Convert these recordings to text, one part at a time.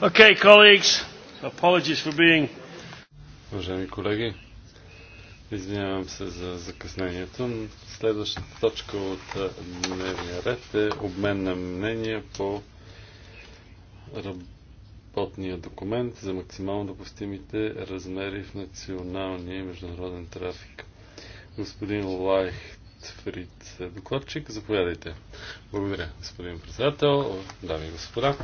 Okay, colleagues, apologies for being... Уважаеми колеги, извинявам се за закъснението. Следващата точка от дневния ред е обмен на мнение по работния документ за максимално допустимите размери в националния и международен трафик. Господин Лайх Фрид е докладчик. Заповядайте. Благодаря, господин председател, дами и господа.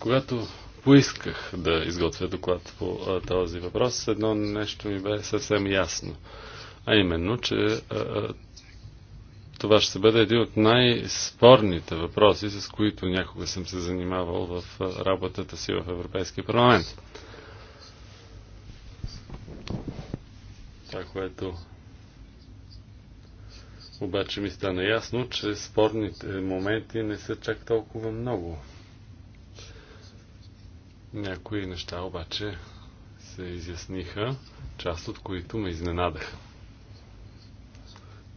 Когато поисках да изготвя доклад по а, този въпрос, едно нещо ми бе съвсем ясно. А именно, че а, това ще бъде един от най-спорните въпроси, с които някога съм се занимавал в работата си в Европейския парламент. Това, което обаче ми стана ясно, че спорните моменти не са чак толкова много. Някои неща обаче се изясниха, част от които ме изненадаха.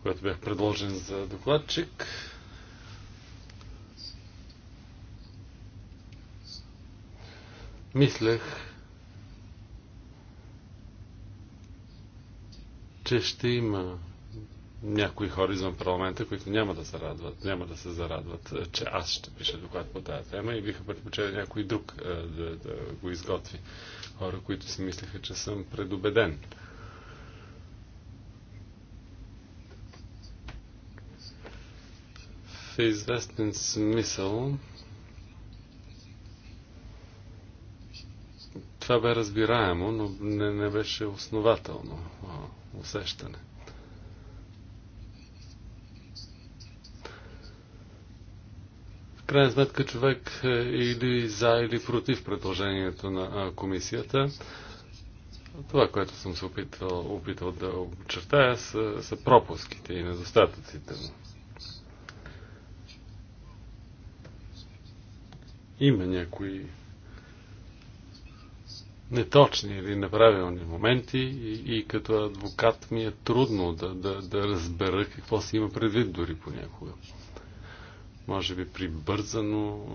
Когато бях предложен за докладчик, мислех, че ще има някои хора извън парламента, които няма да се радват, няма да се зарадват, е, че аз ще пиша доклад по тази тема и биха предпочели някой друг е, да, да го изготви. Хора, които си мислеха, че съм предубеден. В известен смисъл това бе разбираемо, но не, не беше основателно усещане. крайна сметка човек е или за, или против предложението на комисията. Това, което съм се опитал, опитал да очертая, са, са пропуските и недостатъците му. Има някои неточни или неправилни моменти и, и като адвокат ми е трудно да, да, да разбера какво се има предвид дори понякога. Може би прибързано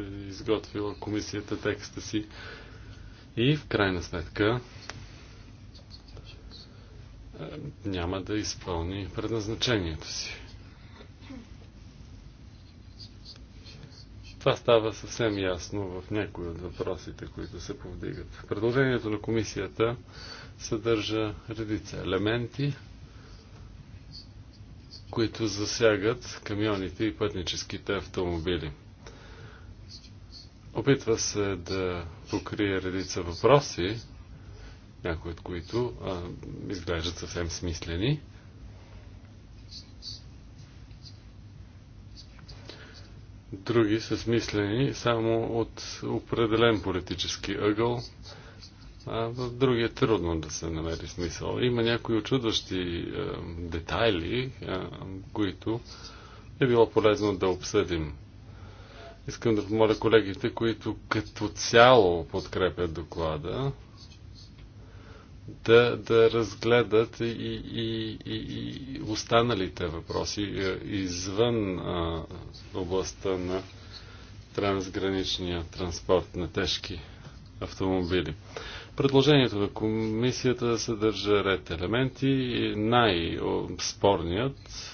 е изготвила комисията текста си. И в крайна сметка е, няма да изпълни предназначението си. Това става съвсем ясно в някои от въпросите, които се повдигат. Предложението на комисията съдържа редица елементи, които засягат камионите и пътническите автомобили. Опитва се да покрие редица въпроси, някои от които а, изглеждат съвсем смислени. Други са смислени само от определен политически ъгъл, а в другия трудно да се намери смисъл. Има някои очудващи е, детайли, е, които е било полезно да обсъдим. Искам да помоля колегите, които като цяло подкрепят доклада, да, да разгледат и, и, и, и останалите въпроси е, извън а, областта на трансграничния транспорт на тежки автомобили. Предложението на комисията съдържа ред елементи. Най-спорният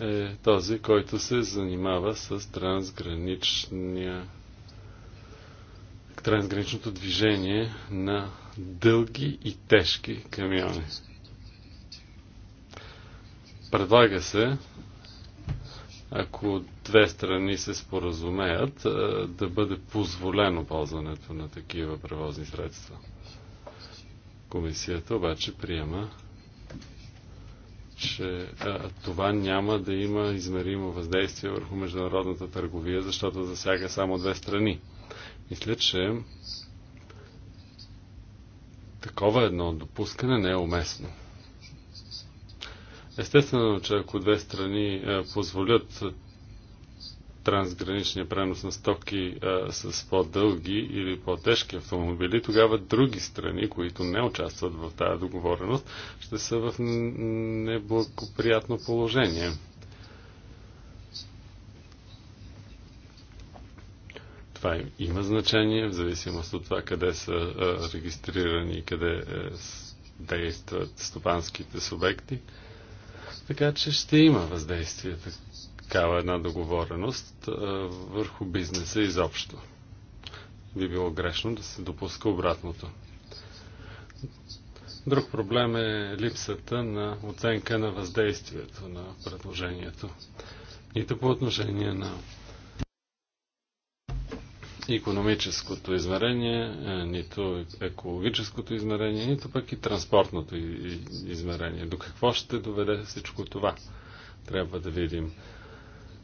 е този, който се занимава с трансграничния трансграничното движение на дълги и тежки камиони. Предлага се ако две страни се споразумеят, е, да бъде позволено ползването на такива превозни средства. Комисията обаче приема, че е, това няма да има измеримо въздействие върху международната търговия, защото засяга само две страни. Мисля, че такова едно допускане не е уместно. Естествено, че ако две страни е, позволят трансграничния пренос на стоки а, е, с по-дълги или по-тежки автомобили, тогава други страни, които не участват в тази договореност, ще са в неблагоприятно положение. Това има значение в зависимост от това къде са а, е, регистрирани и къде а, действат стопанските субекти. А, така че ще има въздействие такава една договореност върху бизнеса изобщо. Би било грешно да се допуска обратното. Друг проблем е липсата на оценка на въздействието на предложението. Нито по отношение на економическото измерение, е, нито екологическото измерение, нито пък и транспортното измерение. До какво ще доведе всичко това? Трябва да видим.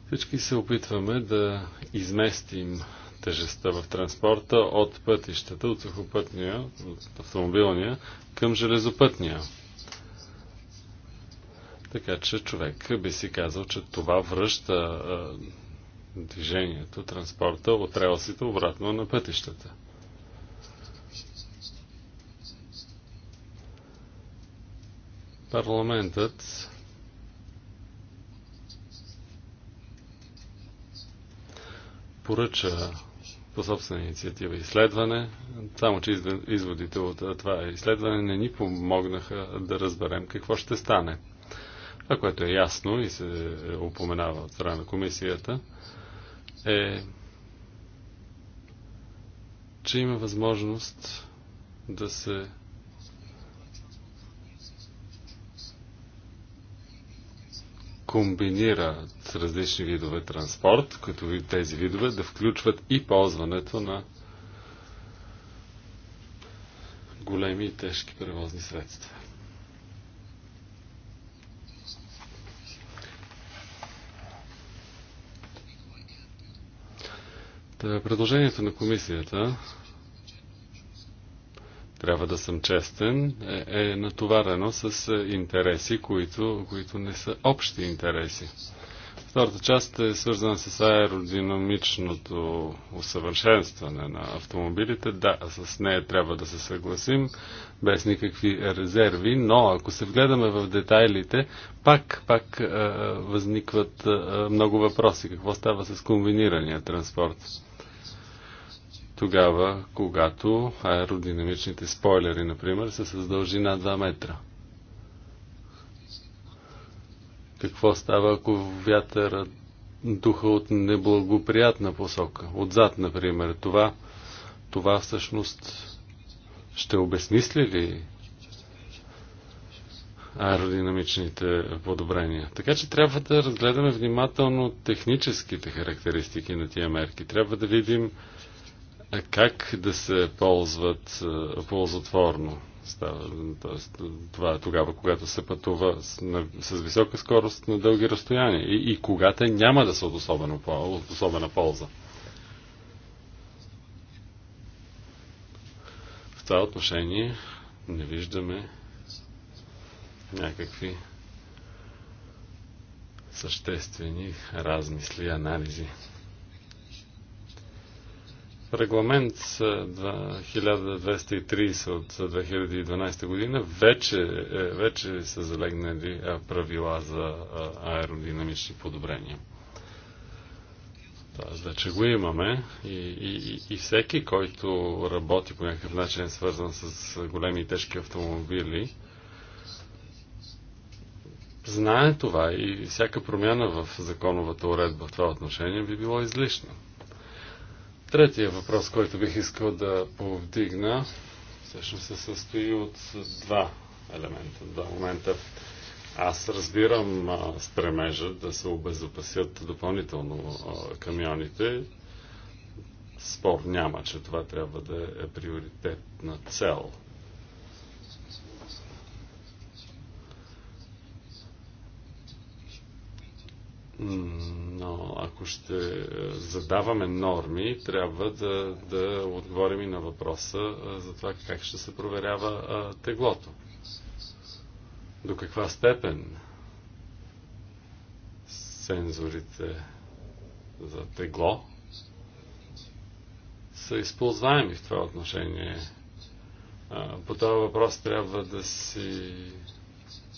Всички се опитваме да изместим тежестта в транспорта от пътищата, от сухопътния, от автомобилния към железопътния. Така че човек би си казал, че това връща е, движението, транспорта от релсите обратно на пътищата. Парламентът поръча по собствена инициатива изследване, само че изводите от това изследване не ни помогнаха да разберем какво ще стане. Това, което е ясно и се упоменава от страна на комисията, е, че има възможност да се комбинира с различни видове транспорт, като ви тези видове да включват и ползването на големи и тежки превозни средства. Е, предложението на комисията, трябва да съм честен, е, е натоварено с е, интереси, които, които не са общи интереси. Втората част е свързана с аеродинамичното усъвършенстване на автомобилите. Да, с нея трябва да се съгласим, без никакви резерви, но ако се вгледаме в детайлите, пак, пак е, е възникват е, много въпроси. Какво става с комбинирания транспорт? тогава, когато аеродинамичните спойлери, например, са с дължина 2 метра. Какво става, ако вятъра духа от неблагоприятна посока, отзад, например? Това, това всъщност ще обесмисли ли аеродинамичните подобрения. Така че трябва да разгледаме внимателно техническите характеристики на тия мерки. Трябва да видим как да се ползват е, ползотворно. Става, тоест, това е тогава, когато се пътува с, на, с висока скорост на дълги разстояния и, и когато няма да са от, особено, от особена полза. В това отношение не виждаме някакви съществени размисли, анализи. Регламент 1230 от 2012 година вече, е, вече са залегнали е, правила за е, аеродинамични подобрения. Тоест вече го имаме и, и, и всеки, който работи по някакъв начин свързан с големи и тежки автомобили, знае това и всяка промяна в законовата уредба в това отношение би било излишна. Третия въпрос, който бих искал да повдигна, всъщност се състои от два елемента, два момента. Аз разбирам а, стремежа да се обезопасят допълнително а, камионите. Спор няма, че това трябва да е приоритетна цел. М- но ако ще е, задаваме норми, трябва да, да отговорим и на въпроса е, за това как ще се проверява е, теглото. До каква степен сензорите за тегло са използваеми в това отношение. по този въпрос трябва да си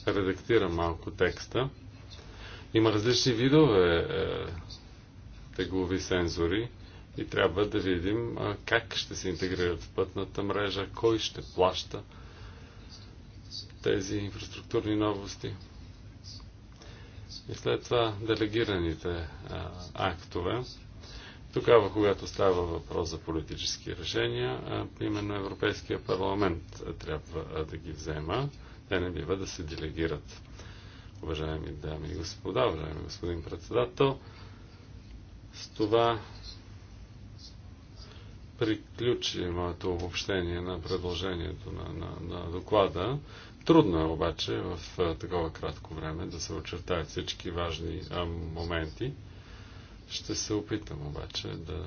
редактирам малко текста. Има различни видове е, теглови сензори и трябва да видим как ще се интегрират в пътната мрежа, кой ще плаща тези инфраструктурни новости. И след това делегираните актове. Тогава, когато става въпрос за политически решения, именно Европейския парламент трябва да ги взема. Те не бива да се делегират уважаеми дами и господа, уважаеми господин председател. С това приключи моето обобщение на предложението на, на, на доклада. Трудно е обаче в такова кратко време да се очертаят всички важни а, моменти. Ще се опитам обаче да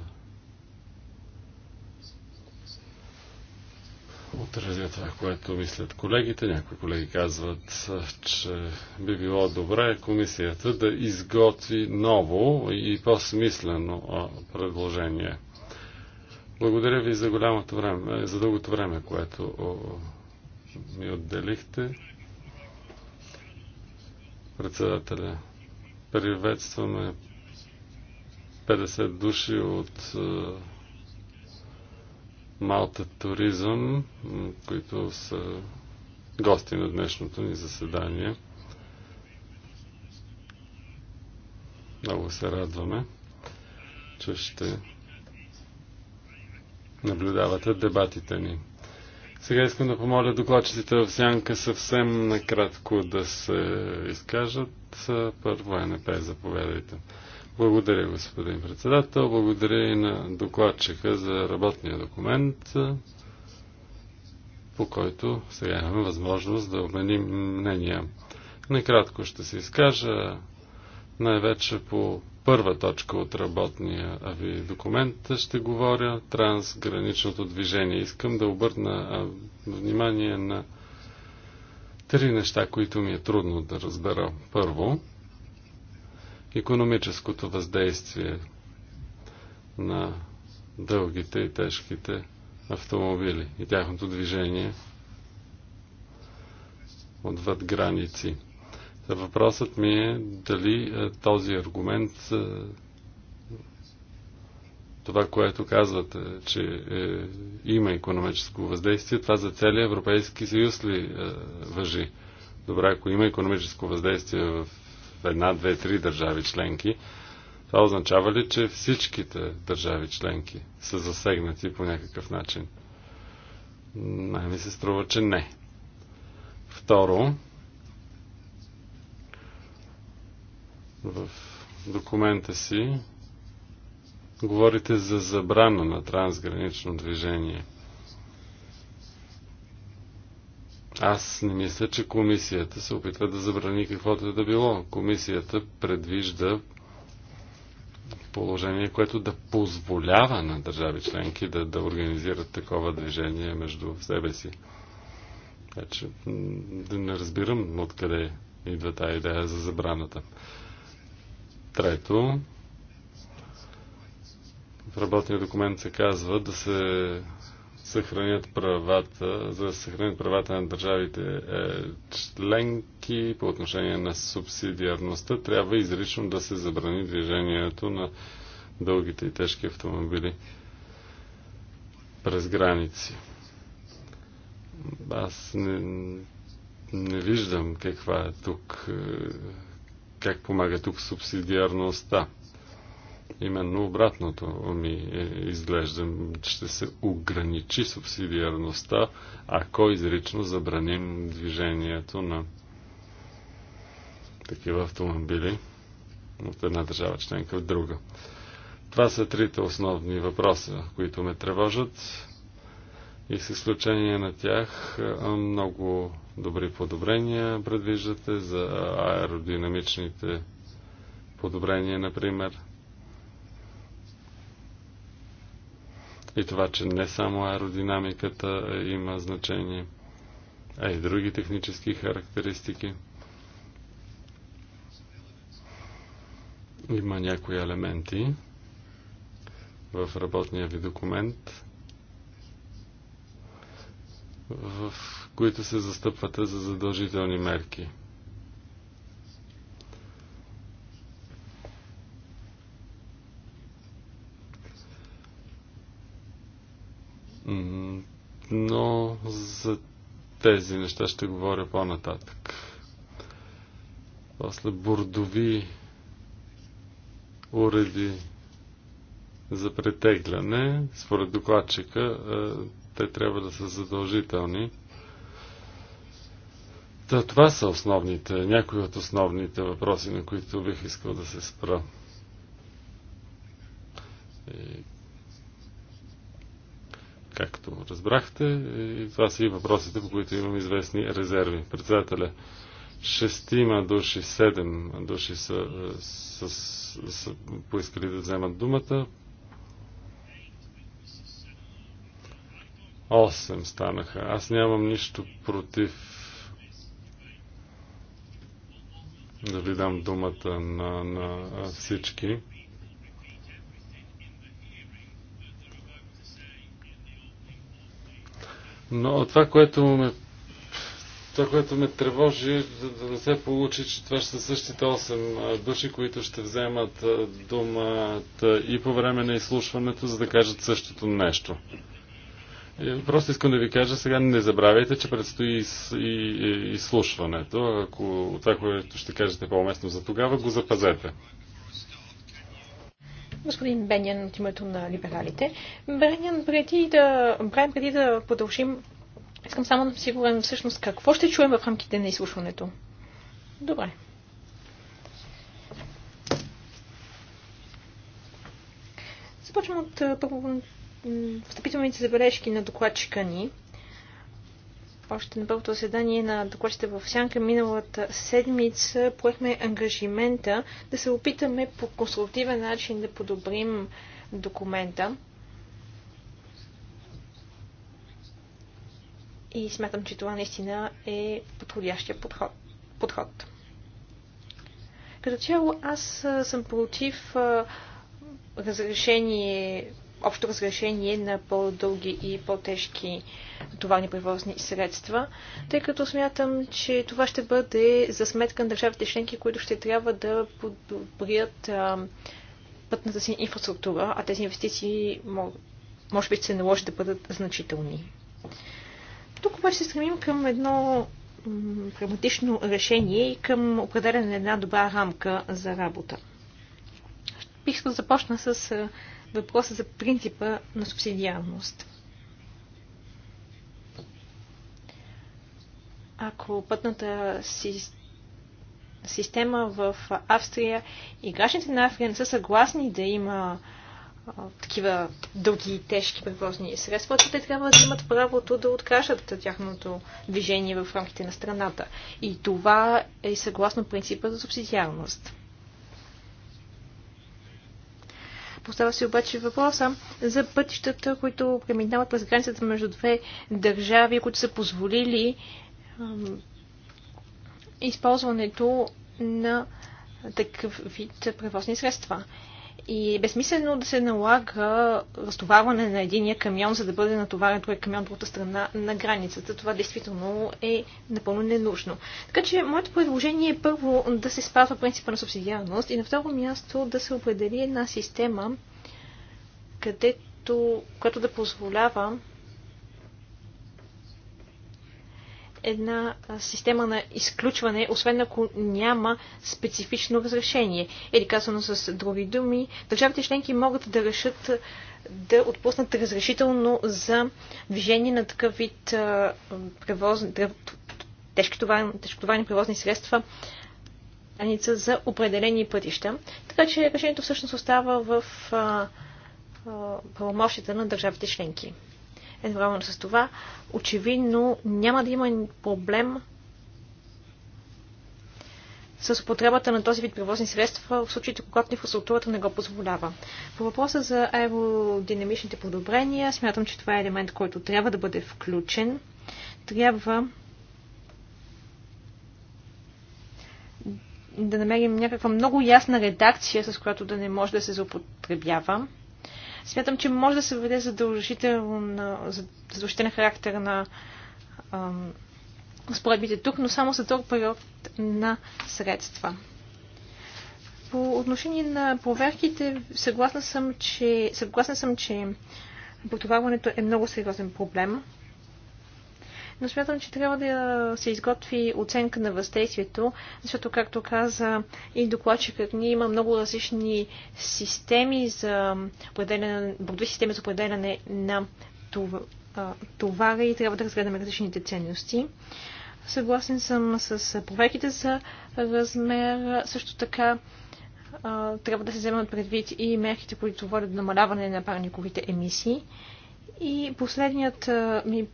отразя това, което мислят колегите. Някои колеги казват, че би било добре комисията да изготви ново и по-смислено предложение. Благодаря ви за голямото време, за дългото време, което ми отделихте. Председателя, приветстваме 50 души от Малта Туризъм, които са гости на днешното ни заседание. Много се радваме, че ще наблюдавате дебатите ни. Сега искам да помоля докладчиците в сянка съвсем накратко да се изкажат. Първо е НП, заповядайте. Благодаря, господин председател. Благодаря и на докладчика за работния документ, по който сега имаме възможност да обменим мнения. Накратко ще се изкажа най-вече по първа точка от работния ви документ ще говоря трансграничното движение. Искам да обърна внимание на три неща, които ми е трудно да разбера. Първо, економическото въздействие на дългите и тежките автомобили и тяхното движение отвъд граници. Въпросът ми е дали е, този аргумент, е, това, което казвате, че е, има економическо въздействие, това за целия Европейски съюз ли е, въжи? Добре, ако има економическо въздействие в една, две, три държави членки, това означава ли, че всичките държави членки са засегнати по някакъв начин? Най ми се струва, че не. Второ, в документа си говорите за забрана на трансгранично движение – Аз не мисля, че комисията се опитва да забрани каквото е да било. Комисията предвижда положение, което да позволява на държави членки да, да организират такова движение между себе си. Така значи, че не разбирам откъде идва тази идея за забраната. Трето, в работния документ се казва да се съхранят правата, за да съхранят правата на държавите е, членки по отношение на субсидиарността, трябва изрично да се забрани движението на дългите и тежки автомобили през граници. Аз не, не виждам каква е тук, е, как помага тук субсидиарността. Именно обратното ми е, изглежда, ще се ограничи субсидиарността, ако изрично забраним движението на такива автомобили от една държава членка в друга. Това са трите основни въпроса, които ме тревожат и с изключение на тях е, много добри подобрения предвиждате за аеродинамичните подобрения, например. и това, че не само аеродинамиката има значение, а и други технически характеристики. Има някои елементи в работния ви документ, в които се застъпвате за задължителни мерки – Но за тези неща ще говоря по-нататък. После бордови уреди за претегляне, според докладчика, е, те трябва да са задължителни. Та, това са основните, някои от основните въпроси, на които бих искал да се спра. И както разбрахте. И е, това са и въпросите, по които имам известни резерви. Председателя, шестима души, седем души са, са, е, са, са поискали да вземат думата. Осем станаха. Аз нямам нищо против да ви дам думата на, на всички. Но това, което ме това, което ме тревожи, за да не се получи, че това ще са същите 8 души, които ще вземат думата и по време на изслушването, за да кажат същото нещо. И просто искам да ви кажа сега, не забравяйте, че предстои изслушването. Ако това, което ще кажете е по-уместно за тогава, го запазете господин Бенян от името на либералите. Бенян, преди да, Брайан, преди да продължим, искам само да сигурен всъщност какво ще чуем в рамките на изслушването. Добре. Започвам от първо встъпителните забележки на докладчика ни. Още на първото заседание на докладчите в Сянка миналата седмица поехме ангажимента да се опитаме по конструктивен начин да подобрим документа. И смятам, че това наистина е подходящия подход. подход. Като цяло аз съм против разрешение общо разрешение на по-дълги и по-тежки товарни превозни средства, тъй като смятам, че това ще бъде за сметка на държавите членки, които ще трябва да подобрят пътната си инфраструктура, а тези инвестиции може би ще се наложи да бъдат значителни. Тук обаче се стремим към едно прагматично решение и към определене на една добра рамка за работа. Бих искал да започна с въпроса за принципа на субсидиарност. Ако пътната система в Австрия и гражданите на Австрия не са съгласни да има а, такива дълги и тежки превозни средства, че те трябва да имат правото да откажат тяхното движение в рамките на страната. И това е съгласно принципа за субсидиарност. Остава се обаче въпроса за пътищата, които преминават през границата между две държави, които са позволили използването на такъв вид превозни средства. И е безсмислено да се налага разтоварване на единия камион, за да бъде натоварен този камион от другата страна на границата. Това действително е напълно ненужно. Така че моето предложение е първо да се спазва принципа на субсидиарност и на второ място да се определи една система, където, която да позволява една система на изключване, освен ако няма специфично разрешение. Или казано с други думи, държавите членки могат да решат да отпуснат разрешително за движение на такъв вид превоз, тежкотоварни превозни средства за определени пътища. Така че решението всъщност остава в правомощите на държавите членки едновременно с това, очевидно няма да има проблем с употребата на този вид превозни средства в случаите, когато инфраструктурата не го позволява. По въпроса за аеродинамичните подобрения, смятам, че това е елемент, който трябва да бъде включен. Трябва да намерим някаква много ясна редакция, с която да не може да се злоупотребява. Смятам, че може да се въведе на задължителен характер на споредбите тук, но само за дълг период на средства. По отношение на проверките, съгласна съм, че, съгласна съм, че Протоварването е много сериозен проблем но смятам, че трябва да се изготви оценка на въздействието, защото, както каза и докладчикът ние има много различни системи за бордови системи за определяне на товара и трябва да разгледаме различните ценности. Съгласен съм с проверките за размер. Също така трябва да се вземат предвид и мерките, които водят до намаляване на парниковите емисии. И последният ми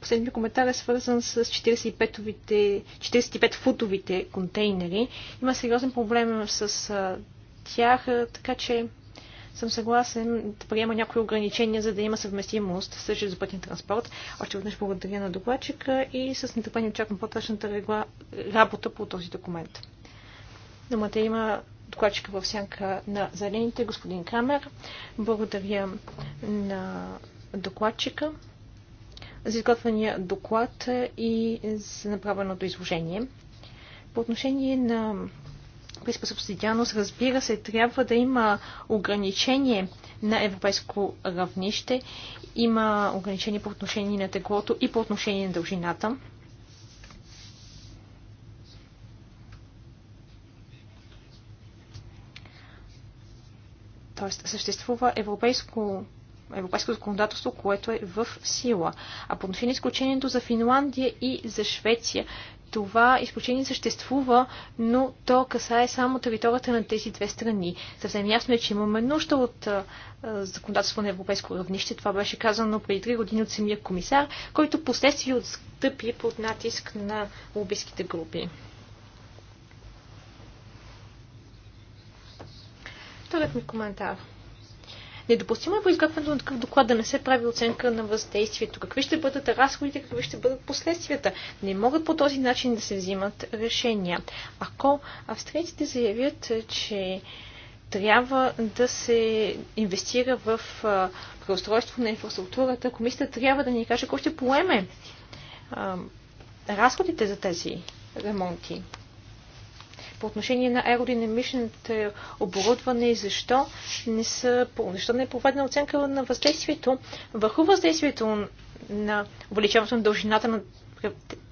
Последният коментар е свързан с 45-футовите 45 контейнери. Има сериозен проблем с а, тях, така че съм съгласен да приема някои ограничения, за да има съвместимост с железопътния транспорт. Още веднъж благодаря на докладчика и с нетърпение очаквам по-точната работа по този документ. Думата има докладчика в сянка на зелените, господин Крамер. Благодаря на докладчика за изготвения доклад и за направеното изложение. По отношение на приспособствителност, разбира се, трябва да има ограничение на европейско равнище. Има ограничение по отношение на теглото и по отношение на дължината. Тоест, съществува европейско Европейско законодателство, което е в сила. А по отношение изключението за Финландия и за Швеция, това изключение съществува, но то касае само територията на тези две страни. Съвсем ясно е, че имаме нужда от законодателство на европейско равнище. Това беше казано преди три години от самия комисар, който последствие отстъпи под натиск на лобистските групи. Вторият ми коментар – Недопустимо е по изготвянето на такъв доклад да не се прави оценка на въздействието. Какви ще бъдат разходите, какви ще бъдат последствията. Не могат по този начин да се взимат решения. Ако австрийците заявят, че трябва да се инвестира в преустройство на инфраструктурата, комисията трябва да ни каже кой ще поеме разходите за тези ремонти по отношение на аеродинамичното оборудване и защо не, са, защо не е проведена оценка на въздействието върху въздействието на увеличаването на дължината на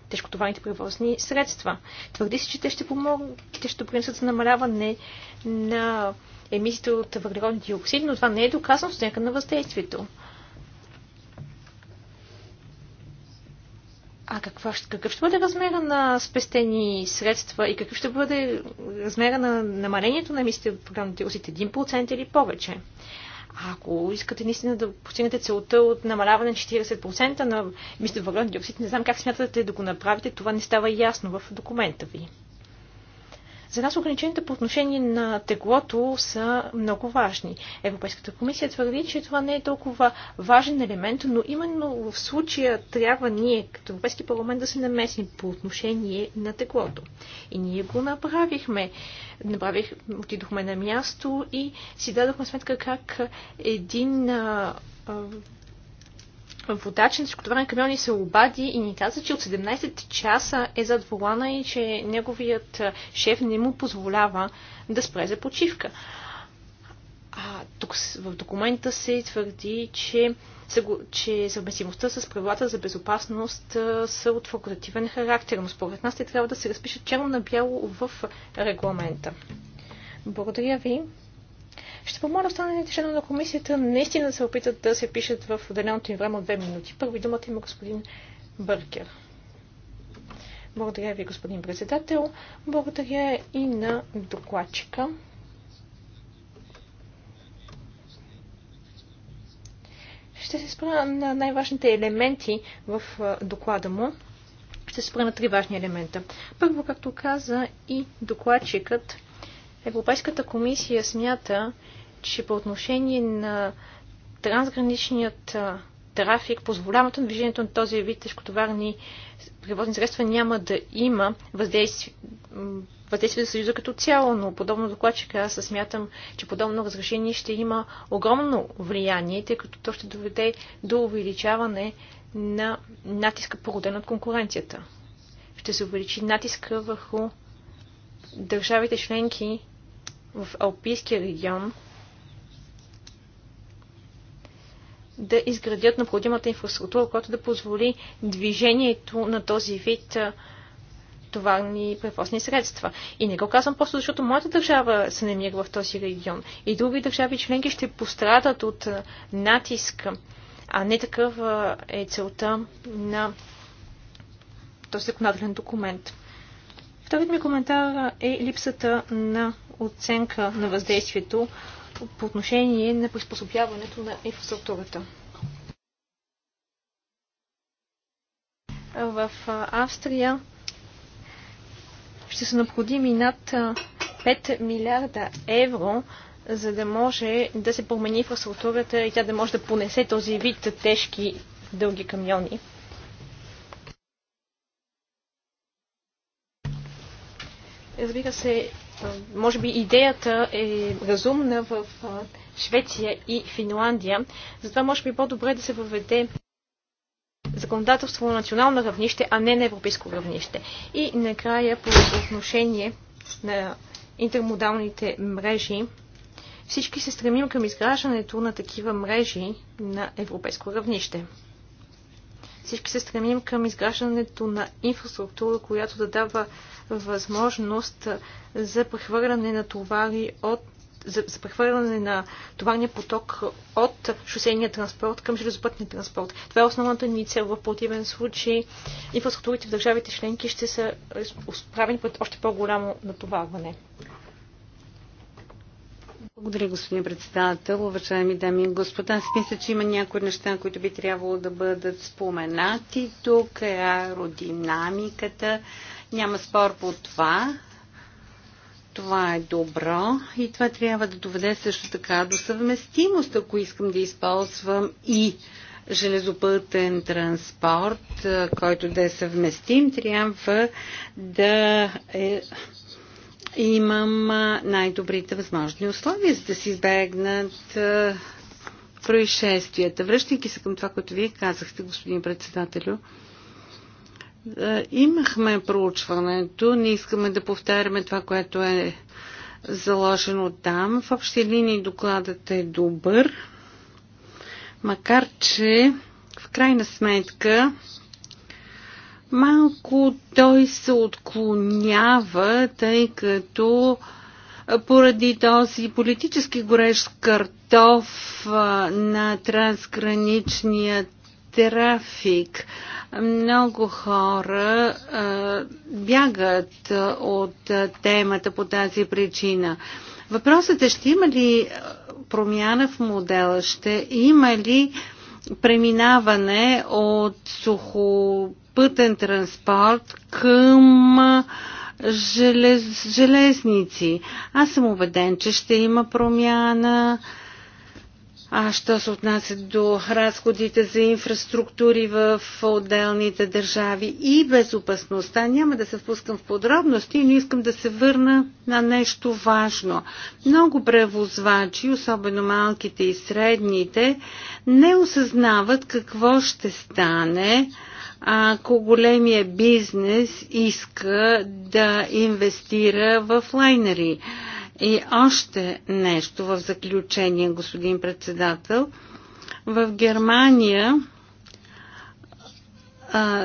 тежкотоварните превозни средства. Твърди се, че те ще, помогнат, те ще принесат за намаляване на емисиите от въглероден диоксид, но това не е доказано с оценка на въздействието. А какво, какъв ще бъде размера на спестени средства и какъв ще бъде размера на намалението на емисиите от програмните усите? 1% или повече? А ако искате наистина да постигнете целта от намаляване на 40% на емисиите въглероден диоксид, не знам как смятате да го направите, това не става ясно в документа ви. За нас ограниченията по отношение на теглото са много важни. Европейската комисия твърди, че това не е толкова важен елемент, но именно в случая трябва ние, като Европейски парламент, да се намесим по отношение на теглото. И ние го направихме. Направих, отидохме на място и си дадохме сметка как един водач на тежкотоварен камион ни се обади и ни каза, че от 17 часа е зад волана и че неговият шеф не му позволява да спре за почивка. А, тук в документа се твърди, че, че съвместимостта с правилата за безопасност са от факултативен характер, но според нас те трябва да се разпишат черно на бяло в регламента. Благодаря ви. Ще помоля останалите членове на комисията наистина да се опитат да се пишат в отделеното им време от две минути. Първи думата има господин Бъркер. Благодаря ви, господин председател. Благодаря и на докладчика. Ще се спра на най-важните елементи в доклада му. Ще се спра на три важни елемента. Първо, както каза и докладчикът, Европейската комисия смята, че по отношение на трансграничният трафик, позволяването на движението на този вид тежкотоварни превозни средства няма да има въздействие, въздействие за Съюза като цяло, но подобно докладчика аз смятам, че подобно разрешение ще има огромно влияние, тъй като то ще доведе до увеличаване на натиска породен от конкуренцията. Ще се увеличи натиска върху държавите членки в Алпийския регион да изградят необходимата инфраструктура, която да позволи движението на този вид товарни превозни средства. И не го казвам просто защото моята държава се намира в този регион. И други държави членки ще пострадат от натиск, а не такъв е целта на този законодателен документ. Вторият ми коментар е липсата на оценка на въздействието по отношение на приспособяването на инфраструктурата. В Австрия ще са необходими над 5 милиарда евро, за да може да се промени инфраструктурата и тя да може да понесе този вид тежки дълги камиони. Разбира се, може би идеята е разумна в Швеция и Финландия. Затова може би по-добре да се въведе законодателство на национално равнище, а не на европейско равнище. И накрая по отношение на интермодалните мрежи, всички се стремим към изграждането на такива мрежи на европейско равнище. Всички се стремим към изграждането на инфраструктура, която да дава възможност за прехвърляне на товари от за, за прехвърляне на товарния поток от шосейния транспорт към железопътния транспорт. Това е основната ни цел. В противен случай инфраструктурите в държавите членки ще са изправени е, пред още по-голямо натоварване. Благодаря, господин председател. Уважаеми дами и господа, аз мисля, че има някои неща, които би трябвало да бъдат споменати тук. Е аеродинамиката. Няма спор по това. Това е добро и това трябва да доведе също така до съвместимост, ако искам да използвам и железопътен транспорт, който да е съвместим, трябва да е имам най-добрите възможни условия, за да си избегнат происшествията. Връщайки се към това, което вие казахте, господин председателю, имахме проучването, не искаме да повтаряме това, което е заложено там. В общи линии докладът е добър, макар че в крайна сметка малко той се отклонява, тъй като поради този политически горещ картоф на трансграничния трафик. Много хора а, бягат от темата по тази причина. Въпросът е, ще има ли промяна в модела? Ще има ли преминаване от сухо пътен транспорт към желез, железници. Аз съм убеден, че ще има промяна. А що се отнася до разходите за инфраструктури в отделните държави и безопасността, няма да се впускам в подробности, но искам да се върна на нещо важно. Много превозвачи, особено малките и средните, не осъзнават какво ще стане, ако големия бизнес иска да инвестира в лайнери. И още нещо в заключение, господин председател. В Германия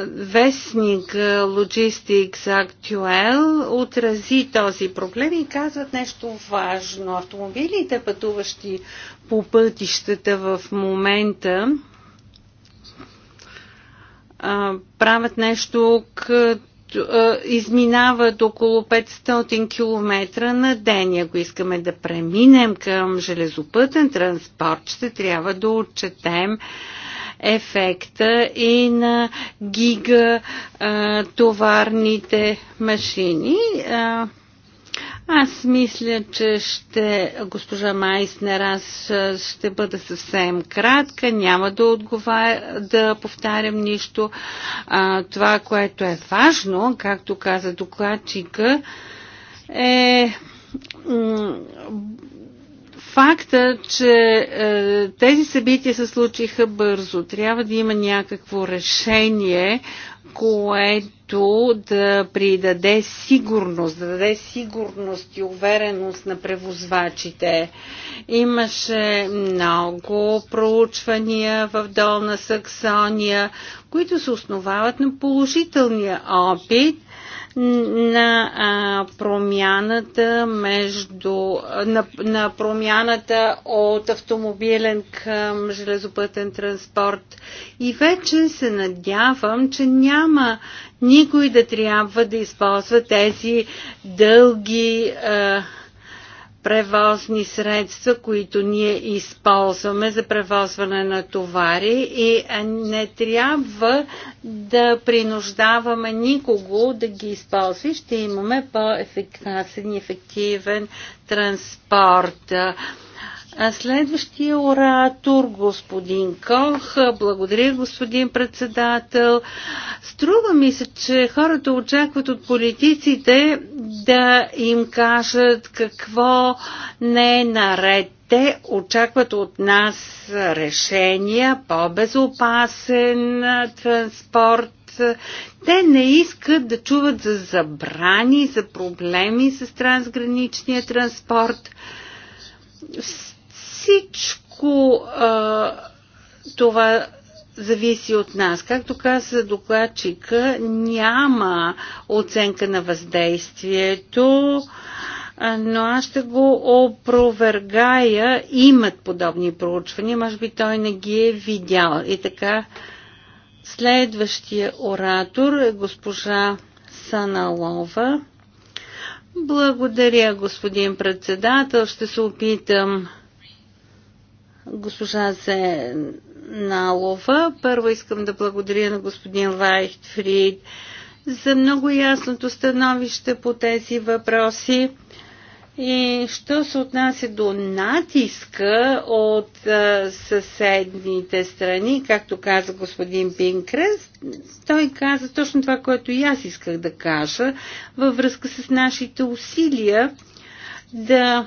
вестник Logistics Actual отрази този проблем и казват нещо важно. Автомобилите, пътуващи по пътищата в момента, правят нещо като изминават около 500 км на ден. Ако искаме да преминем към железопътен транспорт, ще трябва да отчетем ефекта и на гига а, товарните машини. А, аз мисля, че ще, госпожа Майснер, аз ще бъда съвсем кратка, няма да отговаря, да повтарям нищо. А, това, което е важно, както каза докладчика, е факта, че е, тези събития се случиха бързо. Трябва да има някакво решение, което който да придаде сигурност, да даде сигурност и увереност на превозвачите. Имаше много проучвания в Долна Саксония, които се основават на положителния опит на а, промяната между на, на промяната от автомобилен към железопътен транспорт и вече се надявам, че няма никой да трябва да използва тези дълги а, превозни средства, които ние използваме за превозване на товари и не трябва да принуждаваме никого да ги използва ще имаме по-ефикасен и ефективен транспорт. А следващия оратор, господин Кох, благодаря, господин председател. Струва ми се, че хората очакват от политиците да им кажат какво не е наред. Те очакват от нас решения, по-безопасен транспорт, те не искат да чуват за забрани, за проблеми с трансграничния транспорт всичко а, това зависи от нас. Както каза докладчика, няма оценка на въздействието, но аз ще го опровергая. Имат подобни проучвания, може би той не ги е видял. И така, следващия оратор е госпожа Саналова. Благодаря, господин председател. Ще се опитам госпожа Зеналова. Първо искам да благодаря на господин Лайхтфрид за много ясното становище по тези въпроси. И що се отнася до натиска от а, съседните страни, както каза господин Пинкрес, той каза точно това, което и аз исках да кажа във връзка с нашите усилия да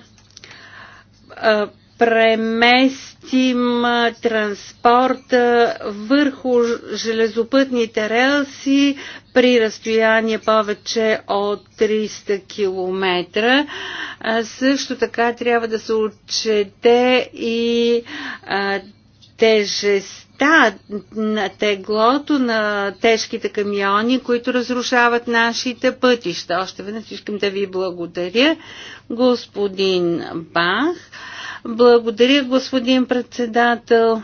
а, преместим транспорта върху железопътните релси при разстояние повече от 300 км. Също така трябва да се отчете и а, на теглото на тежките камиони, които разрушават нашите пътища. Още веднъж искам да ви благодаря, господин Бах. Благодаря, господин председател.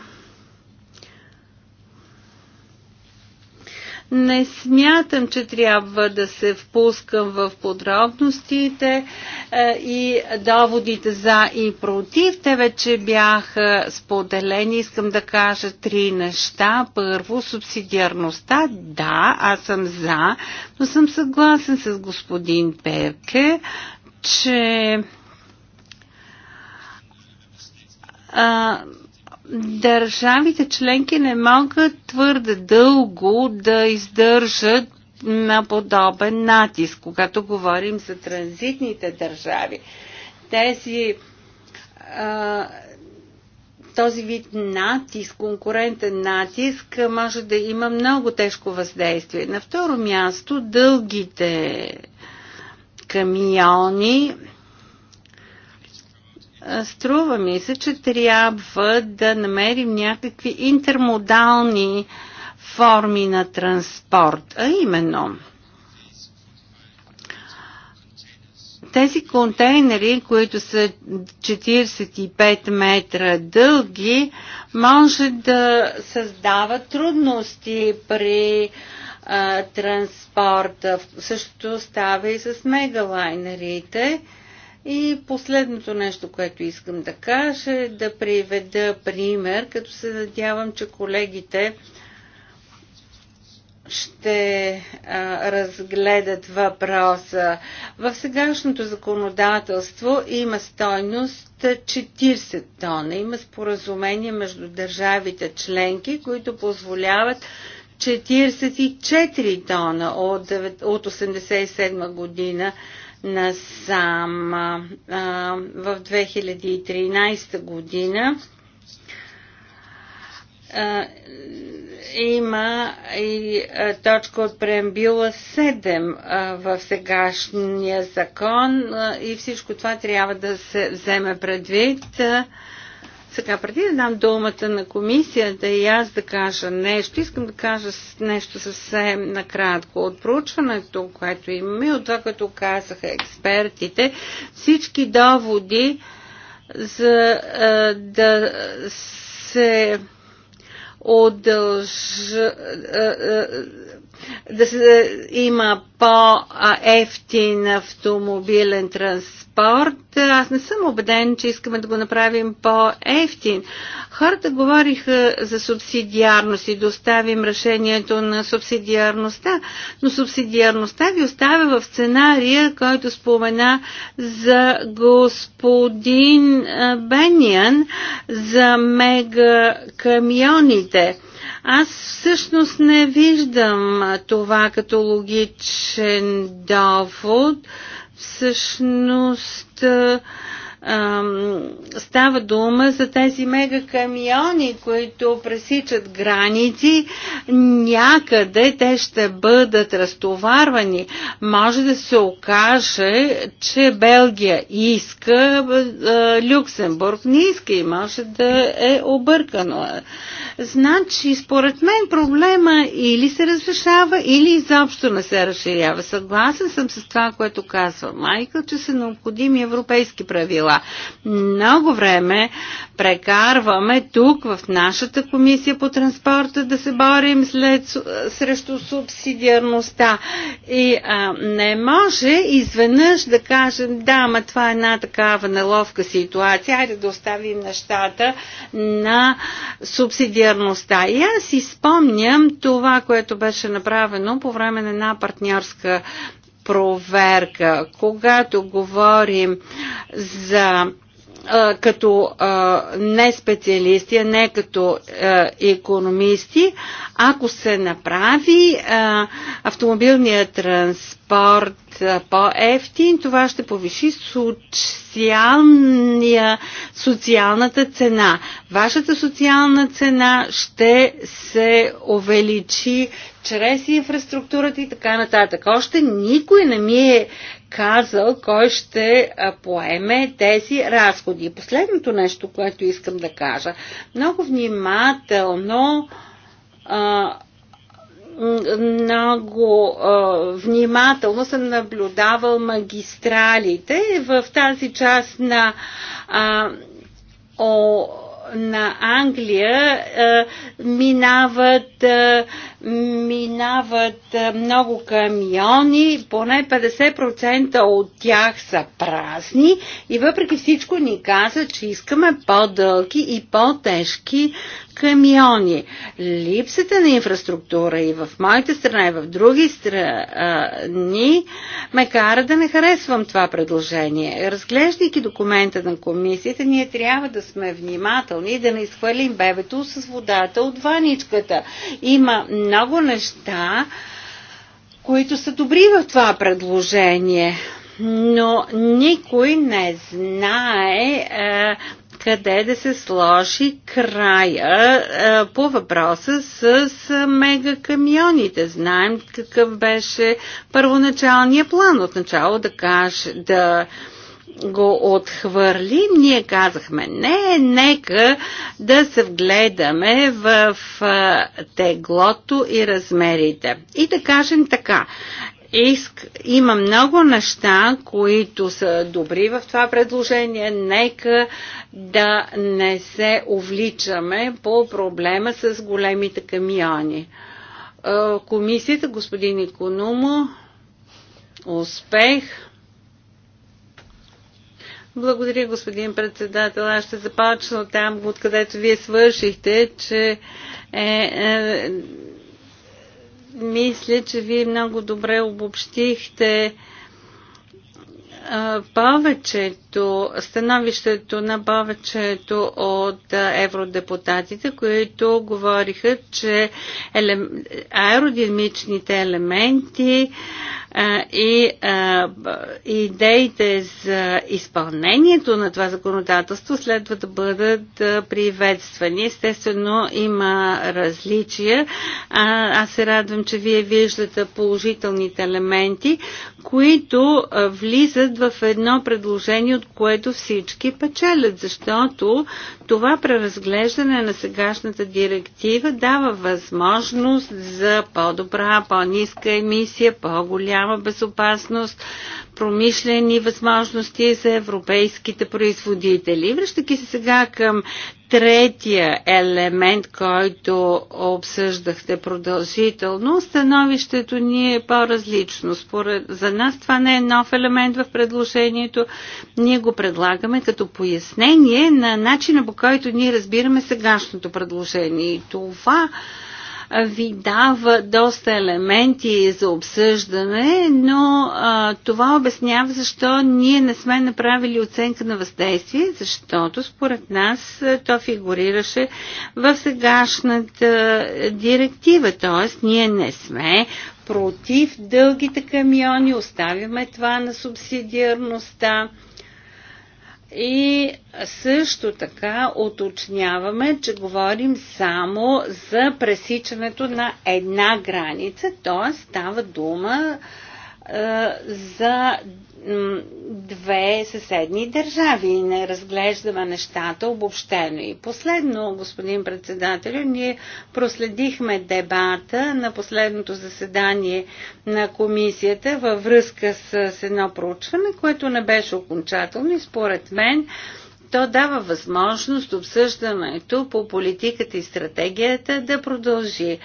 Не смятам, че трябва да се впускам в подробностите е, и доводите за и против. Те вече бяха споделени. Искам да кажа три неща. Първо, субсидиарността. Да, аз съм за, но съм съгласен с господин Перке, че а, държавите членки не могат твърде дълго да издържат на подобен натиск, когато говорим за транзитните държави. Тези а, този вид натиск, конкурентен натиск, може да има много тежко въздействие. На второ място, дългите камиони Струва ми се, че трябва да намерим някакви интермодални форми на транспорт, а именно тези контейнери, които са 45 метра дълги, може да създават трудности при а, транспорта. Също става и с мегалайнерите. А, и последното нещо, което искам да кажа, е да приведа пример, като се надявам, че колегите ще а, разгледат въпроса. В сегашното законодателство има стойност 40 тона. Има споразумение между държавите членки, които позволяват 44 тона от, от 87 година насам. В 2013 година има и точка от преамбила 7 в сегашния закон и всичко това трябва да се вземе предвид. Сега, преди да дам думата на комисията и аз да кажа нещо, искам да кажа нещо съвсем накратко. От проучването, което имаме, от това, което казаха експертите, всички доводи за е, да се удължат е, е, да се, има по-ефтин автомобилен транспорт. Аз не съм убеден, че искаме да го направим по-ефтин. Хората говориха за субсидиарност и доставим решението на субсидиарността, но субсидиарността ви оставя в сценария, който спомена за господин Бениан за мега камионите аз всъщност не виждам това като логичен довод. Всъщност става дума за тези мега камиони, които пресичат граници, някъде те ще бъдат разтоварвани. Може да се окаже, че Белгия иска, Люксембург не иска и може да е объркано. Значи, според мен проблема или се разрешава, или изобщо не се разширява. Съгласен съм с това, което казва Майкъл, че са необходими европейски правила правила. Много време прекарваме тук в нашата комисия по транспорта да се борим след, срещу субсидиарността. И а, не може изведнъж да кажем, да, ма това е една такава неловка ситуация, айде да оставим нещата на субсидиарността. И аз изпомням това, което беше направено по време на една партньорска проверка. Когато говорим за като не специалисти, а не като економисти, ако се направи автомобилният транспорт по-ефтин, това ще повиши социалния, социалната цена. Вашата социална цена ще се увеличи чрез инфраструктурата и така нататък. Още никой не ми е казал кой ще поеме тези разходи. Последното нещо, което искам да кажа. Много внимателно много внимателно съм наблюдавал магистралите в тази част на на Англия минават, минават много камиони, поне 50% от тях са празни и въпреки всичко ни каза, че искаме по-дълги и по-тежки камиони. Липсата на инфраструктура и в моята страна, и в други страни ме кара да не харесвам това предложение. Разглеждайки документа на комисията, ние трябва да сме внимателни и да не изхвърлим бебето с водата от ваничката. Има много неща, които са добри в това предложение но никой не знае е, къде да се сложи края е, по въпроса с, с мегакамионите. Знаем какъв беше първоначалният план. Отначало да каже, да го отхвърли, ние казахме не, нека да се вгледаме в е, теглото и размерите. И да кажем така, Иск, има много неща, които са добри в това предложение. Нека да не се увличаме по проблема с големите камиони. Е, комисията, господин Икономо, успех. Благодаря, господин председател. Аз ще започна там, откъдето вие свършихте, че е, е, мисля, че вие много добре обобщихте повече като становището на повечето от евродепутатите, които говориха, че аеродинамичните елементи и идеите за изпълнението на това законодателство следва да бъдат приветствани. Естествено, има различия. Аз се радвам, че вие виждате положителните елементи, които влизат в едно предложение от което всички печелят, защото това преразглеждане на сегашната директива дава възможност за по-добра, по-ниска емисия, по-голяма безопасност, промишлени възможности за европейските производители. Връщайки се сега към третия елемент, който обсъждахте продължително, становището ни е по-различно. Според, за нас това не е нов елемент в предложението. Ние го предлагаме като пояснение на начина по който ние разбираме сегашното предложение. И това ви дава доста елементи за обсъждане, но а, това обяснява защо ние не сме направили оценка на въздействие, защото според нас то фигурираше в сегашната директива, т.е. ние не сме против дългите камиони, оставяме това на субсидиарността. И също така уточняваме, че говорим само за пресичането на една граница, т.е. става дума за две съседни държави и не разглеждаме нещата обобщено. И последно, господин председател, ние проследихме дебата на последното заседание на комисията във връзка с едно проучване, което не беше окончателно и според мен то дава възможност обсъждането по политиката и стратегията да продължи.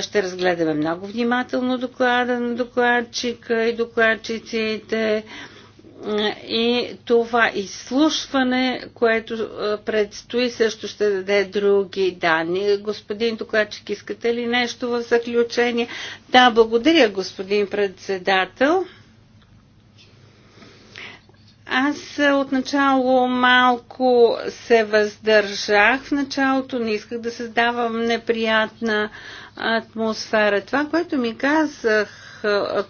Ще разгледаме много внимателно доклада на докладчика и докладчиците и това изслушване, което предстои, също ще даде други данни. Господин докладчик, искате ли нещо в заключение? Да, благодаря, господин председател. Аз отначало малко се въздържах. В началото не исках да създавам неприятна атмосфера. Това, което ми казах,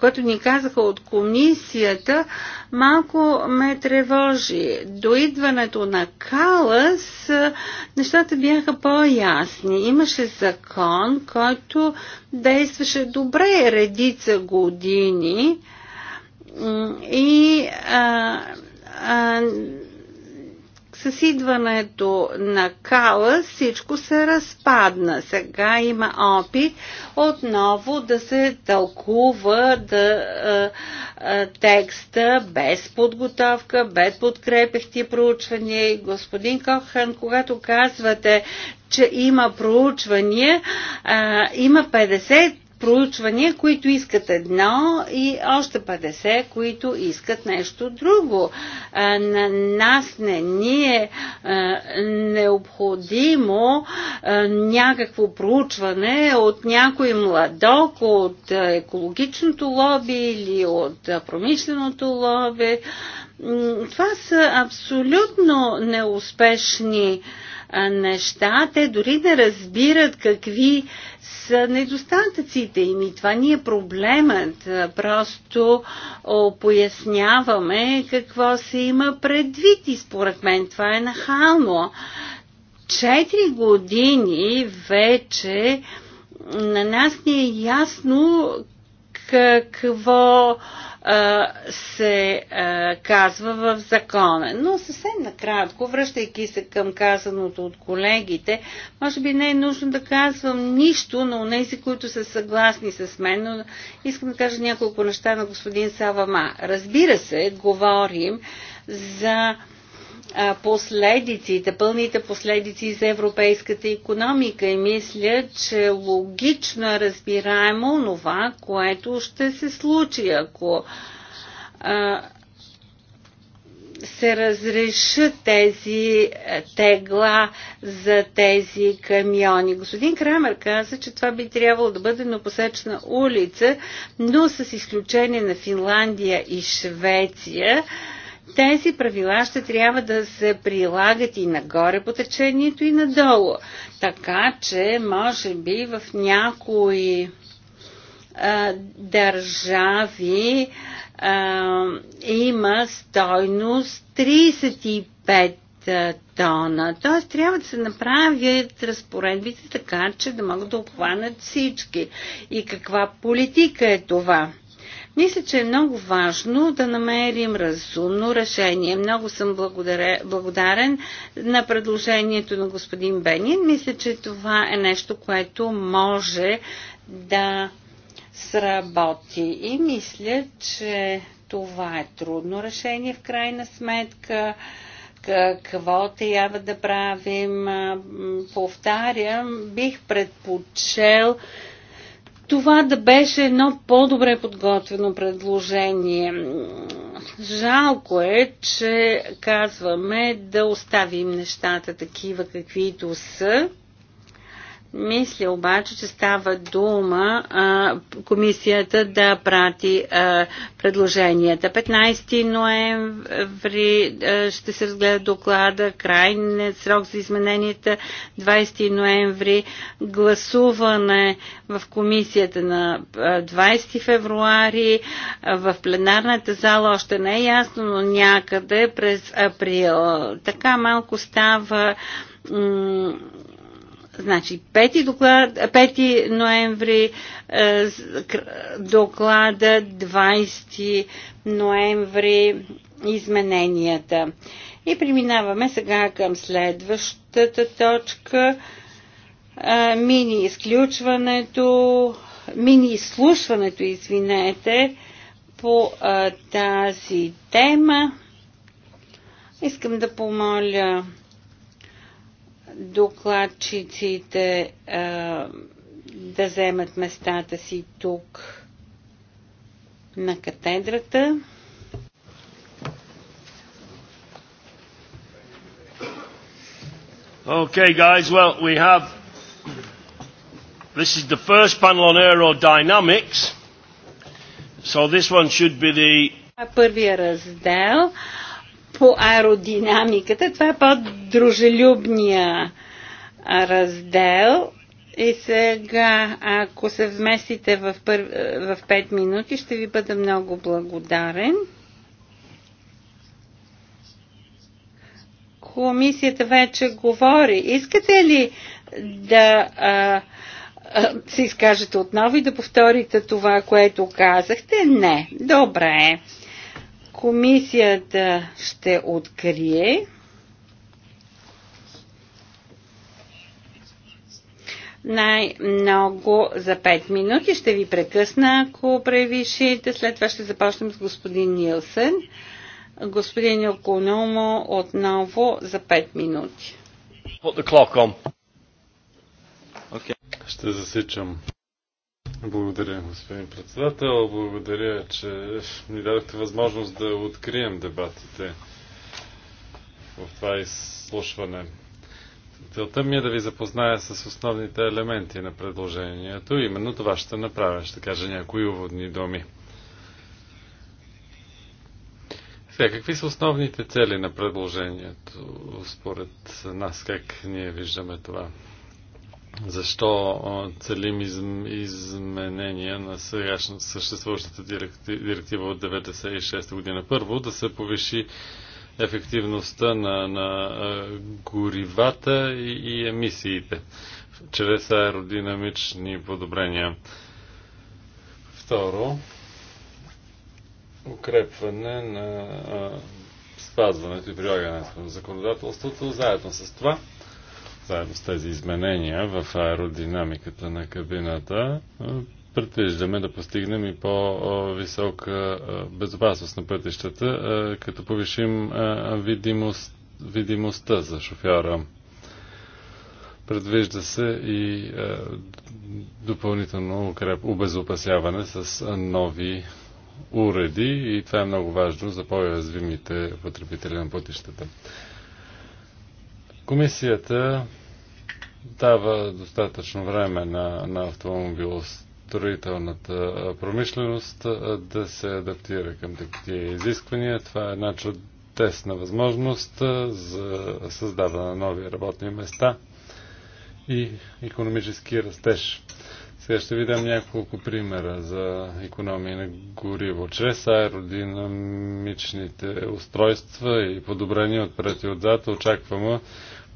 което ни казаха от комисията, малко ме тревожи. До идването на Калас нещата бяха по-ясни. Имаше закон, който действаше добре редица години и а, а, с идването на Кала всичко се разпадна. Сега има опит отново да се тълкува да, а, а, текста без подготовка, без подкрепехти проучвания. Господин Кохан, когато казвате, че има проучвания, а, има 50 проучвания, които искат едно и още 50, които искат нещо друго. на нас не ни е необходимо някакво проучване от някой младок, от екологичното лоби или от промишленото лоби. Това са абсолютно неуспешни неща. Те дори не разбират какви са недостатъците им. И това ни е проблемът. Просто поясняваме какво се има предвид и според мен това е нахално. Четири години вече на нас ни е ясно какво се казва в закона. Но съвсем накратко, връщайки се към казаното от колегите, може би не е нужно да казвам нищо на тези, които са съгласни с мен, но искам да кажа няколко неща на господин Савама. Разбира се, говорим за последиците, пълните последици за европейската економика и мисля, че логично е разбираемо това, което ще се случи, ако а, се разрешат тези тегла за тези камиони. Господин Крамер каза, че това би трябвало да бъде на посечна улица, но с изключение на Финландия и Швеция, тези правила ще трябва да се прилагат и нагоре по течението и надолу. Така че, може би, в някои а, държави а, има стойност 35 тона. Т.е. трябва да се направят разпоредбите така, че да могат да обхванат всички. И каква политика е това? Мисля, че е много важно да намерим разумно решение. Много съм благодарен на предложението на господин Бенин. Мисля, че това е нещо, което може да сработи. И мисля, че това е трудно решение в крайна сметка какво трябва да правим. Повтарям, бих предпочел това да беше едно по-добре подготвено предложение. Жалко е, че казваме да оставим нещата такива каквито са мисля обаче, че става дума а, комисията да прати а, предложенията. 15 ноември а, ще се разгледа доклада, крайният срок за измененията 20 ноември, гласуване в комисията на 20 февруари, а, в пленарната зала още не е ясно, но някъде през април. Така малко става Значи, 5, доклад, 5 ноември е, доклада, 20 ноември измененията. И преминаваме сега към следващата точка. Е, мини изключването, мини изслушването, извинете, по е, тази тема. Искам да помоля докладчиците а, да вземат местата си тук на катедрата. Okay, guys, well, we have. This is the first panel on aerodynamics. So this one should be the. Първия раздел по аеродинамиката. Това е по-дружелюбния раздел. И сега, ако се вместите в, пър... в 5 минути, ще ви бъда много благодарен. Комисията вече говори. Искате ли да а, а, се изкажете отново и да повторите това, което казахте? Не. Добре. Комисията ще открие най-много за 5 минути. Ще ви прекъсна, ако превишите. След това ще започнем с господин Нилсен. Господин Окономо отново за 5 минути. Okay. Ще засичам. Благодаря, господин председател. Благодаря, че ми дадохте възможност да открием дебатите в това изслушване. Целта ми е да ви запозная с основните елементи на предложението. Именно това ще направя. Ще кажа някои уводни думи. Сега, какви са основните цели на предложението според нас? Как ние виждаме това? защо целим изменения на съществуващата директива от 1996 година. Първо, да се повиши ефективността на, на горивата и, и емисиите чрез аеродинамични подобрения. Второ, укрепване на а, спазването и прилагането на законодателството. Заедно с това заедно с тези изменения в аеродинамиката на кабината, предвиждаме да постигнем и по-висока безопасност на пътищата, като повишим видимост, видимостта за шофьора. Предвижда се и допълнително укреп, обезопасяване с нови уреди и това е много важно за по-язвимите потребители на пътищата. Комисията дава достатъчно време на, на автомобилостроителната промишленост да се адаптира към такива изисквания. Това е една чудесна възможност за създаване на нови работни места и економически растеж. Сега ще ви дам няколко примера за економия на гориво. Чрез аеродинамичните устройства и подобрения отпред и отзад очакваме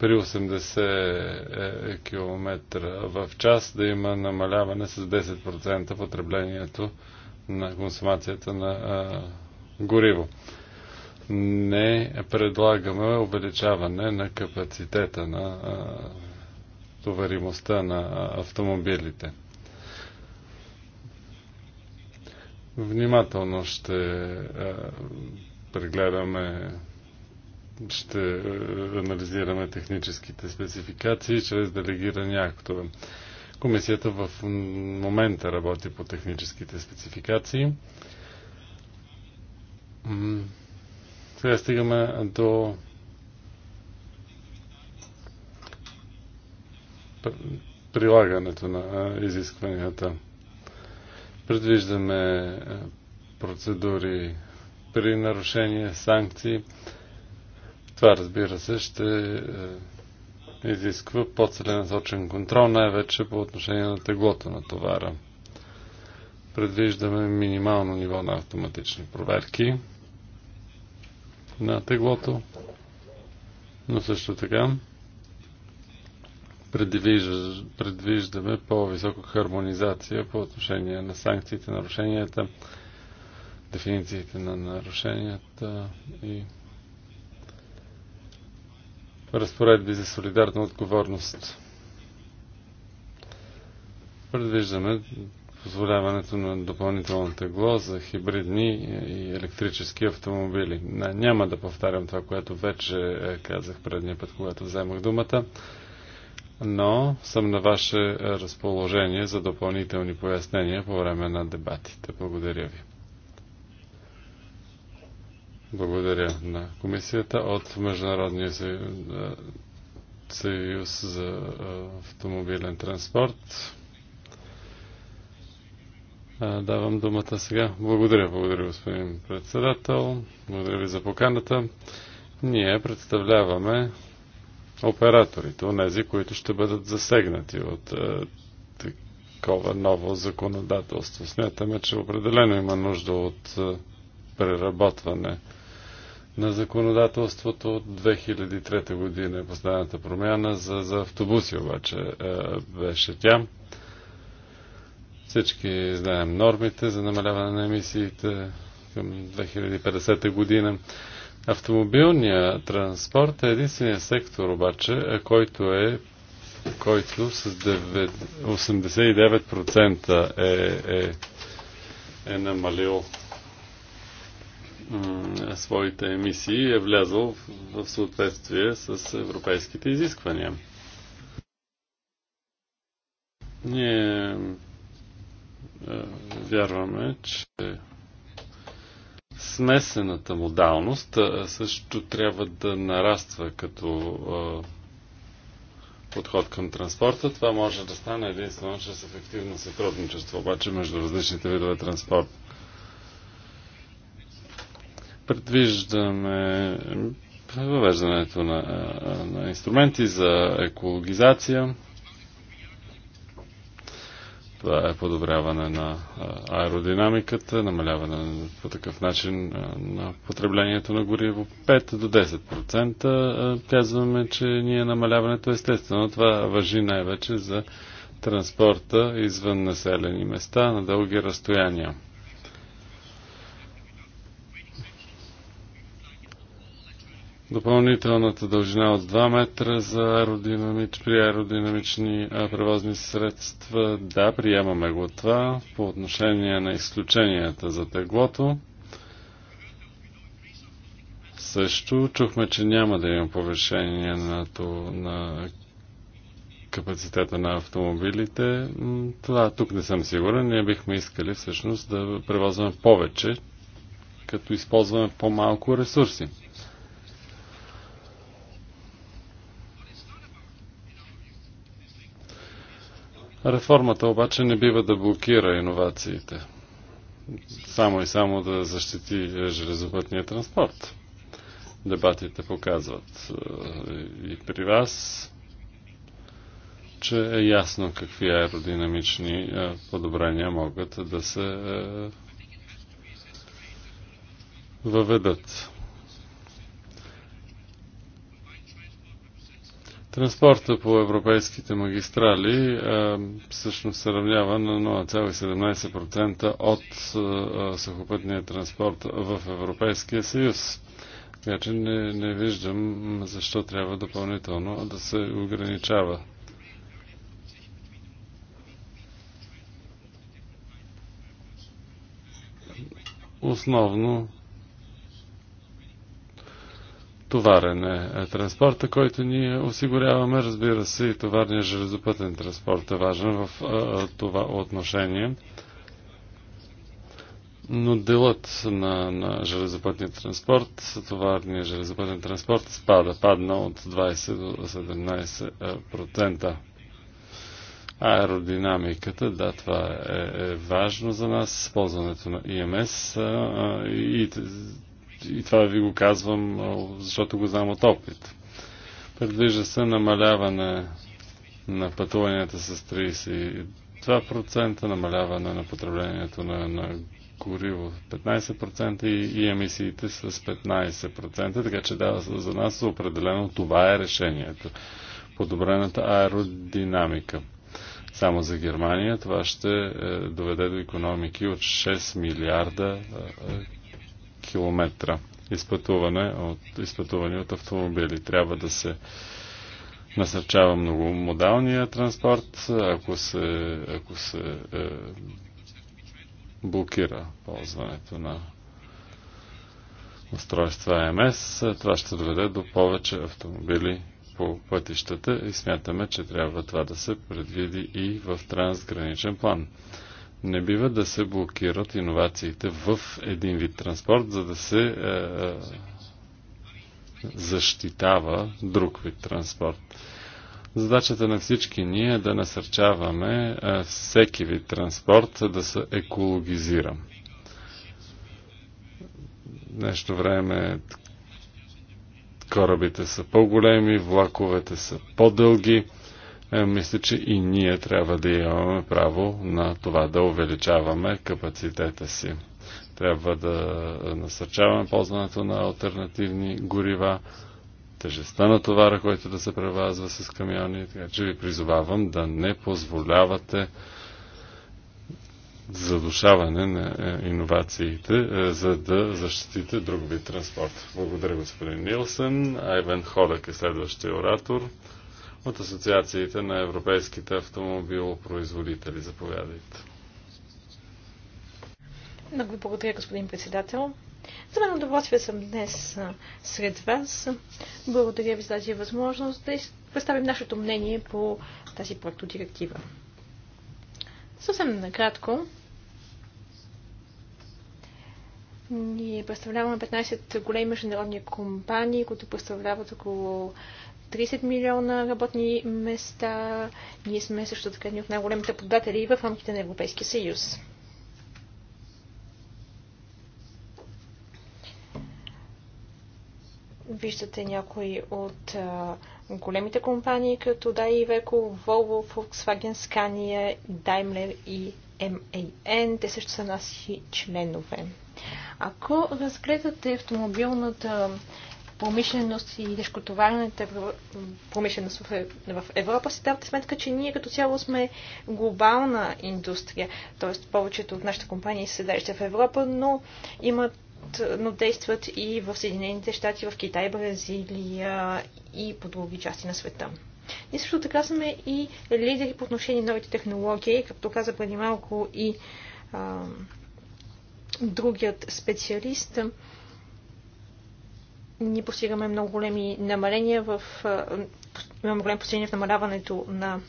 при 80 е, км в час да има намаляване с 10% потреблението на консумацията на е, гориво. Не предлагаме увеличаване на капацитета на е, товаримостта на автомобилите. Внимателно ще а, прегледаме ще е, анализираме техническите спецификации чрез делегирани актове. Комисията в момента работи по техническите спецификации. Сега стигаме до прилагането на изискванията. Предвиждаме е, процедури при нарушение, санкции. Това, разбира се, ще е, изисква по-целенасочен контрол, най-вече по отношение на теглото на товара. Предвиждаме минимално ниво на автоматични проверки на теглото, но също така предвиждаме по-висока хармонизация по отношение на санкциите, нарушенията, дефинициите на нарушенията и разпоредби за солидарна отговорност. Предвиждаме позволяването на допълнително тегло за хибридни и електрически автомобили. Няма да повтарям това, което вече казах предния път, когато вземах думата, но съм на ваше разположение за допълнителни пояснения по време на дебатите. Благодаря ви. Благодаря на комисията от Международния съюз за автомобилен транспорт. Давам думата сега. Благодаря, благодаря господин председател. Благодаря ви за поканата. Ние представляваме операторите, онези, които ще бъдат засегнати от такова ново законодателство. Смятаме, че определено има нужда от преработване на законодателството от 2003 година е последната промяна за, за автобуси обаче е, беше тя. Всички знаем нормите за намаляване на емисиите към 2050 година. Автомобилният транспорт е единствения сектор обаче, е, който е който с 9, 89% е, е, е намалил своите емисии е влязъл в съответствие с европейските изисквания. Ние е, вярваме, че смесената модалност е, също трябва да нараства като е, подход към транспорта. Това може да стане единствено чрез ефективно сътрудничество, обаче между различните видове транспорт. Предвиждаме въвеждането на, на инструменти за екологизация. Това е подобряване на аеродинамиката, намаляване по такъв начин на потреблението на гориво 5 до 10%. Казваме, че ние намаляването е естествено. Това въжи най-вече за транспорта извън населени места на дълги разстояния. допълнителната дължина от 2 метра за аеродинамич, при аеродинамични превозни средства. Да, приемаме го това по отношение на изключенията за теглото. Също чухме, че няма да има повишение на, то, на капацитета на автомобилите. Това тук не съм сигурен. Ние бихме искали всъщност да превозваме повече, като използваме по-малко ресурси. Реформата обаче не бива да блокира иновациите. Само и само да защити железопътния транспорт. Дебатите показват е, и при вас, че е ясно какви аеродинамични е, подобрения могат да се е, въведат. Транспорта по европейските магистрали а, е, всъщност се равнява на 0,17% от а, е, е, сухопътния транспорт в Европейския съюз. Така че не, не виждам защо трябва допълнително да се ограничава. Основно товарен е, е транспорта, който ние осигуряваме. Разбира се, и товарния железопътен транспорт е важен в е, е, това отношение. Но делът на, на железопътния транспорт, товарния железопътен транспорт спада, падна от 20 до 17%. Аеродинамиката, да, това е, е важно за нас. Ползването на ИМС а, и и това ви го казвам, защото го знам от опит. Предвижда се намаляване на пътуванията с 32%, намаляване на потреблението на, на гориво 15% и, и емисиите с 15%, така че дава за нас определено това е решението. Подобрената аеродинамика. Само за Германия това ще е, доведе до економики от 6 милиарда е, е, км изпътуване от, изпътуване от автомобили. Трябва да се насърчава многомодалния транспорт, ако се, ако се е, блокира ползването на устройства МС. Това ще доведе до повече автомобили по пътищата и смятаме, че трябва това да се предвиди и в трансграничен план. Не бива да се блокират иновациите в един вид транспорт, за да се е, е защитава друг вид транспорт. Задачата на всички ние е да насърчаваме е, всеки вид транспорт да се екологизира. Нещо време корабите са по-големи, влаковете са по-дълги. Е, мисля, че и ние трябва да имаме право на това да увеличаваме капацитета си. Трябва да насърчаваме ползването на альтернативни горива, тежестта на товара, който да се превазва с камиони, така че ви призовавам да не позволявате задушаване на е, иновациите, е, за да защитите друг вид транспорт. Благодаря, господин Нилсън. Айвен Ходък е следващия оратор от асоциациите на европейските автомобилопроизводители. Заповядайте. Много ви благодаря, господин председател. За мен удоволствие съм днес сред вас. Благодаря ви за тази възможност да представим нашето мнение по тази проектодиректива. Съвсем накратко, Ние представляваме 15 големи международни компании, които представляват около 30 милиона работни места. Ние сме също така едни от най-големите податели в рамките на Европейския съюз. Виждате някои от големите компании, като Дай Веко, Volvo, Volkswagen, Scania, Daimler и MAN. Те също са наши членове. Ако разгледате автомобилната промишленост и тежкотоварната промишленост е- в Европа, си давате сметка, че ние като цяло сме глобална индустрия. Тоест повечето от нашите компании се седалище в Европа, но имат но действат и в Съединените щати, в Китай, Бразилия и по други части на света. Ние също така сме и лидери по отношение на новите технологии, както каза преди малко и а, другият специалист ние постигаме много големи намаления в, имаме големи постигане в намаляването на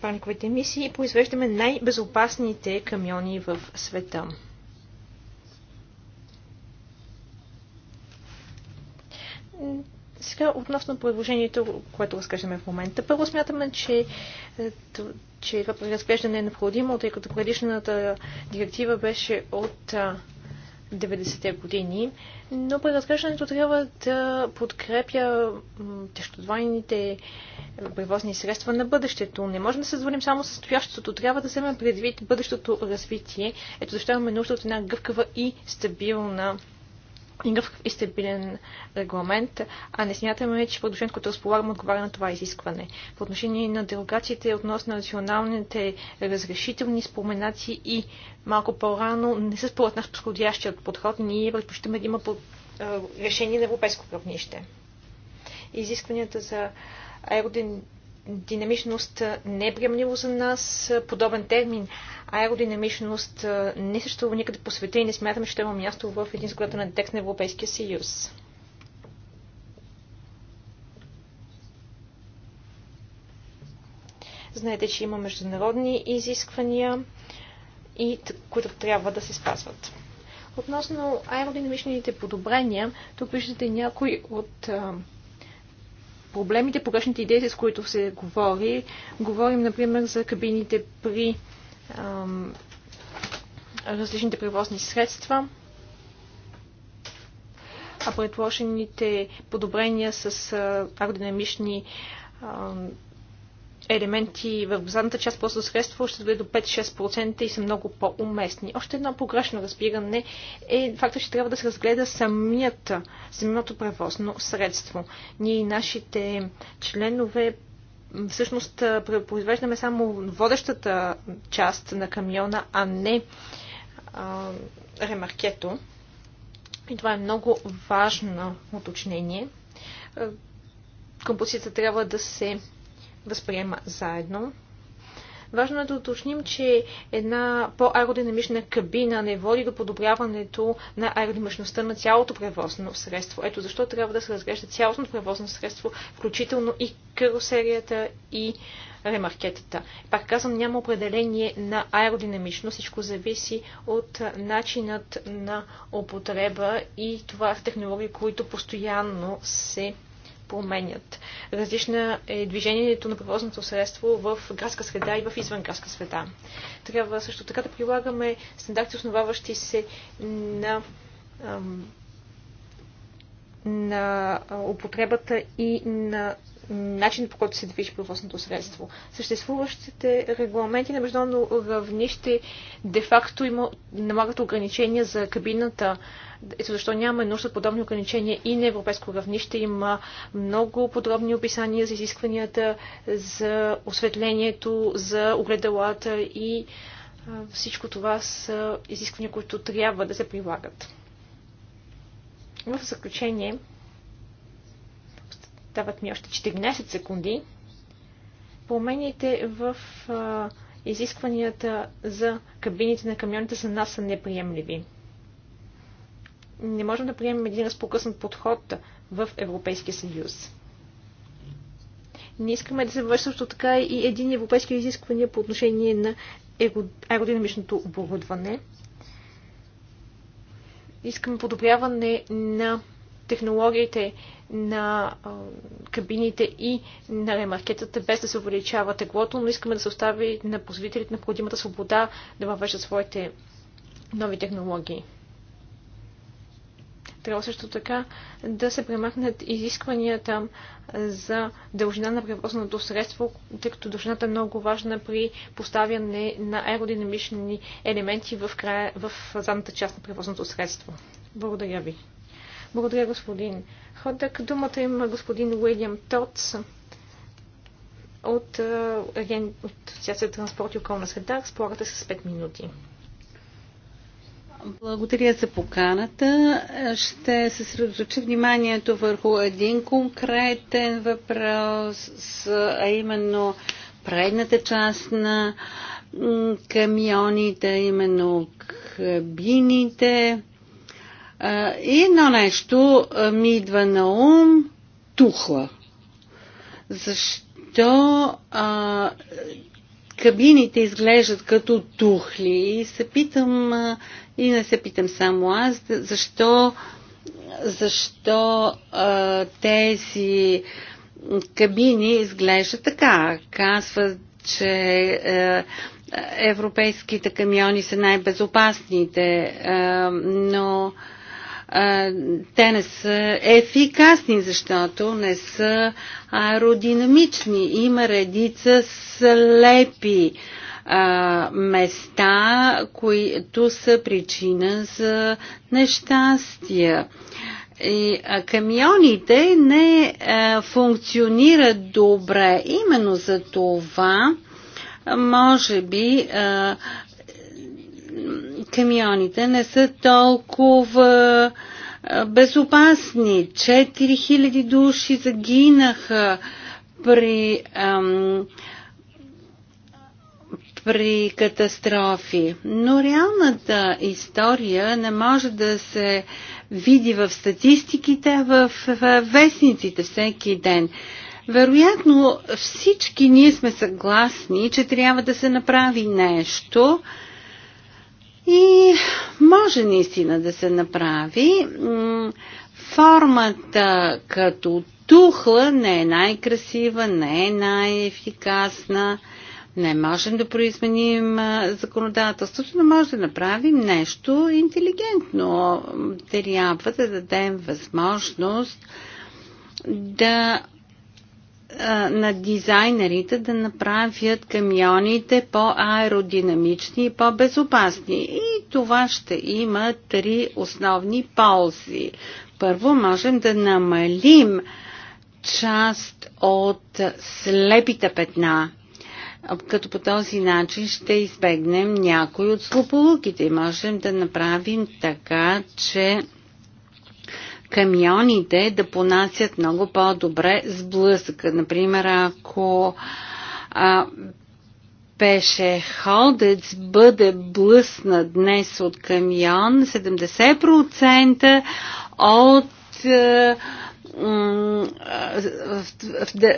парниковите емисии и произвеждаме най-безопасните камиони в света. Сега относно предложението, което разкажеме в момента. Първо смятаме, че, е, че разглеждане е необходимо, тъй като предишната директива беше от 90-те години, но преразглеждането трябва да подкрепя тещодвайните превозни средства на бъдещето. Не можем да се задоволим само с стоящото. трябва да вземем предвид бъдещото развитие. Ето защо имаме нужда от една гъвкава и стабилна никакъв изтебилен е регламент, а не смятаме, че предложението, което разполагаме, отговаря на това изискване. По отношение на дерогациите относно националните разрешителни споменаци и малко по-рано не са според нас подходящият подход, ние предпочитаме да има под, решение на европейско равнище. Изискванията за аеродин динамичност не е приемливо за нас. Подобен термин аеродинамичност не съществува никъде по света и не смятаме, че има място в един на текст на Европейския съюз. Знаете, че има международни изисквания, и, които трябва да се спазват. Относно аеродинамичните подобрения, тук виждате някои от проблемите, погрешните идеи, с които се говори. Говорим, например, за кабините при ам, различните превозни средства, а предложените подобрения с аеродинамични ам, елементи в задната част просто средство ще доведе до 5-6% и са много по-уместни. Още едно погрешно разбиране е факта, че трябва да се разгледа самият, самото превозно средство. Ние и нашите членове всъщност произвеждаме само водещата част на камиона, а не а, ремаркето. И това е много важно уточнение. Композицията трябва да се възприема заедно. Важно е да уточним, че една по-аеродинамична кабина не води до подобряването на аеродинамичността на цялото превозно средство. Ето защо трябва да се разглежда цялото превозно средство, включително и карусерията и ремаркетата. Пак казвам, няма определение на аеродинамично. Всичко зависи от начинът на употреба и това са технологии, които постоянно се променят. Различна е движението на превозното средство в градска среда и в извънградска среда. Трябва също така да прилагаме стандарти, основаващи се на на употребата и на начин по който се движи превозното средство. Съществуващите регламенти на международно равнище де-факто налагат ограничения за кабината ето защо нямаме нужда от подобни ограничения и на европейско равнище. Има много подробни описания за изискванията, за осветлението, за огледалата и всичко това са изисквания, които трябва да се прилагат. В заключение, дават ми още 14 секунди, промените в изискванията за кабините на камионите за нас са неприемливи не можем да приемем един разпокъснат подход в Европейския съюз. Не искаме да се върши също така и един европейски изисквания по отношение на аеродинамичното оборудване. Искаме подобряване на технологиите на а, кабините и на ремаркетата, без да се увеличава теглото, но искаме да се остави на производителите необходимата свобода да въвеждат своите нови технологии. Трябва също така да се премахнат изискванията за дължина на превозното средство, тъй като дължината е много важна при поставяне на аеродинамични елементи в, края, в задната част на превозното средство. Благодаря ви. Благодаря, господин Ходък. Думата има господин Уилям Тотс от, е, от Асоциация Транспорт и околна среда. Спората с 5 минути. Благодаря за поканата. Ще се съсредоточа вниманието върху един конкретен въпрос, а именно предната част на камионите, именно кабините. И едно нещо ми идва на ум – тухла. Защо а, кабините изглеждат като тухли и се питам, и не се питам само аз, защо, защо а, тези кабини изглеждат така. Казват, че а, европейските камиони са най-безопасните, но те не са ефикасни, защото не са аеродинамични. Има редица слепи а, места, които са причина за нещастия. И а, камионите не а, функционират добре. Именно за това, може би, а, камионите не са толкова безопасни. 4000 души загинаха при, ам, при катастрофи. Но реалната история не може да се види в статистиките, в, в вестниците всеки ден. Вероятно всички ние сме съгласни, че трябва да се направи нещо, и може наистина да се направи. Формата като тухла не е най-красива, не е най-ефикасна. Не можем да произменим законодателството, но може да направим нещо интелигентно. Трябва да дадем възможност да на дизайнерите да направят камионите по-аеродинамични и по-безопасни. И това ще има три основни ползи. Първо, можем да намалим част от слепите петна, като по този начин ще избегнем някои от слополуките и можем да направим така, че камионите да понасят много по-добре сблъсъка. Например, ако а, холдец бъде блъсна днес от камион, 70% от а,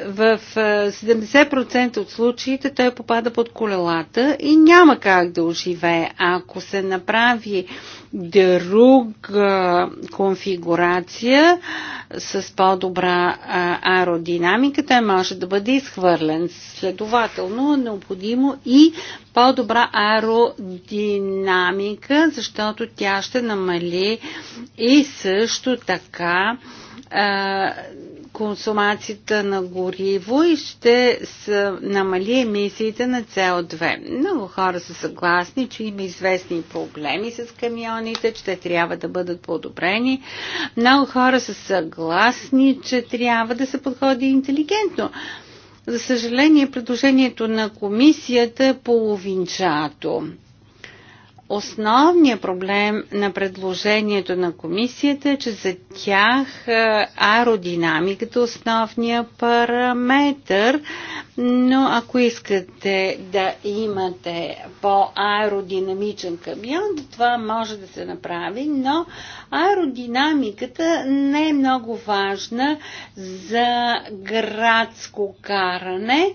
в 70% от случаите той попада под колелата и няма как да оживее. Ако се направи друга конфигурация с по-добра аеродинамика, той може да бъде изхвърлен. Следователно е необходимо и по-добра аеродинамика, защото тя ще намали и също така консумацията на гориво и ще намали емисиите на CO2. Много хора са съгласни, че има известни проблеми с камионите, че те трябва да бъдат подобрени. Много хора са съгласни, че трябва да се подходи интелигентно. За съжаление, предложението на комисията е половинчато. Основният проблем на предложението на комисията е, че за тях е, аеродинамиката е основния параметр, но ако искате да имате по-аеродинамичен камион, това може да се направи, но аеродинамиката не е много важна за градско каране.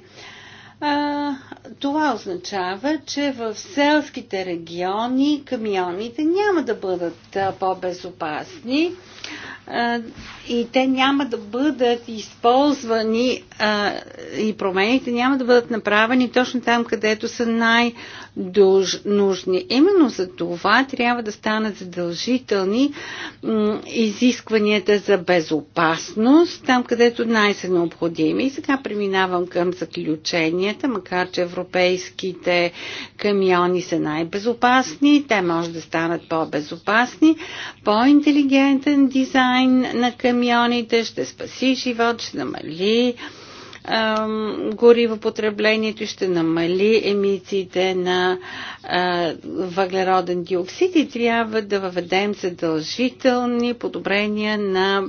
А, това означава, че в селските региони камионите няма да бъдат по-безопасни и те няма да бъдат използвани и промените няма да бъдат направени точно там, където са най-нужни. Именно за това трябва да станат задължителни изискванията за безопасност, там където най-са необходими. И сега преминавам към заключенията, макар че европейските камиони са най-безопасни, те може да станат по-безопасни, по-интелигентен дизайн на камионите, ще спаси живот, ще намали гориво потреблението ще намали емициите на а, въглероден диоксид и трябва да въведем задължителни подобрения на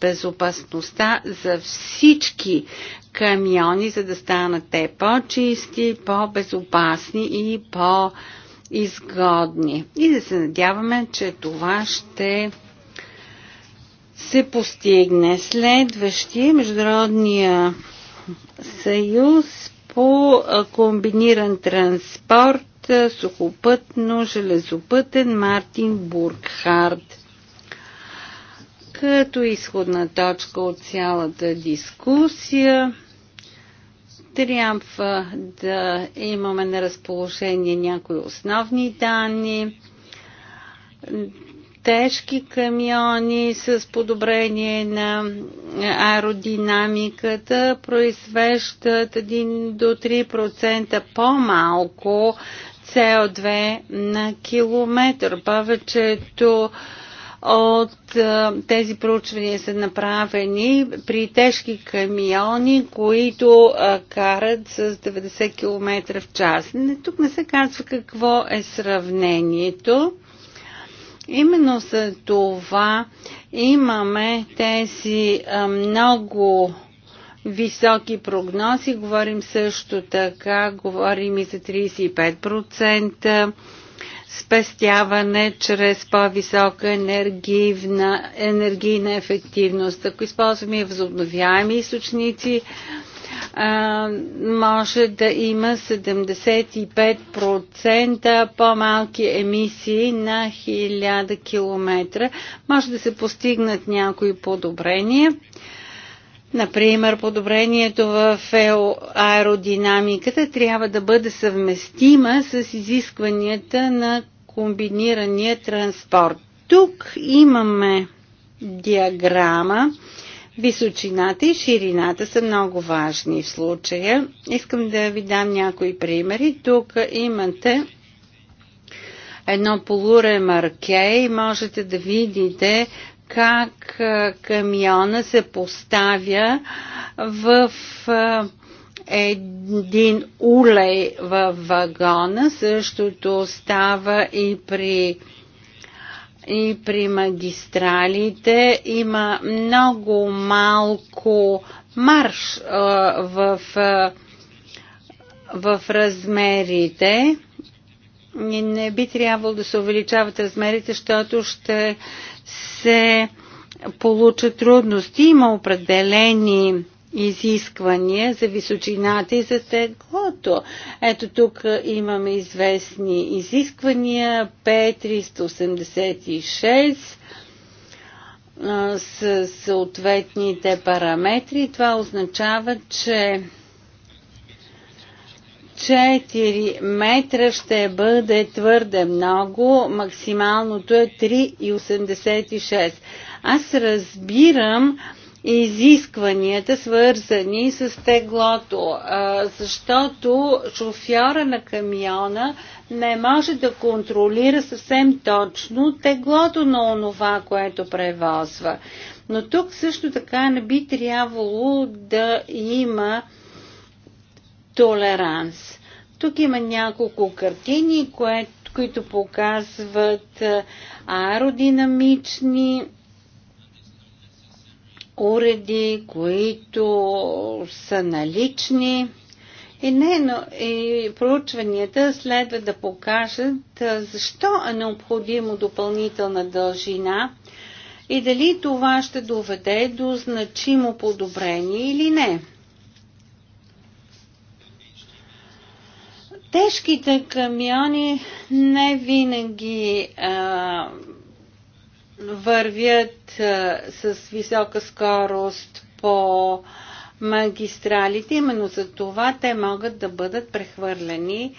безопасността за всички камиони, за да станат те по-чисти, по-безопасни и по-изгодни. И да се надяваме, че това ще се постигне. Следващия Международния съюз по комбиниран транспорт, сухопътно, железопътен Мартин Бургхард. Като изходна точка от цялата дискусия, трябва да имаме на разположение някои основни данни, тежки камиони с подобрение на аеродинамиката произвеждат 1 до 3% по-малко CO2 на километър. Повечето от тези проучвания са направени при тежки камиони, които карат с 90 км в час. Тук не се казва какво е сравнението. Именно за това имаме тези много високи прогнози. Говорим също така, говорим и за 35% спестяване чрез по-висока енергийна ефективност. Ако използваме възобновяеми източници, може да има 75% по-малки емисии на 1000 км. Може да се постигнат някои подобрения. Например, подобрението в аеродинамиката трябва да бъде съвместима с изискванията на комбинирания транспорт. Тук имаме диаграма Височината и ширината са много важни в случая. Искам да ви дам някои примери. Тук имате едно полуремарке и можете да видите как камиона се поставя в един улей в вагона. Същото става и при и при магистралите има много малко марш а, в, а, в размерите. Не би трябвало да се увеличават размерите, защото ще се получат трудности. Има определени изисквания за височината и за теглото. Ето тук имаме известни изисквания P386 с съответните параметри. Това означава, че 4 метра ще бъде твърде много, максималното е 3,86. Аз разбирам, изискванията, свързани с теглото, защото шофьора на камиона не може да контролира съвсем точно теглото на онова, което превозва. Но тук също така не би трябвало да има толеранс. Тук има няколко картини, които показват аеродинамични уреди, които са налични. И, не, но, и проучванията следва да покажат защо е необходимо допълнителна дължина и дали това ще доведе до значимо подобрение или не. Тежките камиони не винаги а, вървят а, с висока скорост по магистралите. Именно за това те могат да бъдат прехвърлени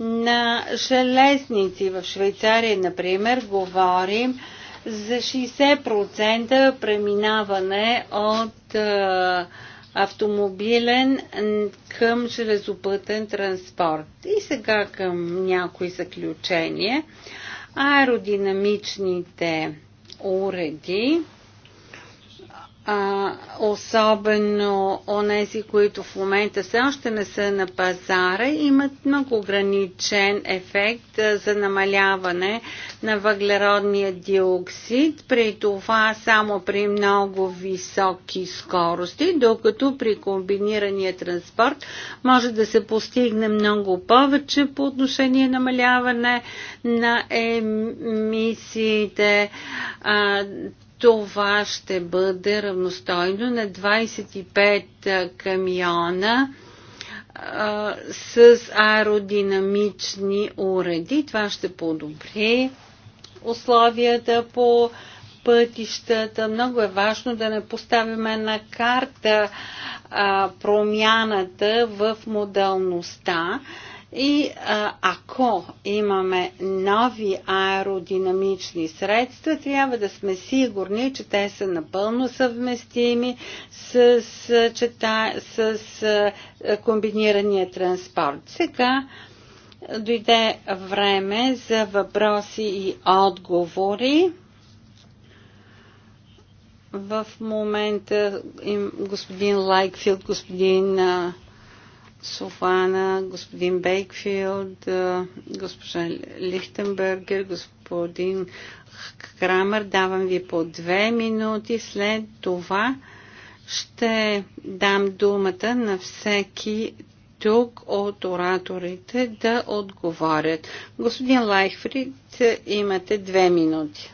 на железници. В Швейцария, например, говорим за 60% преминаване от а, автомобилен към железопътен транспорт. И сега към някои заключения. Аеродинамичните уреди а, особено онези, които в момента все още не са на пазара, имат много ограничен ефект а, за намаляване на въглеродния диоксид, при това само при много високи скорости, докато при комбинирания транспорт може да се постигне много повече по отношение намаляване на емисиите. А, това ще бъде равностойно на 25 камиона а, с аеродинамични уреди. Това ще подобри условията по пътищата. Много е важно да не поставяме на карта а, промяната в модалността. А, и а, ако имаме нови аеродинамични средства, трябва да сме сигурни, че те са напълно съвместими с, с, чета, с, с комбинирания транспорт. Сега дойде време за въпроси и отговори. В момента им господин Лайкфилд, господин. А, Софана, господин Бейкфилд, госпожа Лихтенбергер, господин Крамер. Давам ви по две минути. След това ще дам думата на всеки тук от ораторите да отговорят. Господин Лайхфрид, имате две минути.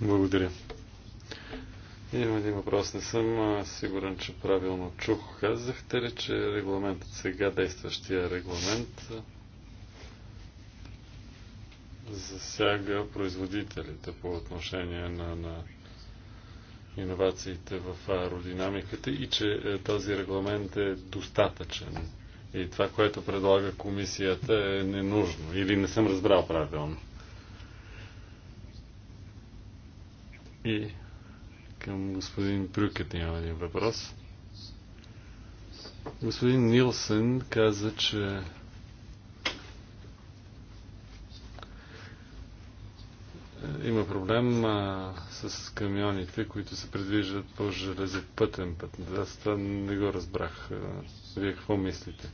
Благодаря. Имам един въпрос. Не съм сигурен, че правилно чух. Казахте ли, че регламентът, сега действащия регламент, засяга производителите по отношение на, на иновациите в аеродинамиката и че е, този регламент е достатъчен. И това, което предлага комисията е ненужно. Или не съм разбрал правилно. И към господин Брюкет има един въпрос. Господин Нилсен каза, че има проблем а, с камионите, които се предвиждат по железопътен път. Аз това не го разбрах. Вие какво мислите?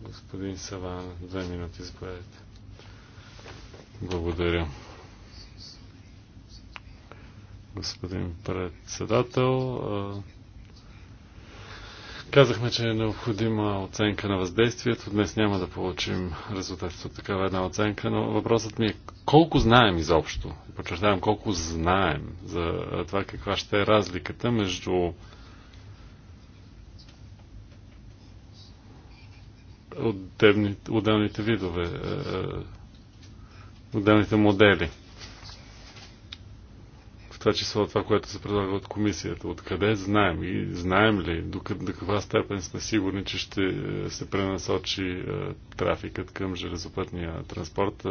Господин Саван, две минути, заповядайте. Благодаря господин председател. Казахме, че е необходима оценка на въздействието. Днес няма да получим резултатите от такава една оценка, но въпросът ми е колко знаем изобщо, подчертавам колко знаем за това каква ще е разликата между отделните видове, е, е, отделните модели това число това, което се предлага от комисията. Откъде знаем и знаем ли до, до каква степен сме сигурни, че ще е, се пренасочи е, трафикът към железопътния транспорт е,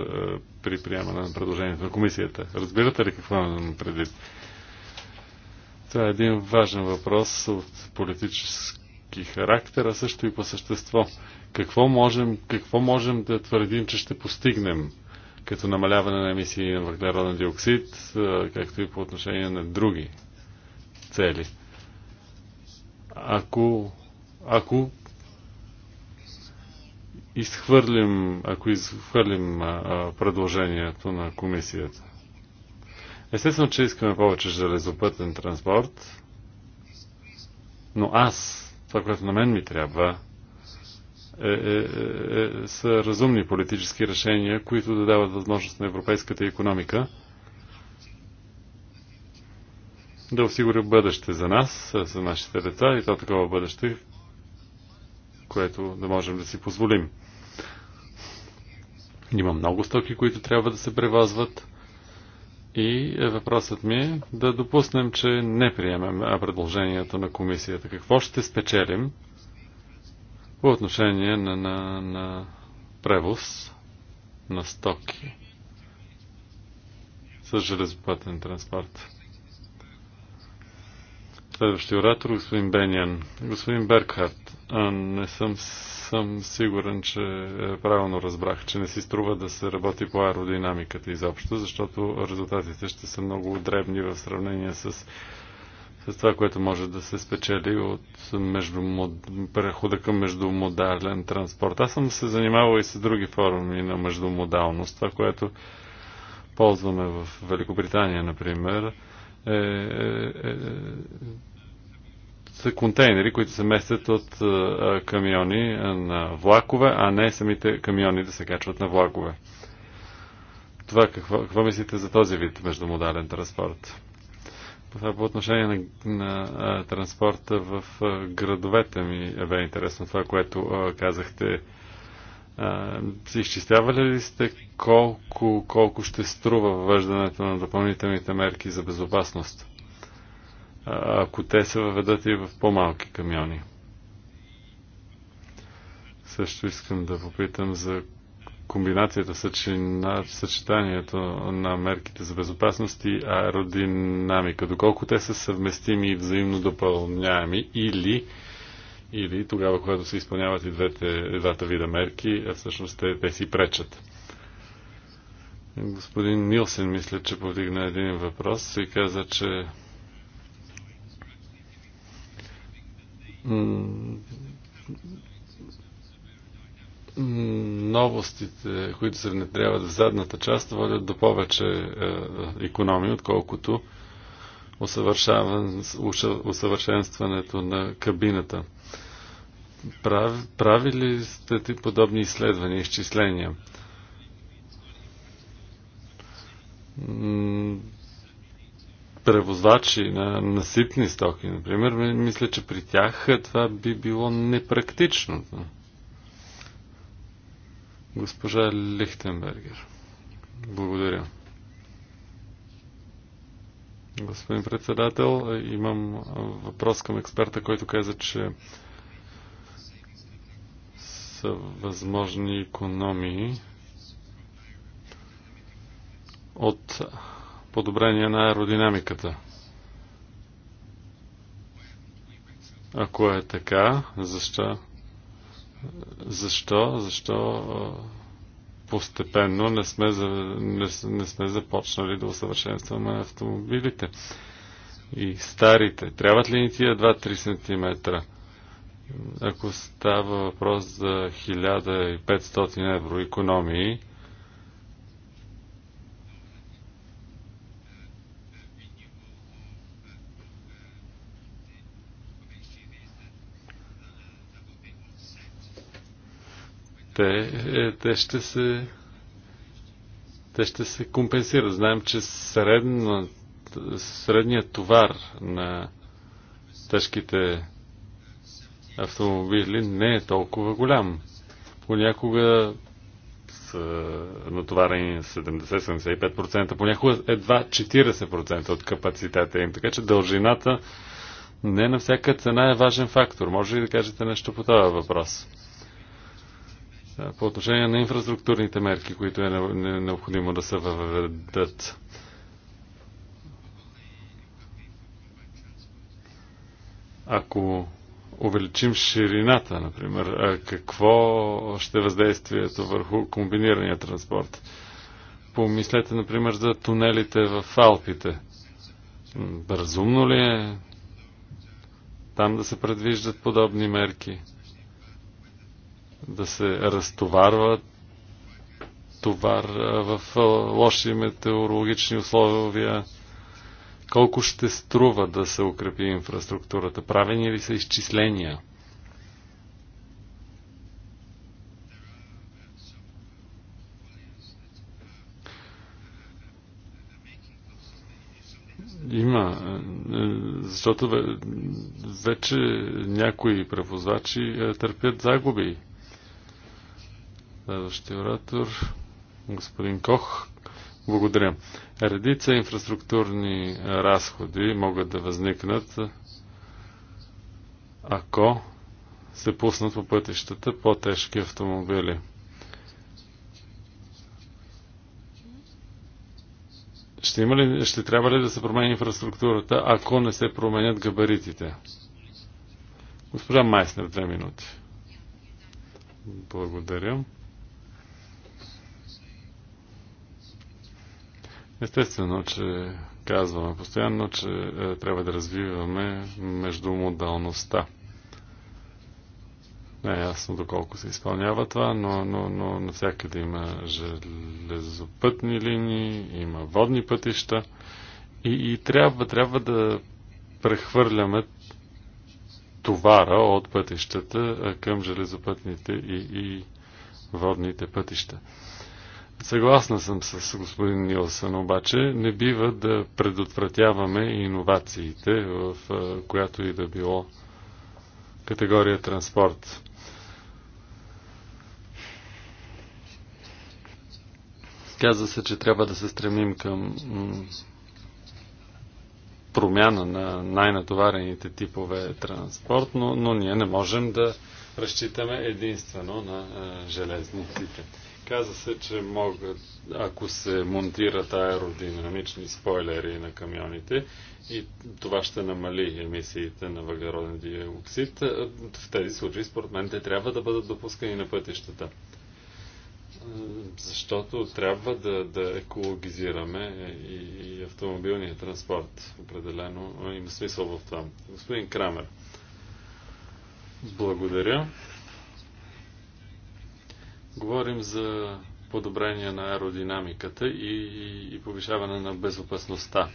при приемане на предложението на комисията. Разбирате ли какво имам предвид? Това е един важен въпрос от политически характер, а също и по същество. Какво можем, какво можем да твърдим, че ще постигнем като намаляване на емисии на въглероден диоксид, както и по отношение на други цели. Ако, ако изхвърлим, ако изхвърлим предложението на комисията. Естествено, че искаме повече железопътен транспорт, но аз, това, което на мен ми трябва, е, е, е, е, са разумни политически решения, които да дават възможност на европейската економика да осигури бъдеще за нас, за нашите деца и то такова бъдеще, което да можем да си позволим. Има много стоки, които трябва да се превазват. И е въпросът ми е да допуснем, че не приемем предложението на комисията. Какво ще спечелим по отношение на, на, на превоз на стоки с железопътен транспорт. Следващия оратор, господин Бениан. Господин Беркхарт, не съм, съм сигурен, че е правилно разбрах, че не си струва да се работи по аеродинамиката изобщо, защото резултатите ще са много дребни в сравнение с с това, което може да се спечели от междумод... прехода към междумодален транспорт. Аз съм се занимавал и с други форуми на междумодалност. Това, което ползваме в Великобритания, например, е, е, е, са контейнери, които се местят от е, камиони на влакове, а не самите камиони да се качват на влакове. Това какво, какво мислите за този вид междумодален транспорт? Това по отношение на, на а, транспорта в а, градовете ми е бе интересно това, което а, казахте. А, изчислявали ли сте колко, колко ще струва въвеждането на допълнителните мерки за безопасност, а, ако те се въведат и в по-малки камиони? Също искам да попитам за комбинацията, съчина, съчетанието на мерките за безопасност и аеродинамика, доколко те са съвместими и взаимно допълняеми или, или тогава, когато се изпълняват и двете, двата вида мерки, е, всъщност те, те си пречат. Господин Нилсен, мисля, че повдигна един въпрос и каза, че новостите, които се внедряват в задната част, водят до повече економии, отколкото усъвършенстването на кабината. правили сте ти подобни изследвания, изчисления? превозвачи на насипни стоки, например, мисля, че при тях е, това би било непрактично. Госпожа Лихтенбергер. Благодаря. Господин председател, имам въпрос към експерта, който каза, че са възможни економии от подобрение на аеродинамиката. Ако е така, защо защо? Защо постепенно не сме, за, не, не сме започнали да усъвършенстваме автомобилите? И старите. Трябват ли ни тия 2-3 см? Ако става въпрос за 1500 евро економии, те, е, те ще се те ще се компенсират. Знаем, че средна, средният товар на тежките автомобили не е толкова голям. Понякога са натоварени 70-75%, понякога едва 40% от капацитета им. Така че дължината не на всяка цена е важен фактор. Може ли да кажете нещо по този въпрос? Е, по отношение на инфраструктурните мерки, които е необходимо да се въведат. Ако увеличим ширината, например, е, какво ще е въздействието върху комбинирания транспорт? Помислете, например, за тунелите в Алпите. Разумно ли е там да се предвиждат подобни мерки? да се разтоварва товар в лоши метеорологични условия. Колко ще струва да се укрепи инфраструктурата? Правени ли са изчисления? Има, защото вече някои превозвачи търпят загуби Следващия оратор, господин Кох. Благодаря. Редица инфраструктурни разходи могат да възникнат, ако се пуснат по пътищата по-тежки автомобили. Ще, има ли, ще трябва ли да се промени инфраструктурата, ако не се променят габаритите? Госпожа Майснер, две минути. Благодаря. Естествено, че казваме постоянно, че е, трябва да развиваме междумодалността. Не е ясно доколко се изпълнява това, но, но, но навсякъде има железопътни линии, има водни пътища и, и трябва, трябва да прехвърляме товара от пътищата е, към железопътните и, и водните пътища. Съгласна съм с господин Нилсън, обаче не бива да предотвратяваме иновациите в която и да било категория транспорт. Казва се, че трябва да се стремим към промяна на най-натоварените типове транспорт, но, но ние не можем да разчитаме единствено на железниците. Каза се, че могат, ако се монтират аеродинамични спойлери на камионите, и това ще намали емисиите на въглероден диоксид, в тези случаи, според мен, те трябва да бъдат допускани на пътищата. Защото трябва да, да екологизираме и, и автомобилния транспорт. Определено има смисъл в това. Господин Крамер, благодаря. Говорим за подобрение на аеродинамиката и, и повишаване на безопасността.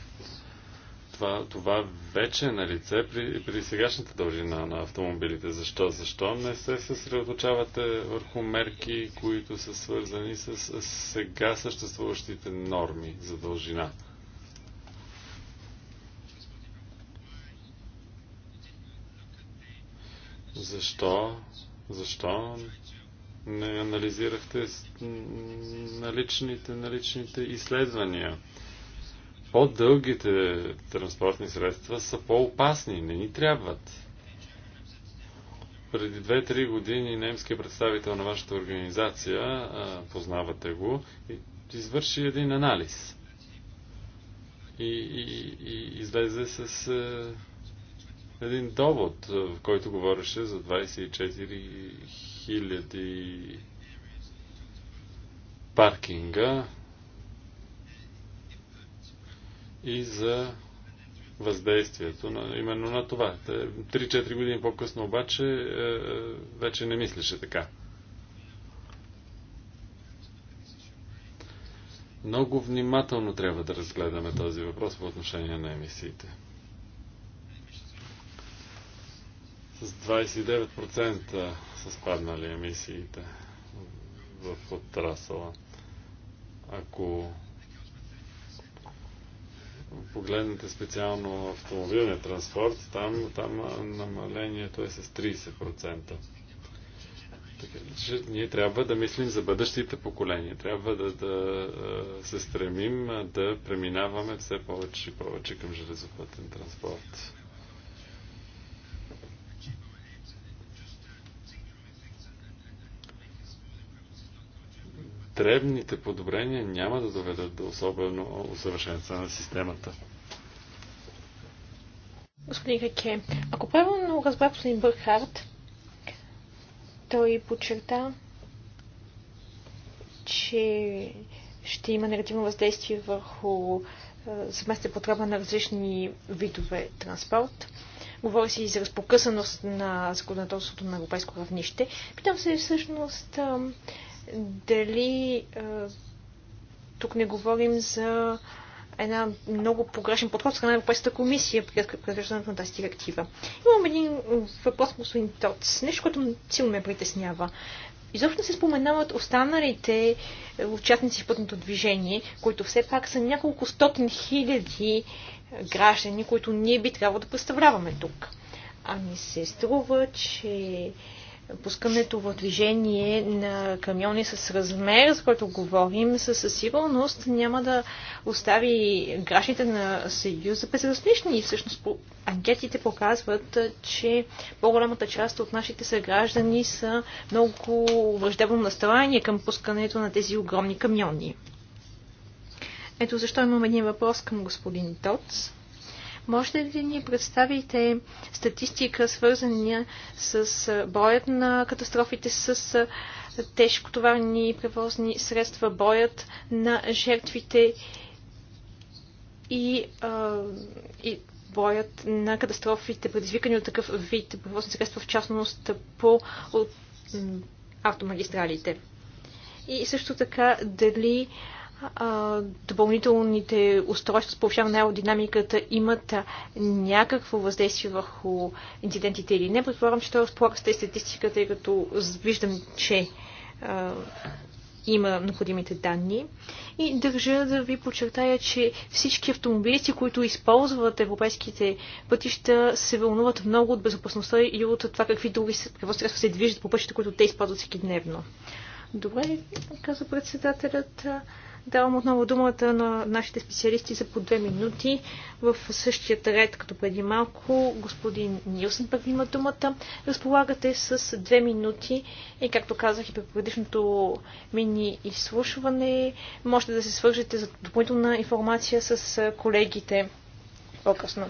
Това, това вече е на лице при, при сегашната дължина на автомобилите. Защо? Защо не се съсредоточавате върху мерки, които са свързани с, с сега съществуващите норми за дължина? Защо? Защо не анализирахте наличните, наличните изследвания. По-дългите транспортни средства са по-опасни, не ни трябват. Преди 2-3 години немският представител на вашата организация, познавате го, извърши един анализ. И, и, и излезе с един довод, в който говореше за 24 хиляди паркинга и за въздействието на, именно на това. 3-4 години по-късно обаче е, е, вече не мислеше така. Много внимателно трябва да разгледаме този въпрос по отношение на емисиите. С 29% са спаднали емисиите в отрасъла. Ако погледнете специално автомобилния транспорт, там, там намалението е с 30%. Така че ние трябва да мислим за бъдещите поколения. Трябва да, да се стремим да преминаваме все повече и повече към железопътен транспорт. дребните подобрения няма да доведат до особено усъвършенство на системата. Господин Хаке, ако правилно разбрах господин Бърхард, той подчерта, че ще има негативно въздействие върху е, съвместна потреба на различни видове транспорт. Говори се и за разпокъсаност на законодателството на европейско равнище. Питам се всъщност е, дали тук не говорим за една много погрешен подход на Европейската комисия при разглеждането на тази директива. Имам един въпрос, господин Тоц. Нещо, което силно ме притеснява. Изобщо не се споменават останалите участници в пътното движение, които все пак са няколко стотин хиляди граждани, които ние би трябвало да представляваме тук. Ами се струва, че пускането в движение на камиони с размер, за който говорим, със сигурност няма да остави гражданите на Съюза безразлични. И всъщност анкетите показват, че по-голямата част от нашите съграждани са много враждебно настроени към пускането на тези огромни камиони. Ето защо имам един въпрос към господин Тоц. Можете ли да ни представите статистика, свързана с броят на катастрофите с тежкотоварни превозни средства, броят на жертвите и, а, и броят на катастрофите, предизвикани от такъв вид превозни средства, в частност по от, автомагистралите. И също така дали допълнителните устройства с повишаване на аеродинамиката имат някакво въздействие върху инцидентите или не. Предполагам, че той разполага с тези статистика, тъй като виждам, че има необходимите данни. И държа да ви подчертая, че всички автомобилисти, които използват европейските пътища, се вълнуват много от безопасността и от това какви други средства се движат по пътища, които те използват всеки дневно. Добре, каза председателят. Давам отново думата на нашите специалисти за по две минути в същия ред, като преди малко господин Нилсен пък има думата. Разполагате с две минути и както казах и при предишното мини изслушване, можете да се свържете за допълнителна информация с колегите по-късно.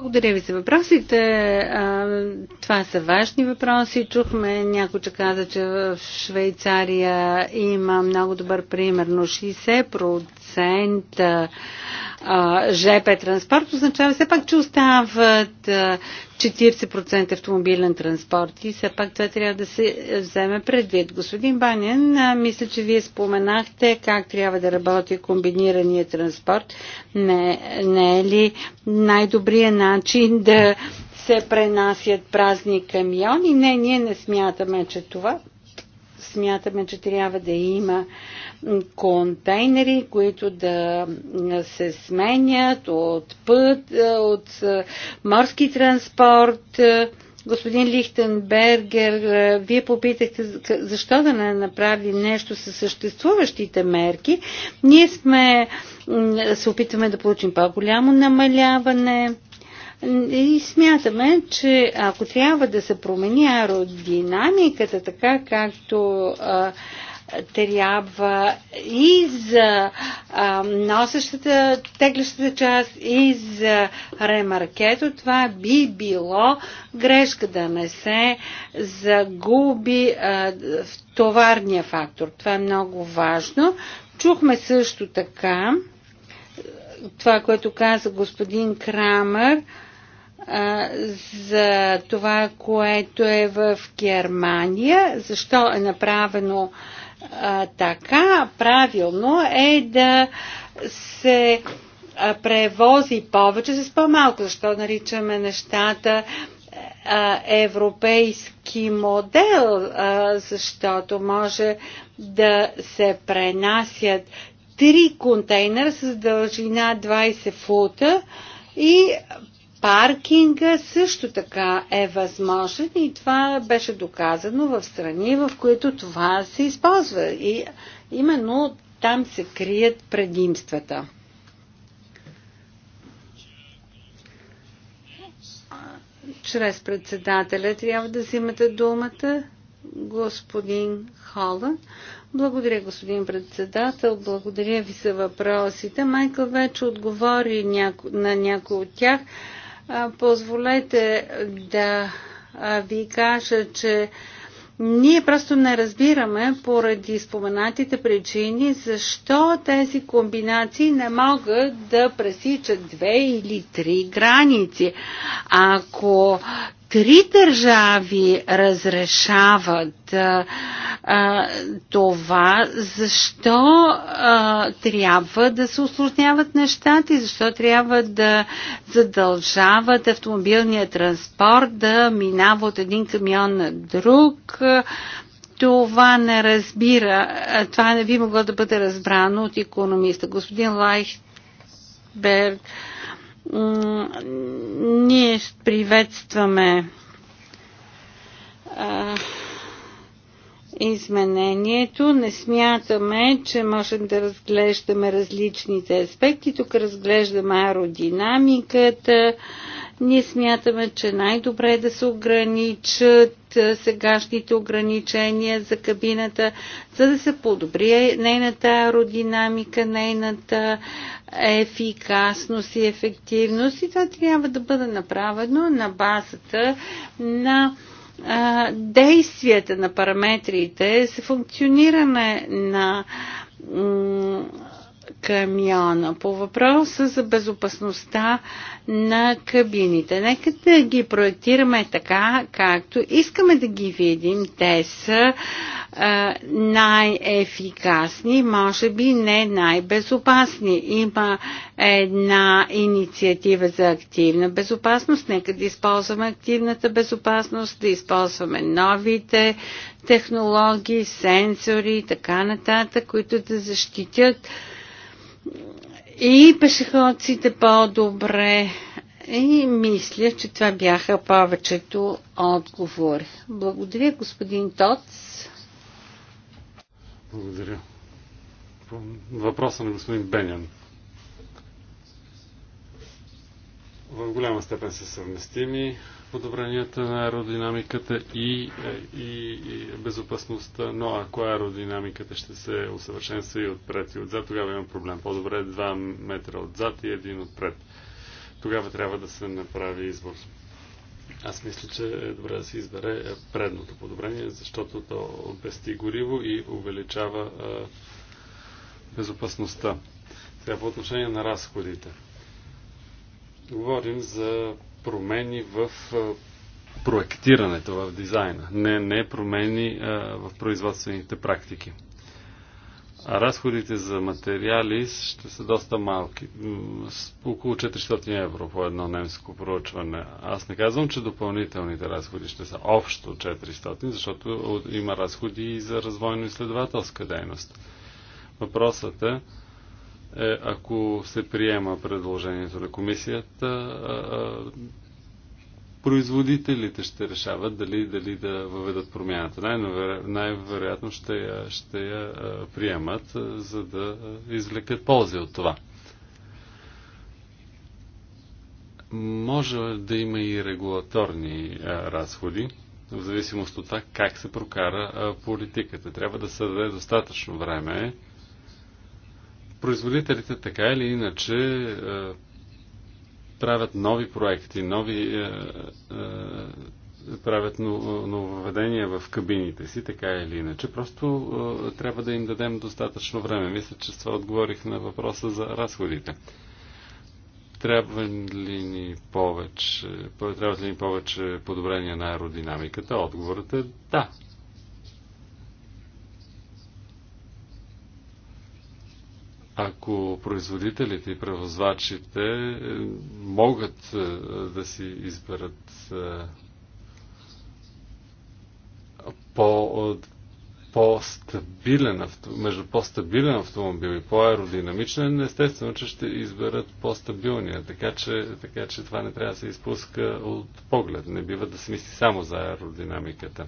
Благодаря ви за въпросите. Това са важни въпроси. Чухме някой, че каза, че в Швейцария има много добър пример, но процент ЖП транспорт, означава все пак, че остават 40% автомобилен транспорт и все пак това трябва да се вземе предвид. Господин Банен, мисля, че вие споменахте как трябва да работи комбинирания транспорт. Не, не е ли най-добрият начин да се пренасят празни камиони? Не, ние не смятаме, че това смятаме, че трябва да има контейнери, които да се сменят от път, е, от е, морски транспорт. Е, господин Лихтенбергер, вие попитахте защо да не направи нещо с съществуващите мерки. Ние сме, се опитваме да получим по-голямо намаляване и смятаме, че ако трябва да се промени аеродинамиката, така както а, трябва и за а, носещата, теглещата част, и за ремаркето. Това би било грешка да не се загуби а, в товарния фактор. Това е много важно. Чухме също така това, което каза господин Крамер. А, за това, което е в Германия, защо е направено а, така правилно е да се превози повече с по-малко, защо наричаме нещата а, европейски модел, а, защото може да се пренасят три контейнера с дължина 20 фута и Паркинга също така е възможен и това беше доказано в страни, в които това се използва. И именно там се крият предимствата. Чрез председателя трябва да взимате думата господин Холан. Благодаря, господин председател. Благодаря ви за въпросите. Майкъл вече отговори на някои от тях. Позволете да ви кажа, че ние просто не разбираме поради споменатите причини защо тези комбинации не могат да пресичат две или три граници. Ако три държави разрешават а, а, това, защо а, трябва да се усложняват нещата и защо трябва да задължават автомобилния транспорт да минава от един камион на друг. Това не разбира, това не би могло да бъде разбрано от економиста. Господин Лайхберг, ние приветстваме изменението. Не смятаме, че можем да разглеждаме различните аспекти. Тук разглеждаме аеродинамиката. Ние смятаме, че най-добре е да се ограничат сегашните ограничения за кабината, за да се подобри нейната аеродинамика, нейната ефикасност и ефективност. И това трябва да бъде направено на базата на действията на параметрите за функциониране на камиона, по въпроса за безопасността на кабините. Нека да ги проектираме така, както искаме да ги видим. Те са е, най-ефикасни, може би не най-безопасни. Има една инициатива за активна безопасност. Нека да използваме активната безопасност, да използваме новите технологии, сенсори и така нататък, които да защитят и пешеходците по-добре. И мисля, че това бяха повечето отговори. Благодаря, господин Тоц. Благодаря. Въпроса на господин Бенян. В голяма степен са съвместими подобренията на аеродинамиката и, е, и, и безопасността, но ако аеродинамиката ще се усъвършенства и отпред и отзад, тогава има проблем. По-добре е 2 метра отзад и един отпред. Тогава трябва да се направи избор. Аз мисля, че е добре да се избере предното подобрение, защото то обести гориво и увеличава а, е, безопасността. Сега по отношение на разходите. Говорим за промени в проектирането, в дизайна, не, не промени в производствените практики. А разходите за материали ще са доста малки. Около 400 евро по едно немско проучване. Аз не казвам, че допълнителните разходи ще са общо 400, защото има разходи и за развойно-изследователска дейност. Въпросът е е, ако се приема предложението на комисията, производителите ще решават дали, дали да въведат промяната. Най-вероятно най ще я, ще я приемат, за да извлекат ползи от това. Може да има и регулаторни разходи, в зависимост от това как се прокара политиката. Трябва да се даде достатъчно време производителите така или иначе е, правят нови проекти, нови е, е, правят нововведения в кабините си, така или иначе. Просто трябва да им дадем достатъчно време. Мисля, че с това отговорих на въпроса за разходите. Трябва ли ни повече, трябват ли ни повече подобрения на аеродинамиката? Отговорът е да. Ако производителите и превозвачите е, могат е, да си изберат е, по по-стабилен, между по-стабилен автомобил и по-аеродинамичен, естествено, че ще изберат по-стабилния. Така че, така че това не трябва да се изпуска от поглед. Не бива да се мисли само за аеродинамиката.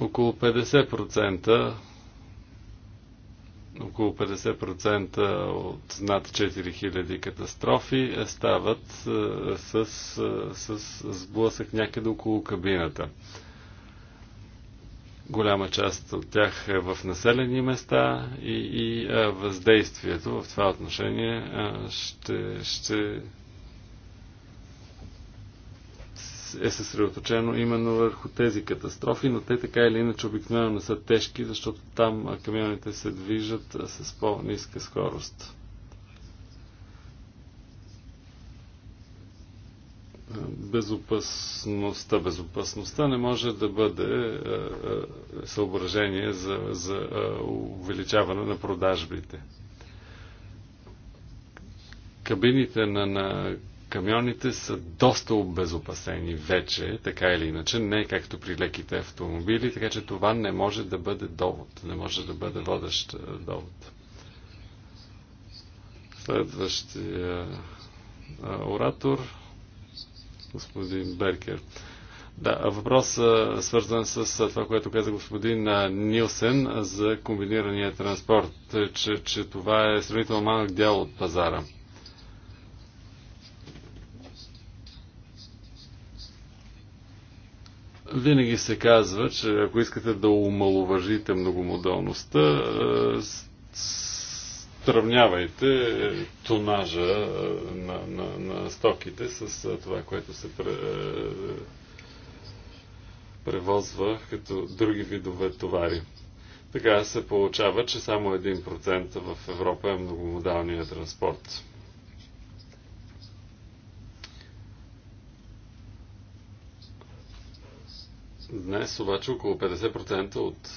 Около 50% около 50% от над 4000 катастрофи е, стават е, с, е, с, с сблъсък някъде около кабината. Голяма част от тях е в населени места и, и въздействието в това отношение ще, ще е съсредоточено именно върху тези катастрофи, но те така или иначе обикновено не са тежки, защото там камионите се движат с по-ниска скорост. безопасността. Безопасността не може да бъде съображение за, за увеличаване на продажбите. Кабините на, на камионите са доста обезопасени вече, така или иначе, не както при леките автомобили, така че това не може да бъде довод, не може да бъде водещ е, довод. Следващия е, оратор, господин Беркер. Да, въпрос е, свързан с това, което каза господин Нилсен за комбинирания транспорт, че, че това е сравнително малък дял от пазара. Винаги се казва, че ако искате да умалуважите многомодалността, е, сравнявайте тонажа е, на, на, на стоките с е, това, което се пре, превозва като други видове товари. Така се получава, че само 1% в Европа е многомодалният транспорт. Днес обаче около 50% от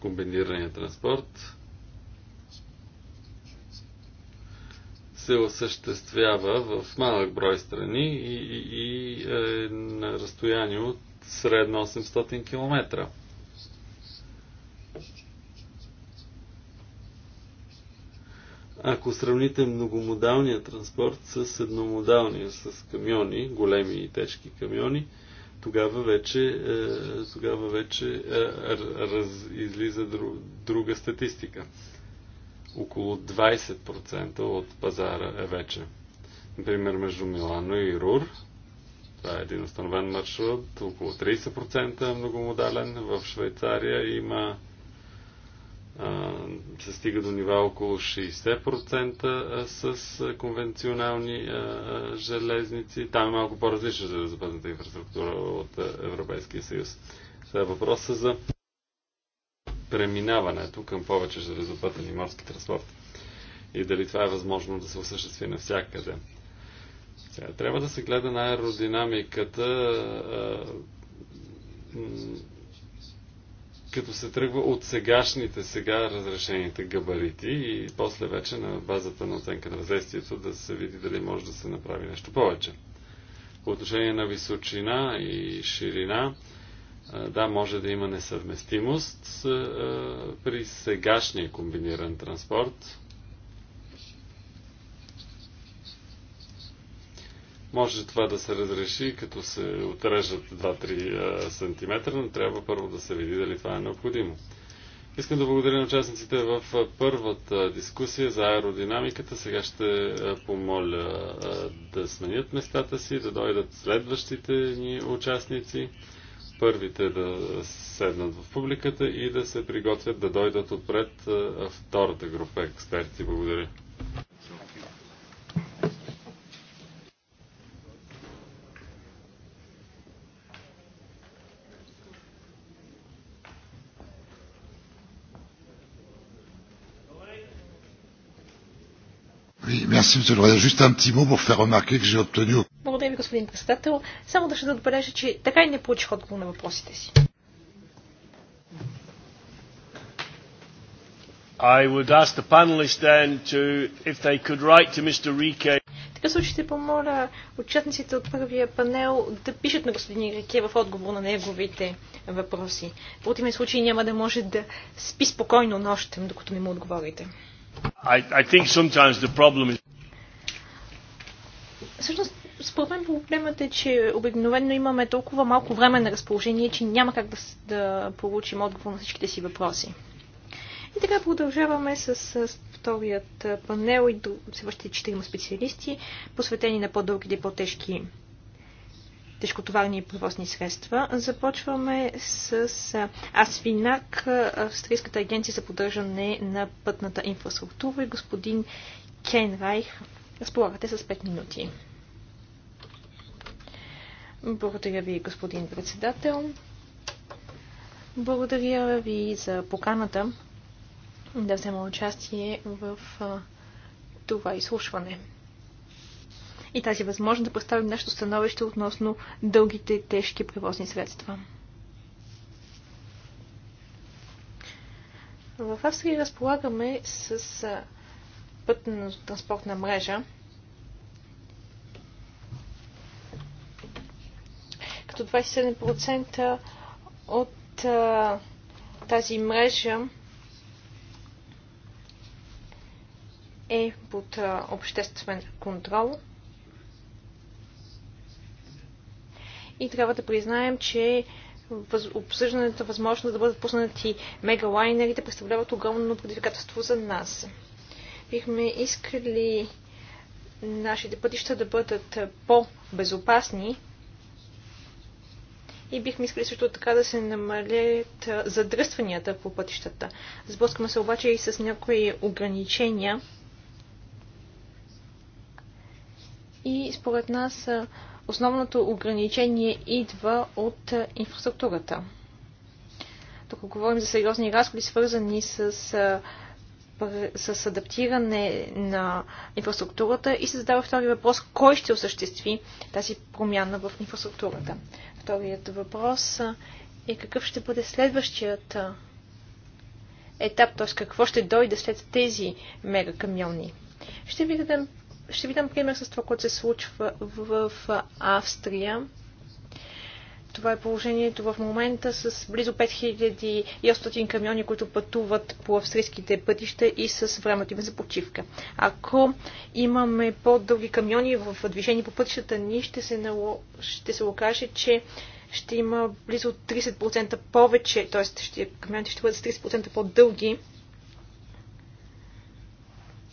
комбинирания транспорт се осъществява в малък брой страни и, и, и е на разстояние от средно 800 км. Ако сравните многомодалния транспорт с едномодалния, с камиони, големи и тежки камиони, тогава вече, е, тогава вече е, раз, излиза друга статистика. Около 20% от пазара е вече. Например, между Милано и Рур, това е един установен маршрут, около 30% е многомодален. В Швейцария има се стига до нива около 60% с конвенционални железници. Там е малко по-различна железопътната инфраструктура от Европейския съюз. е въпроса за преминаването към повече железопътен и морски транспорт. И дали това е възможно да се осъществи навсякъде. Сега, трябва да се гледа на аеродинамиката като се тръгва от сегашните, сега разрешените габарити и после вече на базата на оценка на въздействието да се види дали може да се направи нещо повече. По отношение на височина и ширина, да, може да има несъвместимост при сегашния комбиниран транспорт, Може това да се разреши, като се отрежат 2-3 е, см, но трябва първо да се види дали това е необходимо. Искам да благодаря на участниците в е, първата дискусия за аеродинамиката. Сега ще е, помоля да сменят местата си, да дойдат следващите ни участници, първите да седнат в публиката и да се приготвят да дойдат отпред втората група експерти. Благодаря. Merci, monsieur le Juste un petit mot pour faire remarquer que j'ai obtenu. Благодаря ви, господин председател. Само да ще отбележа, че така и не получих отговор на въпросите си. I would ask the panelists then to, if they could write to Mr. Rike. В случай ще помоля участниците от първия панел да пишат на господин Рике в отговор на неговите въпроси. В противен случай няма да може да спи спокойно нощем, докато не му отговорите. I, I think sometimes the problem is... Всъщност, според мен проблемът е, че обикновено имаме толкова малко време на разположение, че няма как да, да получим отговор на всичките си въпроси. И така продължаваме с, с вторият панел и следващите четирима специалисти, посветени на по-дългите и по-тежки тежкотоварни и превозни средства. Започваме с Асвинак, Австрийската агенция за поддържане на пътната инфраструктура и господин Кен Райх. Разполагате с 5 минути. Благодаря ви, господин председател. Благодаря ви за поканата да взема участие в това изслушване и тази възможност да представим нашето становище относно дългите тежки превозни средства. В Австрия разполагаме с пътно-транспортна мрежа, като 27% от а, тази мрежа е под а, обществен контрол. И трябва да признаем, че въз... обсъждането е възможно да бъдат пуснати мегалайнерите представляват огромно предизвикателство за нас. Бихме искали нашите пътища да бъдат по-безопасни, и бихме искали също така да се намалят задръстванията по пътищата. Сблъскваме се обаче и с някои ограничения. И според нас основното ограничение идва от инфраструктурата. Тук говорим за сериозни разходи, свързани с с адаптиране на инфраструктурата и се задава втори въпрос, кой ще осъществи тази промяна в инфраструктурата. Вторият въпрос е какъв ще бъде следващият етап, т.е. какво ще дойде след тези мегакамиони. Ще ви дам, ще ви дам пример с това, което се случва в Австрия това е положението в момента с близо 5800 камиони, които пътуват по австрийските пътища и с времето им за почивка. Ако имаме по-дълги камиони в движение по пътищата ни, ще се, нало... ще се окаже, че ще има близо 30% повече, т.е. Ще... камионите ще бъдат с 30% по-дълги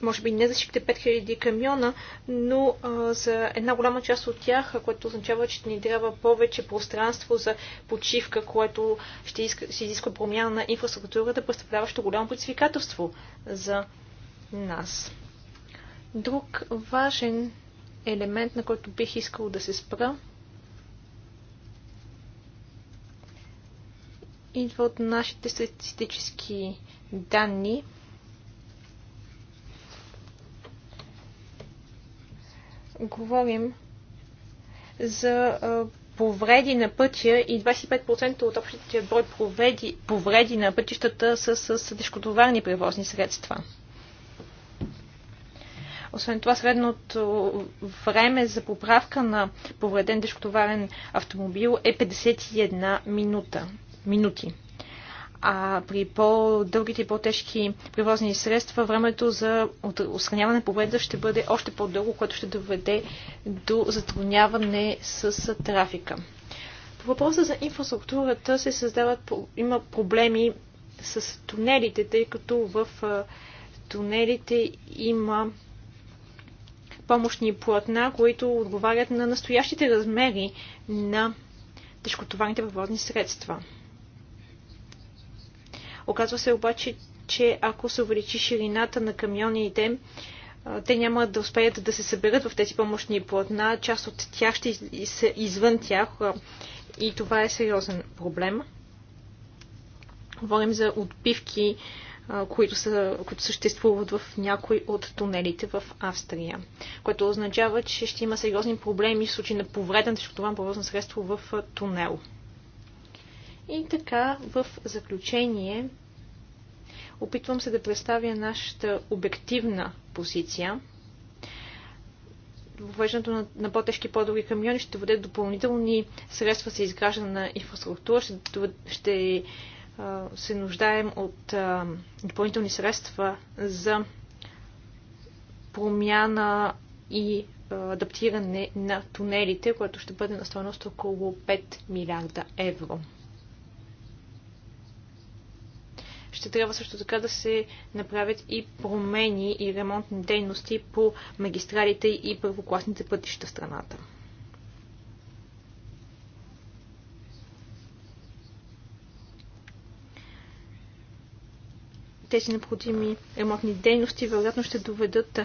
може би не за всичките 5000 камиона, но а, за една голяма част от тях, което означава, че ни трябва повече пространство за почивка, което ще иска, си изисква промяна на инфраструктурата, представляващо голямо предизвикателство за нас. Друг важен елемент, на който бих искал да се спра, идва от нашите статистически данни – говорим за повреди на пътя и 25% от общия брой повреди, повреди на пътищата са с тежкотоварни превозни средства. Освен това, средното време за поправка на повреден тежкотоварен автомобил е 51 минута, минути а при по-дългите и по-тежки превозни средства времето за отстраняване вреда ще бъде още по-дълго, което ще доведе до затрудняване с трафика. По въпроса за инфраструктурата се създават, има проблеми с тунелите, тъй като в тунелите има помощни платна, които отговарят на настоящите размери на тежкотоварните превозни средства. Оказва се обаче, че ако се увеличи ширината на камионите, те няма да успеят да се съберат в тези помощни платна. Част от тях ще са извън тях и това е сериозен проблем. Говорим за отбивки, които, са, които съществуват в някои от тунелите в Австрия, което означава, че ще има сериозни проблеми в случай на повреден тежкотоварно е повозно средство в тунел. И така, в заключение, Опитвам се да представя нашата обективна позиция. Въвеждането на, на по-тежки по-дълги камиони ще доведе допълнителни средства за изграждане на инфраструктура, ще, ще а, се нуждаем от а, допълнителни средства за промяна и адаптиране на тунелите, което ще бъде на стоеност около 5 милиарда евро. ще трябва също така да се направят и промени и ремонтни дейности по магистралите и първокласните пътища в страната. Тези необходими ремонтни дейности вероятно ще доведат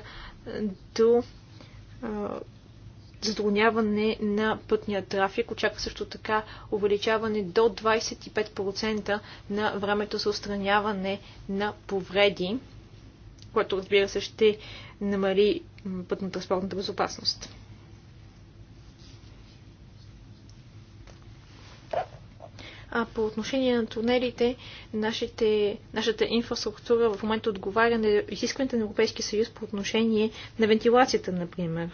до затрудняване на пътния трафик. Очаква също така увеличаване до 25% на времето за устраняване на повреди, което разбира се ще намали пътно-транспортната безопасност. А по отношение на тунелите, нашите, нашата инфраструктура в момента отговаря на изискването на Европейския съюз по отношение на вентилацията, например.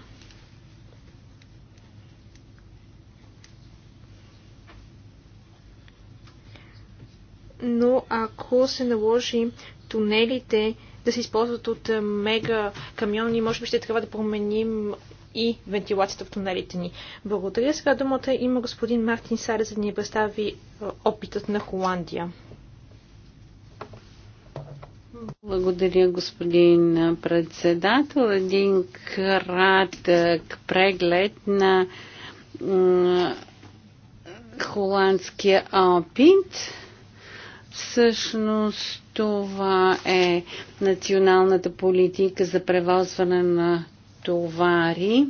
но ако се наложи тунелите да се използват от мега камиони, може би ще трябва да променим и вентилацията в тунелите ни. Благодаря. Сега думата има господин Мартин Сарес, за да ни представи опитът на Холандия. Благодаря, господин председател. Един кратък преглед на холандския опит. Всъщност това е националната политика за превозване на товари.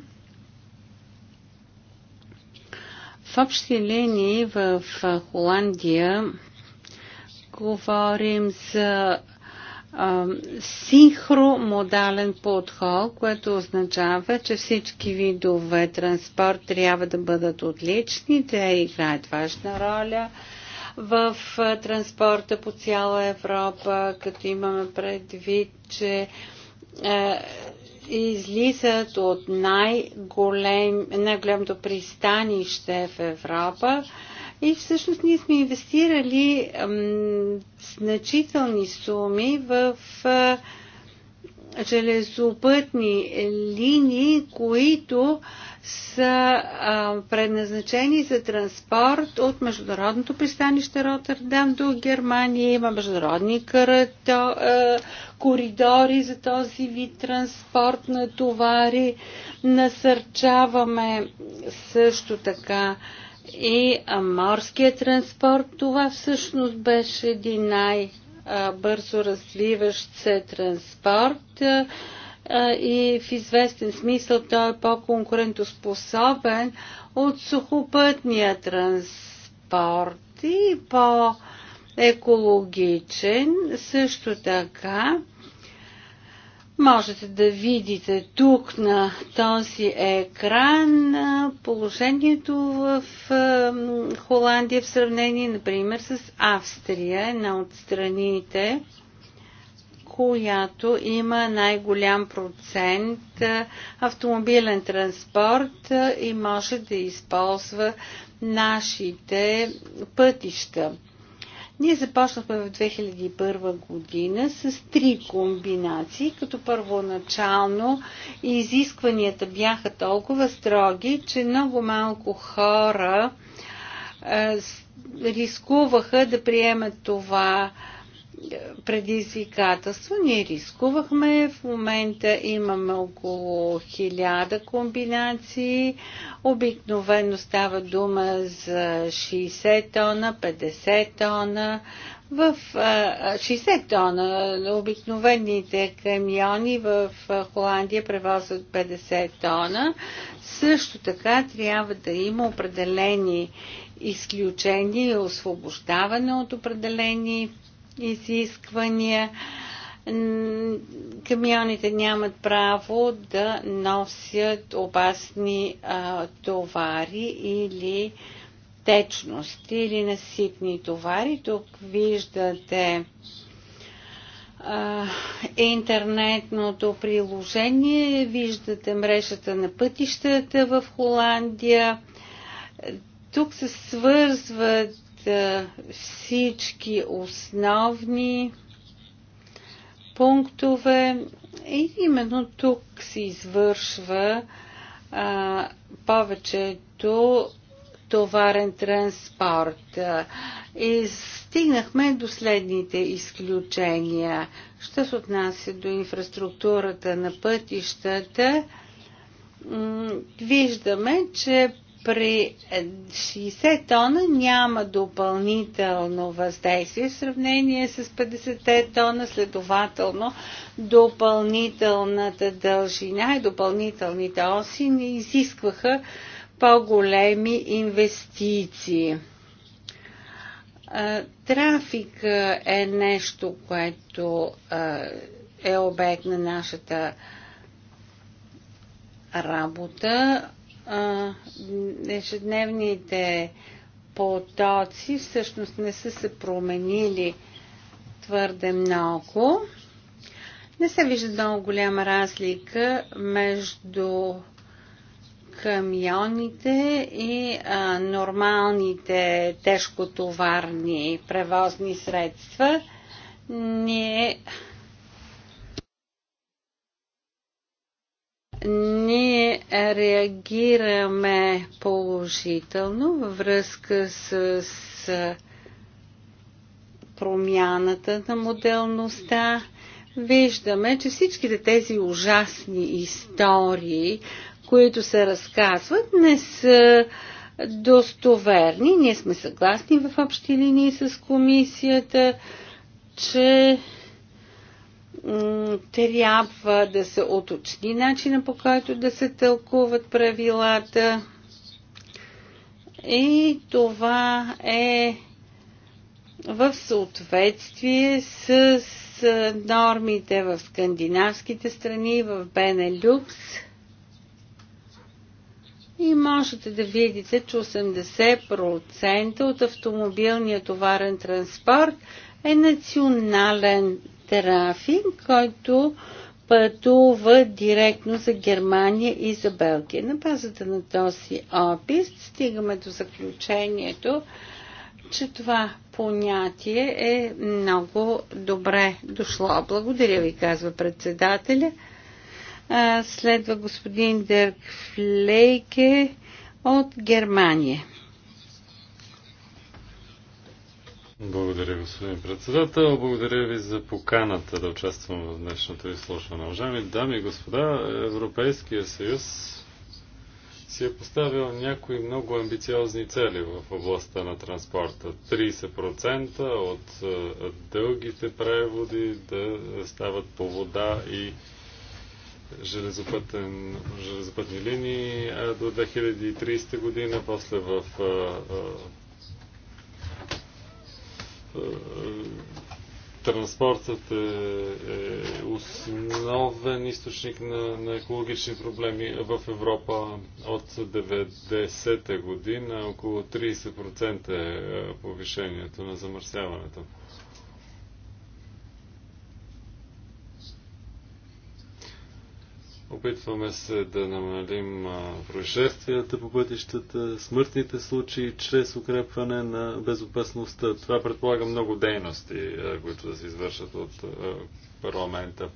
В общи линии в Холандия говорим за синхромодален подход, което означава, че всички видове транспорт трябва да бъдат отлични, те играят важна роля в транспорта по цяла Европа, като имаме предвид, че излизат от най-голем, най-голямото пристанище в Европа. И всъщност ние сме инвестирали м, значителни суми в а, железопътни линии, които са а, предназначени за транспорт от международното пристанище Роттердам до Германия. Има международни карато, а, коридори за този вид транспорт на товари. Насърчаваме също така и морския транспорт. Това всъщност беше един най- бързо развиващ се транспорт и в известен смисъл той е по-конкурентоспособен от сухопътния транспорт и по-екологичен. Също така Можете да видите тук на този екран положението в Холандия в сравнение, например, с Австрия, една от страните, която има най-голям процент автомобилен транспорт и може да използва нашите пътища. Ние започнахме в 2001 година с три комбинации, като първоначално изискванията бяха толкова строги, че много малко хора е, рискуваха да приемат това предизвикателства. Ние рискувахме. В момента имаме около хиляда комбинации. Обикновено става дума за 60 тона, 50 тона. В 60 тона обикновените камиони в Холандия превозват 50 тона. Също така трябва да има определени изключения и освобождаване от определени изисквания. Камионите нямат право да носят опасни а, товари или течности или наситни товари. Тук виждате интернетното приложение. Виждате мрежата на пътищата в Холандия. Тук се свързват всички основни пунктове и именно тук се извършва а, повечето товарен транспорт. И стигнахме до следните изключения. Що се отнася до инфраструктурата на пътищата, виждаме, че при 60 тона няма допълнително въздействие в сравнение с 50 тона, следователно допълнителната дължина и допълнителните оси не изискваха по-големи инвестиции. Трафик е нещо, което е обект на нашата работа ежедневните потоци всъщност не са се променили твърде много. Не се вижда много голяма разлика между камионите и а, нормалните тежкотоварни превозни средства. Ние Ние реагираме положително във връзка с, с промяната на моделността. Виждаме, че всичките тези ужасни истории, които се разказват, не са достоверни. Ние сме съгласни в общи линии с комисията, че трябва да се оточни начина по който да се тълкуват правилата. И това е в съответствие с нормите в скандинавските страни, в Бенелюкс. И можете да видите, че 80% от автомобилния товарен транспорт е национален трафик, който пътува директно за Германия и за Белгия. На базата на този опис стигаме до заключението, че това понятие е много добре дошло. Благодаря ви, казва председателя. Следва господин Дерк Флейке от Германия. Благодаря, господин председател. Благодаря ви за поканата да участвам в днешното изслушване. Уважаеми дами и господа, Европейския съюз си е поставил някои много амбициозни цели в областта на транспорта. 30% от е, дългите преводи да стават по вода и железопътен, железопътни линии до 2030 година, после в е, е, е, е, транспортът е, е основен източник на, на екологични проблеми в Европа от 90-та година. Около 30% е, е повишението на замърсяването. Опитваме се да намалим происшествията по пътищата, смъртните случаи, чрез укрепване на безопасността. Това предполага много дейности, които да се извършат от парламента.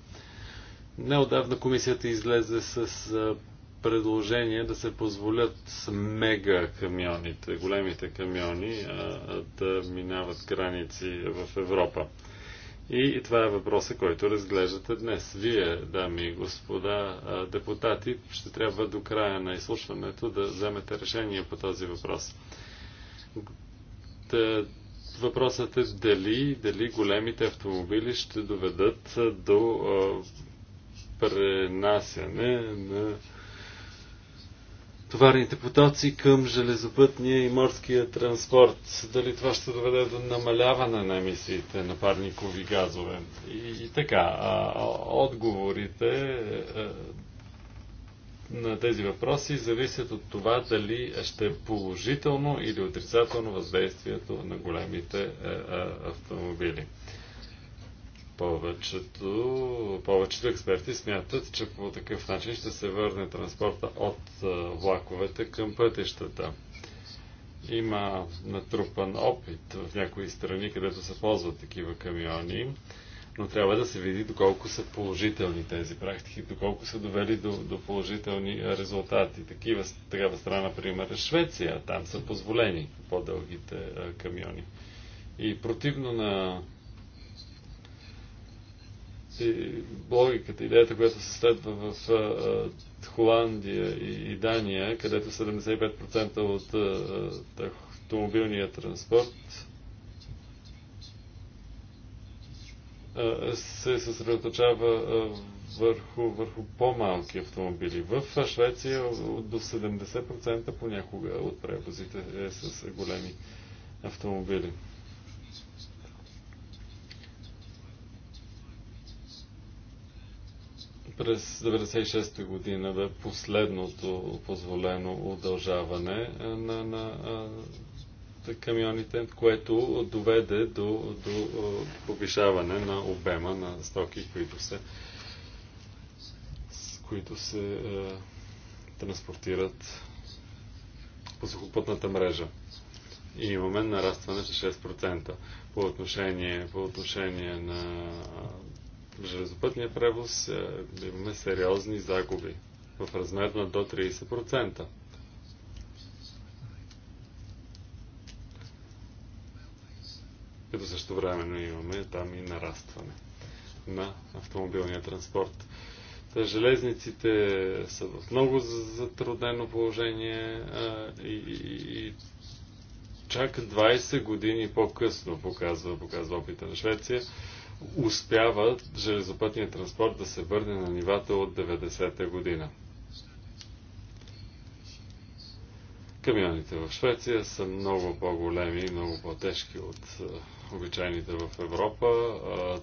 Неодавна комисията излезе с предложение да се позволят мега камионите, големите камиони да минават граници в Европа. И това е въпроса, който разглеждате днес. Вие, дами и господа депутати, ще трябва до края на изслушването да вземете решение по този въпрос. Въпросът е дали, дали големите автомобили ще доведат до пренасяне на товарните потоци към железопътния и морския транспорт. Дали това ще доведе до намаляване на емисиите на парникови газове? И, и така, а, отговорите а, е, е, на тези въпроси зависят от това дали ще е положително или отрицателно въздействието на големите а, е, автомобили. Повечето, повечето експерти смятат, че по такъв начин ще се върне транспорта от влаковете към пътищата. Има натрупан опит в някои страни, където се ползват такива камиони но трябва да се види доколко са положителни тези практики, доколко са довели до, до положителни резултати. Такива, такава страна, например, е Швеция. Там са позволени по-дългите камиони. И противно на и логиката, идеята, която се следва в Холандия и Дания, където 75% от автомобилния транспорт се съсредоточава върху, върху по-малки автомобили. В Швеция до 70% понякога от превозите е с големи автомобили. През 96-та година бе последното позволено удължаване е, на, на е, камионите, което доведе до, до е, повишаване на обема на стоки, които се, които се е, транспортират по сухопътната мрежа. И имаме нарастване с 6% по отношение, по отношение на железопътния превоз е, имаме сериозни загуби в размер на до 30%. Като също времено имаме там и нарастване на автомобилния транспорт. Та железниците са в много затруднено положение и, и, и чак 20 години по-късно показва, показва опита на Швеция успява железопътния транспорт да се върне на нивата от 90-та година. Камионите в Швеция са много по-големи и много по-тежки от обичайните в Европа.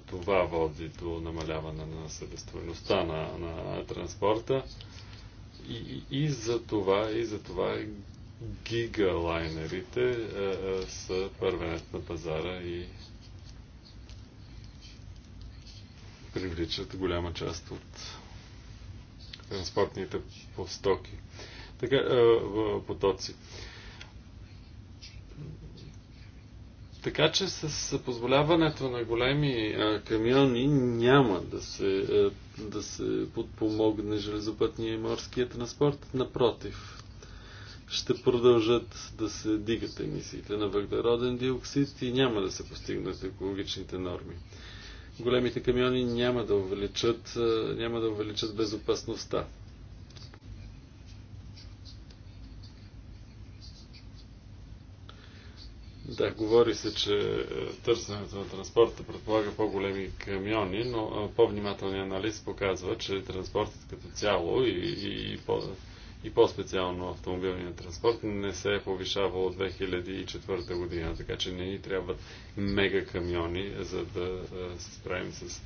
Това води до намаляване на себестойността на, на транспорта. И, и за това, и за това гигалайнерите е, е, са първенец на пазара и привличат голяма част от транспортните постоки. Така, е, потоци. Така че с позволяването на големи е, камиони няма да се, е, да се подпомогне железопътния и морския транспорт. Напротив, ще продължат да се дигат емисиите на въглероден диоксид и няма да се постигнат екологичните норми големите камиони няма да увеличат, няма да увеличат безопасността. Да, говори се, че е, търсенето на транспорта предполага по-големи камиони, но по-внимателният анализ показва, че транспортът като цяло и, и, и и по-специално автомобилния транспорт не се е повишавал от 2004 година, така че не ни трябват мега камиони, за да се справим с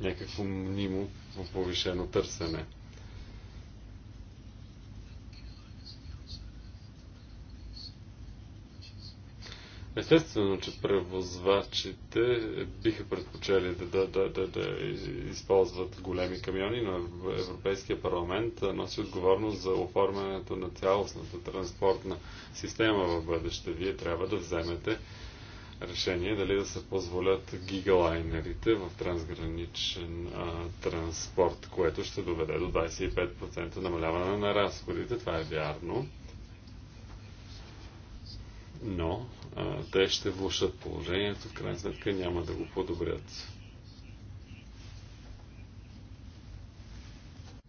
някакво мнимо повишено търсене. Естествено, че превозвачите биха предпочели да, да, да, да, да използват големи камиони, но Европейския парламент носи отговорност за оформянето на цялостната транспортна система в бъдеще. Вие трябва да вземете решение дали да се позволят гигалайнерите в трансграничен а, транспорт, което ще доведе до 25% намаляване на разходите. Това е вярно но а, те ще влушат положението, в крайна сметка няма да го подобрят.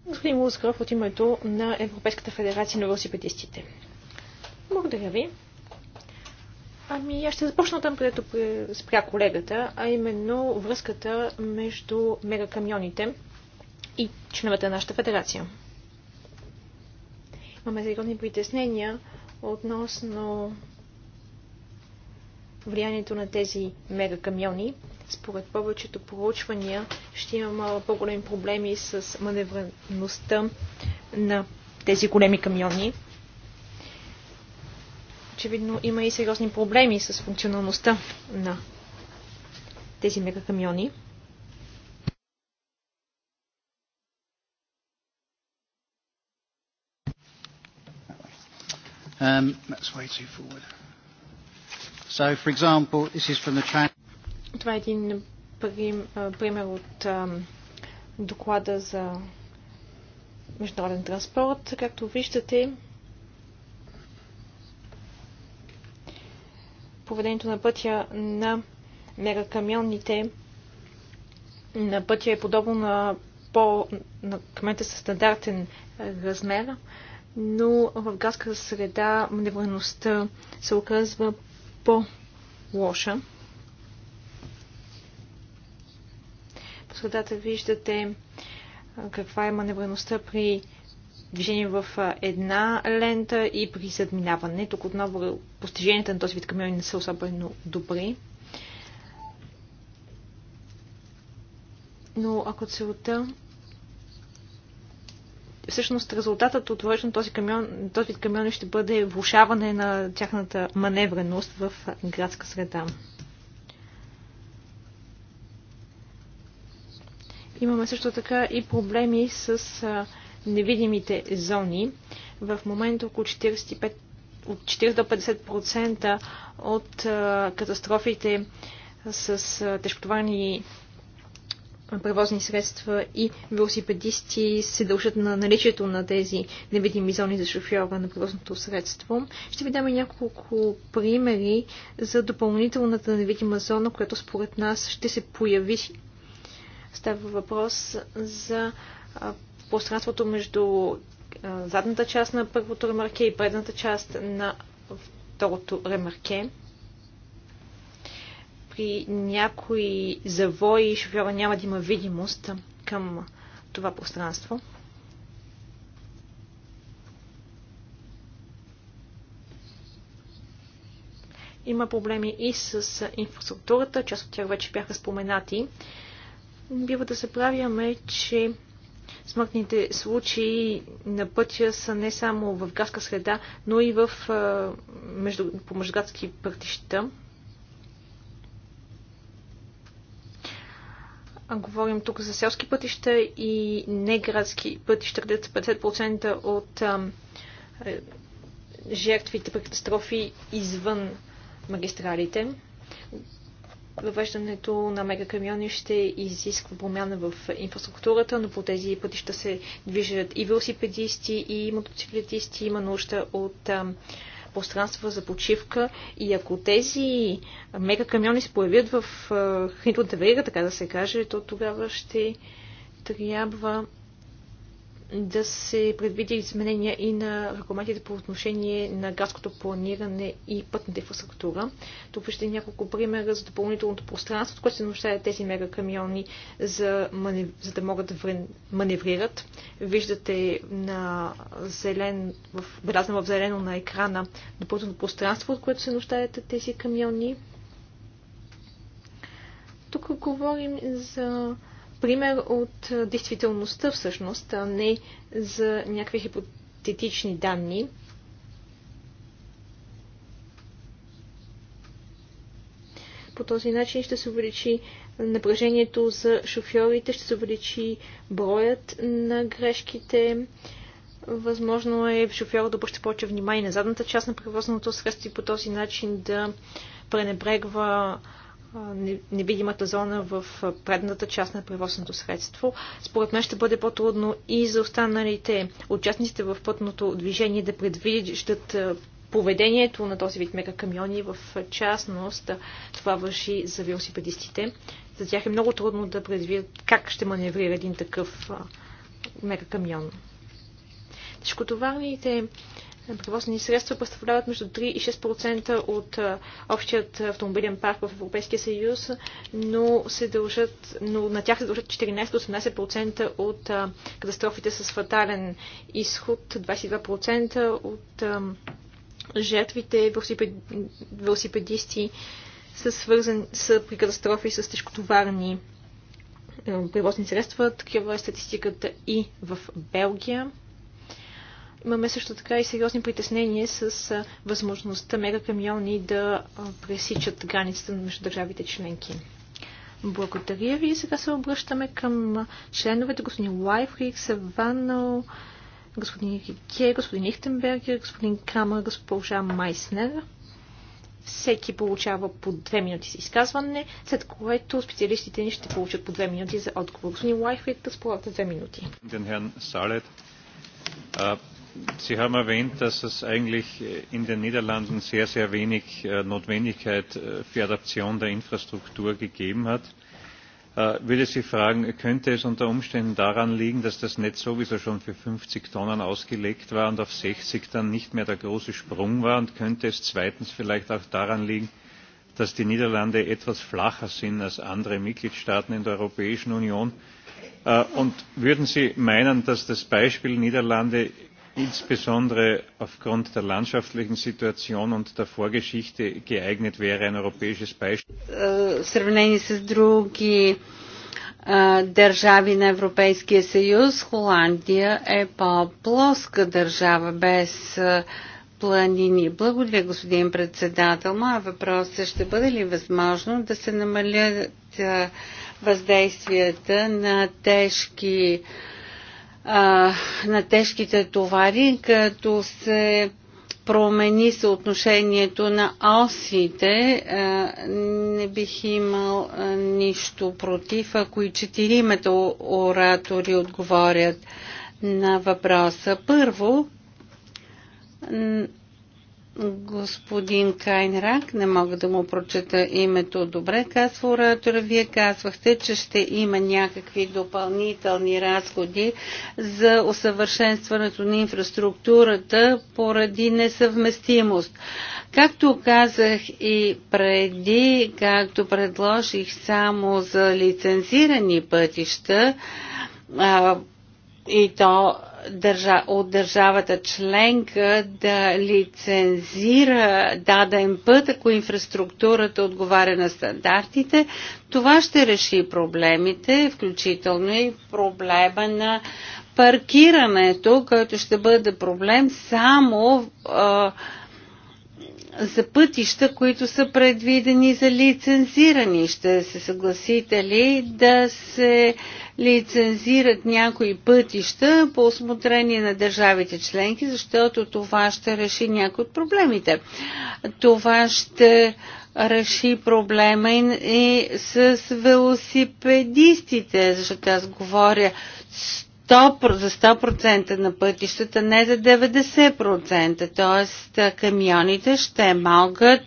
Господин Лускров от името на Европейската федерация на велосипедистите. Благодаря ви. Ами, аз ще започна там, където спря колегата, а именно връзката между мегакамионите и членовете на нашата федерация. Имаме сериозни притеснения относно влиянието на тези мегакамиони. Според повечето проучвания ще има по-големи проблеми с маневреността на тези големи камиони. Очевидно има и сериозни проблеми с функционалността на тези мегакамиони. Um, that's way too forward. So, for example, this is from the chat. Това е един пример от доклада за международен транспорт. Както виждате, поведението на пътя на мегакамионните на пътя е подобно на, по, на със стандартен размер, но в градска среда маневреността се оказва по-лоша. По средата виждате каква е маневреността при движение в една лента и при задминаване. Тук отново постиженията на този вид камиони не са особено добри. Но ако целта всъщност резултатът от на този, камион, този вид камиони ще бъде влушаване на тяхната маневреност в градска среда. Имаме също така и проблеми с невидимите зони. В момента около 45, от 40 до 50% от катастрофите с тежкотоварни превозни средства и велосипедисти се дължат на наличието на тези невидими зони за шофьора на превозното средство. Ще ви дам и няколко примери за допълнителната невидима зона, която според нас ще се появи. Става въпрос за пространството между задната част на първото ремарке и предната част на второто ремарке при някои завои шофьора няма да има видимост към това пространство. Има проблеми и с инфраструктурата, част от тях вече бяха споменати. Бива да се правяме, че смъртните случаи на пътя са не само в градска среда, но и в, между, по междуградски пътища. говорим тук за селски пътища и неградски пътища, където 50% от а, е, жертвите при катастрофи извън магистралите. Въвеждането на мегакамиони ще изисква промяна в инфраструктурата, но по тези пътища се движат и велосипедисти, и мотоциклетисти. Има нужда от пространства за почивка и ако тези мега камиони се появят в Хинтон верига, така да се каже, то тогава ще трябва да се предвиди изменения и на регламентите по отношение на градското планиране и пътната инфраструктура. Тук ще няколко примера за допълнителното пространство, което се нуждаят тези мегакамиони, за, манев... за да могат да маневрират. Виждате на зелен, в... белязна в зелено на екрана допълнително пространство, от което се нуждаят тези камиони. Тук говорим за пример от действителността всъщност, а не за някакви хипотетични данни. По този начин ще се увеличи напрежението за шофьорите, ще се увеличи броят на грешките. Възможно е шофьора да обръща повече внимание на задната част на превозното средство и по този начин да пренебрегва невидимата зона в предната част на превозното средство. Според мен ще бъде по-трудно и за останалите участниците в пътното движение да предвиждат поведението на този вид мега камиони, в частност това върши за велосипедистите. За тях е много трудно да предвидят как ще маневрира един такъв мега камион. Тежкотоварните превозни средства представляват между 3 и 6% от общият автомобилен парк в Европейския съюз, но, се дължат, но на тях се дължат 14-18% от катастрофите с фатален изход, 22% от жертвите велосипедисти са, свързан, са при катастрофи с тежкотоварни превозни средства. Такива е статистиката и в Белгия. Имаме също така и сериозни притеснения с възможността мегакамиони да пресичат границата между държавите членки. Благодаря ви. Сега се обръщаме към членовете господин Лайфрик, Савано, господин Рике, господин Ихтенберг, господин Камър, госпожа Майснер. Всеки получава по две минути за изказване, след което специалистите ни ще получат по две минути за отговор. Господин Лайфрик, разполагате две минути. Sie haben erwähnt, dass es eigentlich in den Niederlanden sehr, sehr wenig Notwendigkeit für Adaption der Infrastruktur gegeben hat. Ich würde Sie fragen, könnte es unter Umständen daran liegen, dass das Netz sowieso schon für fünfzig Tonnen ausgelegt war und auf sechzig dann nicht mehr der große Sprung war? Und könnte es zweitens vielleicht auch daran liegen, dass die Niederlande etwas flacher sind als andere Mitgliedstaaten in der Europäischen Union? Und würden Sie meinen, dass das Beispiel Niederlande insbesondere aufgrund der landschaftlichen Situation und der Vorgeschichte geeignet wäre, ein europäisches Beispiel. планини. Благодаря, господин председател. Моя въпрос е, ще бъде ли възможно да се намалят въздействията на тежки а, а, на тежките товари, като се промени съотношението на осите, а, не бих имал а, нищо против, ако и четиримата оратори отговорят на въпроса. Първо, Господин Кайнрак, не мога да му прочета името добре, казва оратора. Вие казвахте, че ще има някакви допълнителни разходи за усъвършенстването на инфраструктурата поради несъвместимост. Както казах и преди, както предложих само за лицензирани пътища, и то от държавата членка да лицензира даден път, ако инфраструктурата отговаря на стандартите, това ще реши проблемите, включително и проблема на паркирането, който ще бъде проблем само а, за пътища, които са предвидени за лицензирани. Ще се съгласите ли да се лицензират някои пътища по осмотрение на държавите членки, защото това ще реши някои от проблемите. Това ще реши проблема и, и с велосипедистите, защото аз говоря 100, за 100% на пътищата, не за 90%. т.е. камионите ще могат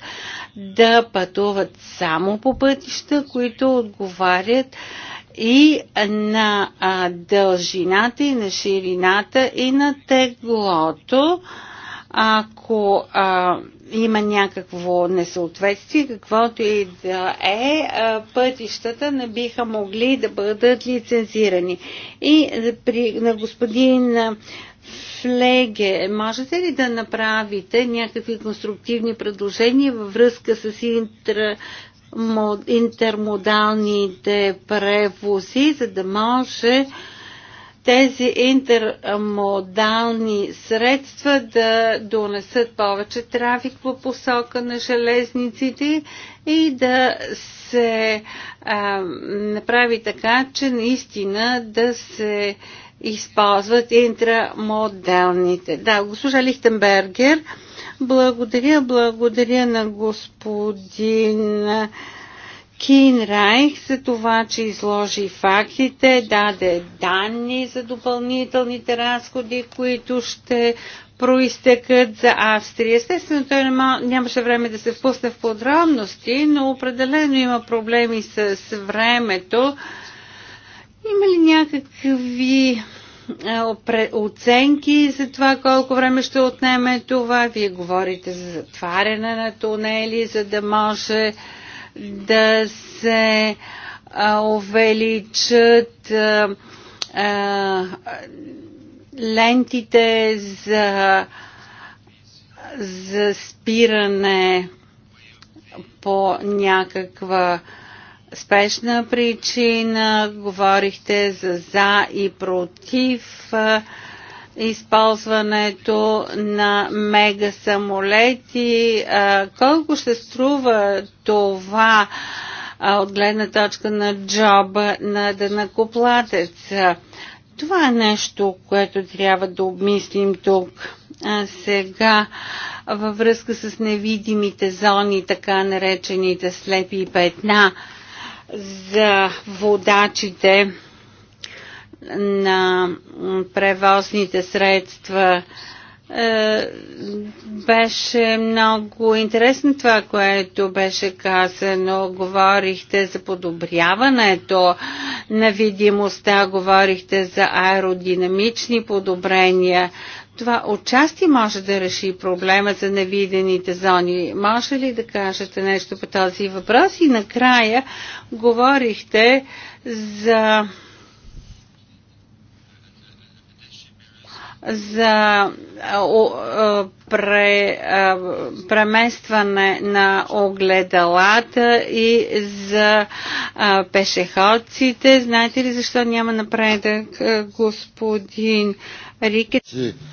да пътуват само по пътища, които отговарят и на а, дължината, и на ширината, и на теглото. Ако а, има някакво несъответствие, каквото и да е, пътищата не биха могли да бъдат лицензирани. И при, на господин Флеге, можете ли да направите някакви конструктивни предложения във връзка с интер, интермодалните превози, за да може тези интермодални средства да донесат повече трафик по посока на железниците и да се а, направи така, че наистина да се използват интрамоделните. Да, госпожа Лихтенбергер, благодаря, благодаря на господин Кин Райх за това, че изложи фактите, даде данни за допълнителните разходи, които ще проистекат за Австрия. Естествено, той нямаше време да се впусне в подробности, но определено има проблеми с времето. Има ли някакви оценки за това колко време ще отнеме това? Вие говорите за затваряне на тунели, за да може да се увеличат лентите за, за спиране по някаква спешна причина. Говорихте за за и против използването на мега самолети. Колко ще струва това от гледна точка на джоба на дънакоплатеца? Това е нещо, което трябва да обмислим тук. А сега във връзка с невидимите зони, така наречените слепи петна за водачите, на превозните средства. Е, беше много интересно това, което беше казано. Говорихте за подобряването на видимостта, говорихте за аеродинамични подобрения. Това отчасти може да реши проблема за невидените зони. Може ли да кажете нещо по този въпрос? И накрая говорихте за за преместване на огледалата и за пешеходците. Знаете ли защо няма напредък, господин Рикет?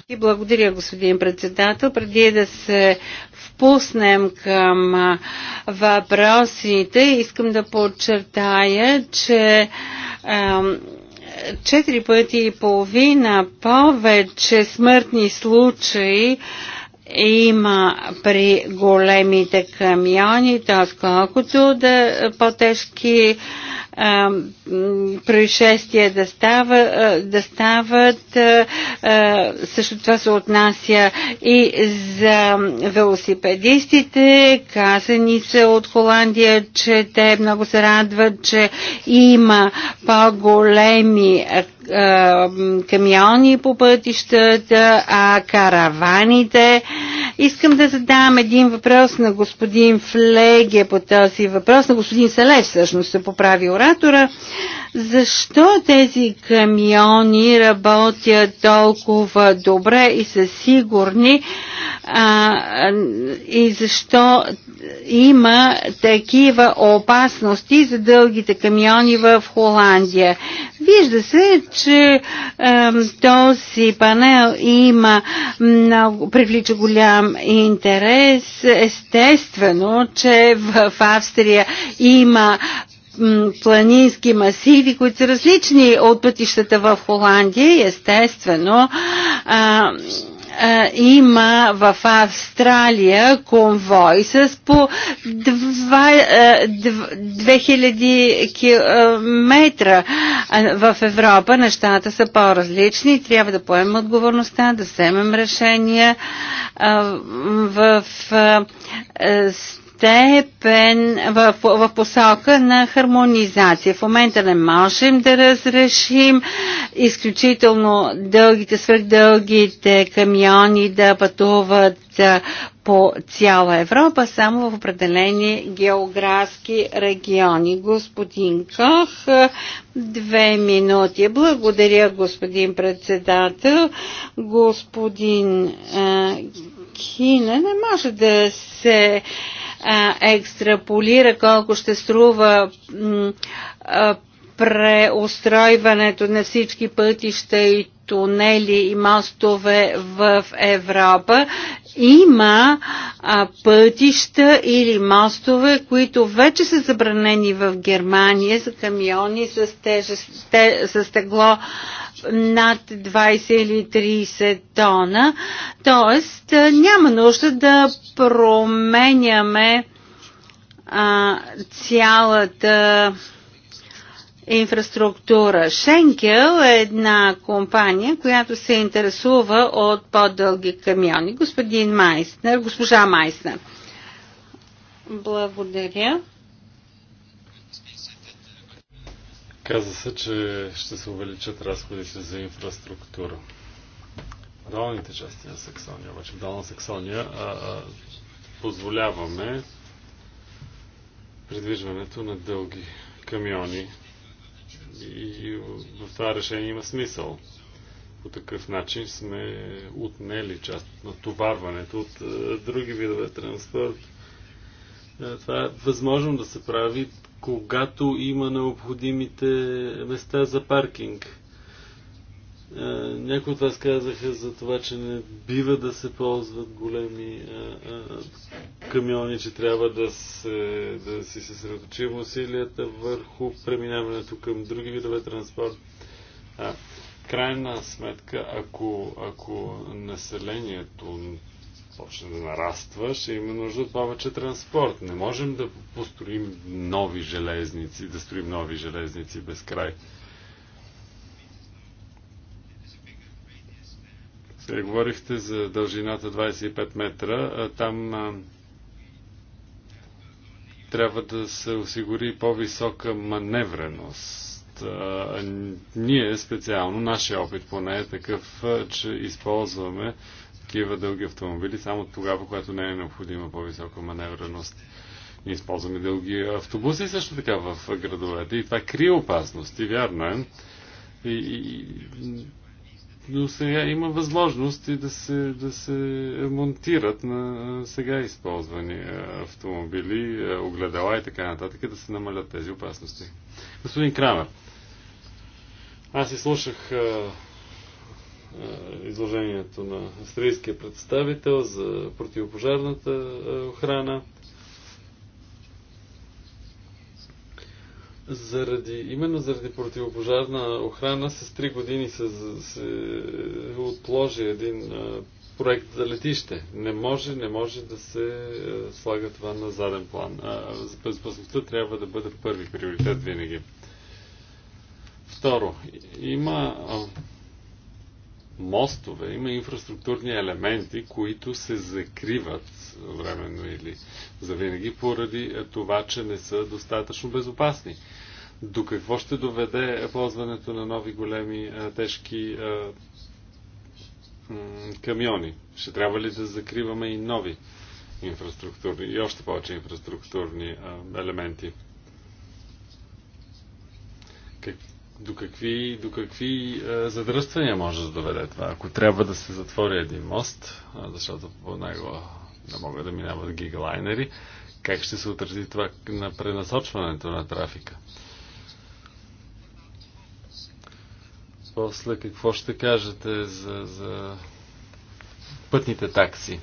И благодаря, господин председател. Преди да се впуснем към въпросите, искам да подчертая, че четири пъти и половина повече смъртни случаи има при големите камиони, т.е. колкото да по-тежки происшествия да, става, а, да стават. А, а, също това се отнася и за велосипедистите. Казани се от Холандия, че те много се радват, че има по-големи камиони по пътищата, а караваните. Искам да задам един въпрос на господин Флеге по този въпрос, на господин Салев всъщност се поправи оператора, Защо тези камиони работят толкова добре и са сигурни а, и защо има такива опасности за дългите камиони в Холандия? Вижда се, че а, този панел има много, привлича голям интерес. Естествено, че в Австрия има планински масиви, които са различни от пътищата в Холандия. Естествено, а, има в Австралия конвой с по 2000 км. В Европа нещата са по-различни. и Трябва да поемем отговорността, да вземем решения в степен в, в посока на хармонизация. В момента не можем да разрешим изключително дългите, свърхдългите камиони да пътуват по цяла Европа, само в определени географски региони. Господин Кох, две минути. Благодаря, господин председател. Господин Кина не може да се а, екстраполира колко ще струва а, преустройването на всички пътища и тунели и мостове в Европа. Има а, пътища или мостове, които вече са забранени в Германия за камиони с, с, те, с тегло над 20 или 30 тона. Тоест няма нужда да променяме а, цялата инфраструктура. Шенкел е една компания, която се интересува от по-дълги камиони. Господин Майснер, госпожа Майснер. Благодаря. Каза се, че ще се увеличат разходите за инфраструктура. Долните части на Саксония, обаче в Долна Саксония а, а, позволяваме придвижването на дълги камиони и в това решение има смисъл. По такъв начин сме отнели част от натоварването от а, други видове транспорт. А, това е възможно да се прави когато има необходимите места за паркинг. Е, някои от вас казаха за това, че не бива да се ползват големи а, е, а, е, камиони, че трябва да, се, да си съсредоточим усилията върху преминаването към други видове транспорт. А, крайна сметка, ако, ако населението почне да нараства, ще има нужда от повече транспорт. Не можем да построим нови железници, да строим нови железници без край. Сега говорихте за дължината 25 метра. Там а, трябва да се осигури по-висока маневреност. А, ние специално, нашия опит поне е такъв, че използваме такива дълги автомобили само тогава, когато не е необходима по-висока маневреност. Ние използваме дълги автобуси също така в градовете и това крие опасности, вярно е. И, и, но сега има възможности да се, да се монтират на сега използвани е, автомобили, е, огледала и така нататък, да се намалят тези опасности. Господин Крамер, аз изслушах е, е, изложението на австрийския представител за противопожарната е, охрана. Заради, именно заради противопожарна охрана с 3 години се, се отложи един е, проект за летище. Не може, не може да се слага това на заден план. За безопасността трябва да бъде първи приоритет винаги. Второ, има а, мостове, има инфраструктурни елементи, които се закриват временно или завинаги поради е, това, че не са достатъчно безопасни. До какво ще доведе ползването на нови големи е, тежки е, камиони? Ще трябва ли да закриваме и нови инфраструктурни и още повече инфраструктурни елементи? до какви, до какви е, задръствания може да доведе това? Ако трябва да се затвори един мост, защото по него не могат да минават гигалайнери, как ще се отрази това на пренасочването на трафика? После какво ще кажете за, за пътните такси?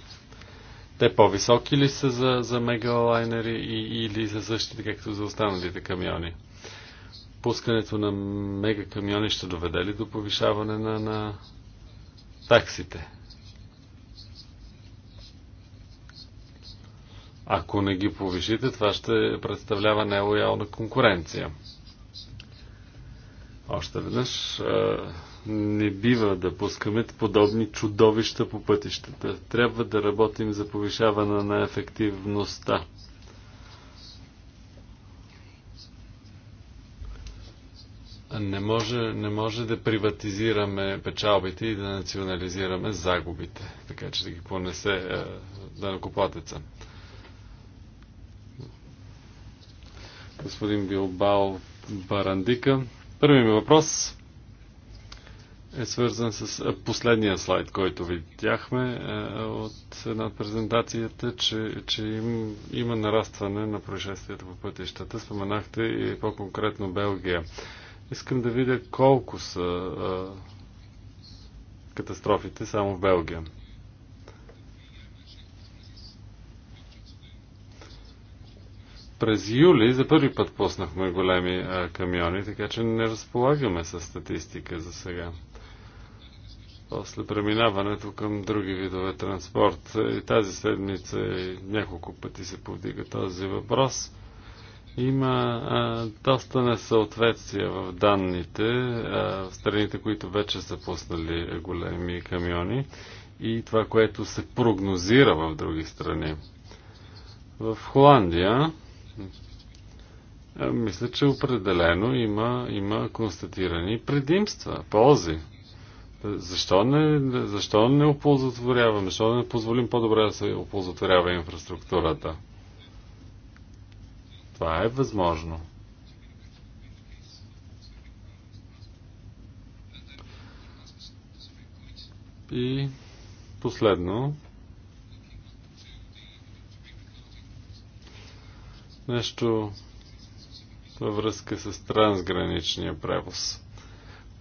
Те по-високи ли са за, за мегалайнери и, или за същите, както за останалите камиони? пускането на мегакамиони ще доведе ли до повишаване на, на таксите? Ако не ги повишите, това ще представлява нелоялна конкуренция. Още веднъж, не бива да пускаме подобни чудовища по пътищата. Трябва да работим за повишаване на ефективността Не може, не може да приватизираме печалбите и да национализираме загубите, така че да ги понесе е, да накоплатеца. Господин Билбал Барандика. Първият ми въпрос е свързан с е, последния слайд, който видяхме е, от една от презентацията, че, че им, има нарастване на происшествията по пътищата. Споменахте и по-конкретно Белгия. Искам да видя колко са а, катастрофите само в Белгия. През юли за първи път пуснахме големи а, камиони, така че не разполагаме с статистика за сега. После преминаването към други видове транспорт. И тази седмица и няколко пъти се повдига този въпрос има а, доста несъответствия в данните а, в страните, които вече са пуснали големи камиони и това, което се прогнозира в други страни. В Холандия а, мисля, че определено има, има констатирани предимства, ползи. Защо не, защо не оползотворяваме? Защо не позволим по-добре да се оползотворява инфраструктурата? Това е възможно. И последно, нещо във връзка с трансграничния превоз.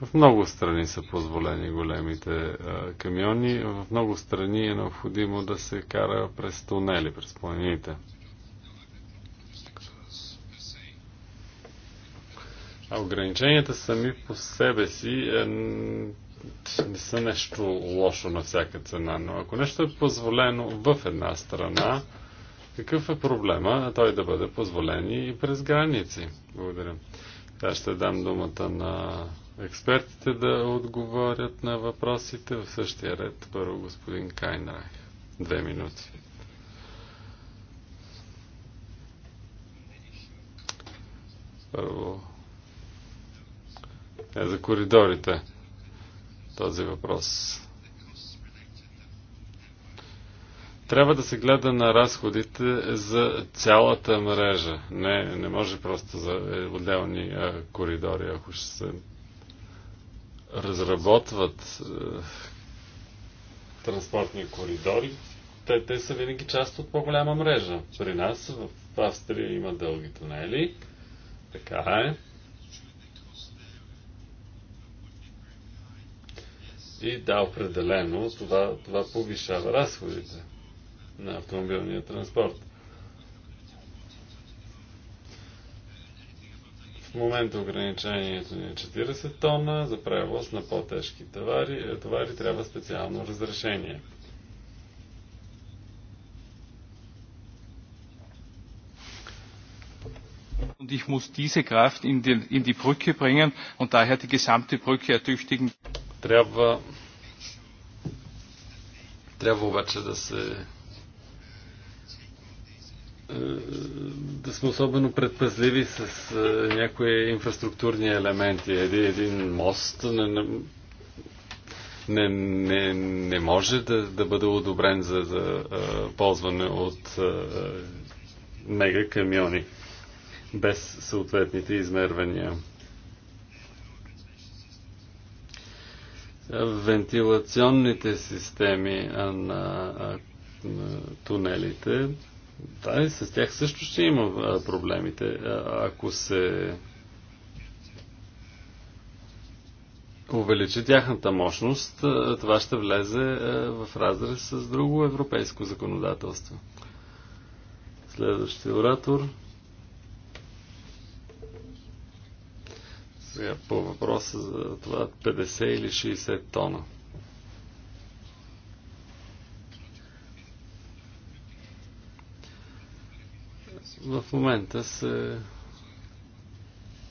В много страни са позволени големите а, камиони, в много страни е необходимо да се кара през тунели, през планините. А ограниченията сами по себе си е, не са нещо лошо на всяка цена, но ако нещо е позволено в една страна, какъв е проблема той да бъде позволен и през граници? Благодаря. Сега ще дам думата на експертите да отговорят на въпросите в същия ред. Първо господин Кайнрайх. Две минути. Първо е за коридорите този въпрос. Трябва да се гледа на разходите за цялата мрежа. Не, не може просто за отделни а, коридори, ако ще се разработват а, транспортни коридори. Те, те са винаги част от по-голяма мрежа. При нас в Австрия има дълги тунели. Така е И да, определено това, това повишава разходите на автомобилния транспорт. В момента ограничението ни е 40 тона, за превоз на по-тежки товари, е, товари трябва специално разрешение. und ich muss diese Kraft in die, in die Brücke bringen und daher die gesamte Brücke ertüchtigen. Трябва, трябва обаче да се е, да сме особено предпазливи с е, някои инфраструктурни елементи. Един, един мост не, не, не, не може да, да бъде одобрен за, за е, ползване от мега камиони без съответните измервания. вентилационните системи на, на тунелите. Да, и с тях също ще има проблемите. Ако се увеличи тяхната мощност, това ще влезе в разрез с друго европейско законодателство. Следващия оратор. Сега по въпроса за това 50 или 60 тона. В момента се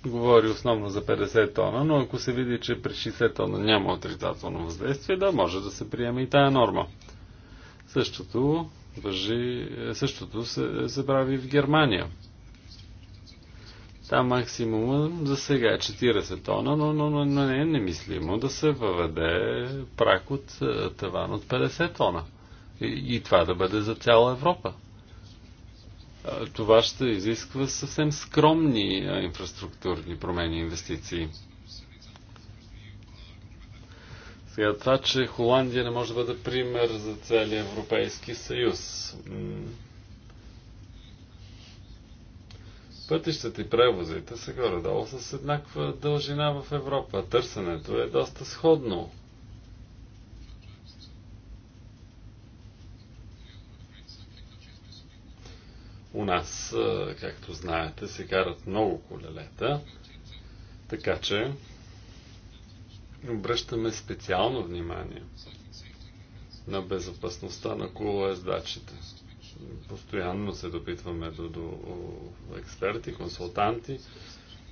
говори основно за 50 тона, но ако се види, че при 60 тона няма отрицателно въздействие, да, може да се приеме и тая норма. Същото, въжи, същото се, се прави в Германия. Там максимума за сега е 40 тона, но, но, но, но не е немислимо да се въведе прак от е, таван от 50 тона. И, и това да бъде за цяла Европа. Това ще изисква съвсем скромни инфраструктурни промени инвестиции. Сега това, че Холандия не може да бъде пример за целия Европейски съюз Пътищата и превозите са горе-долу с еднаква дължина в Европа. Търсенето е доста сходно. У нас, както знаете, се карат много колелета, така че обръщаме специално внимание на безопасността на колоездачите. ездачите. Постоянно се допитваме до, до експерти, консултанти,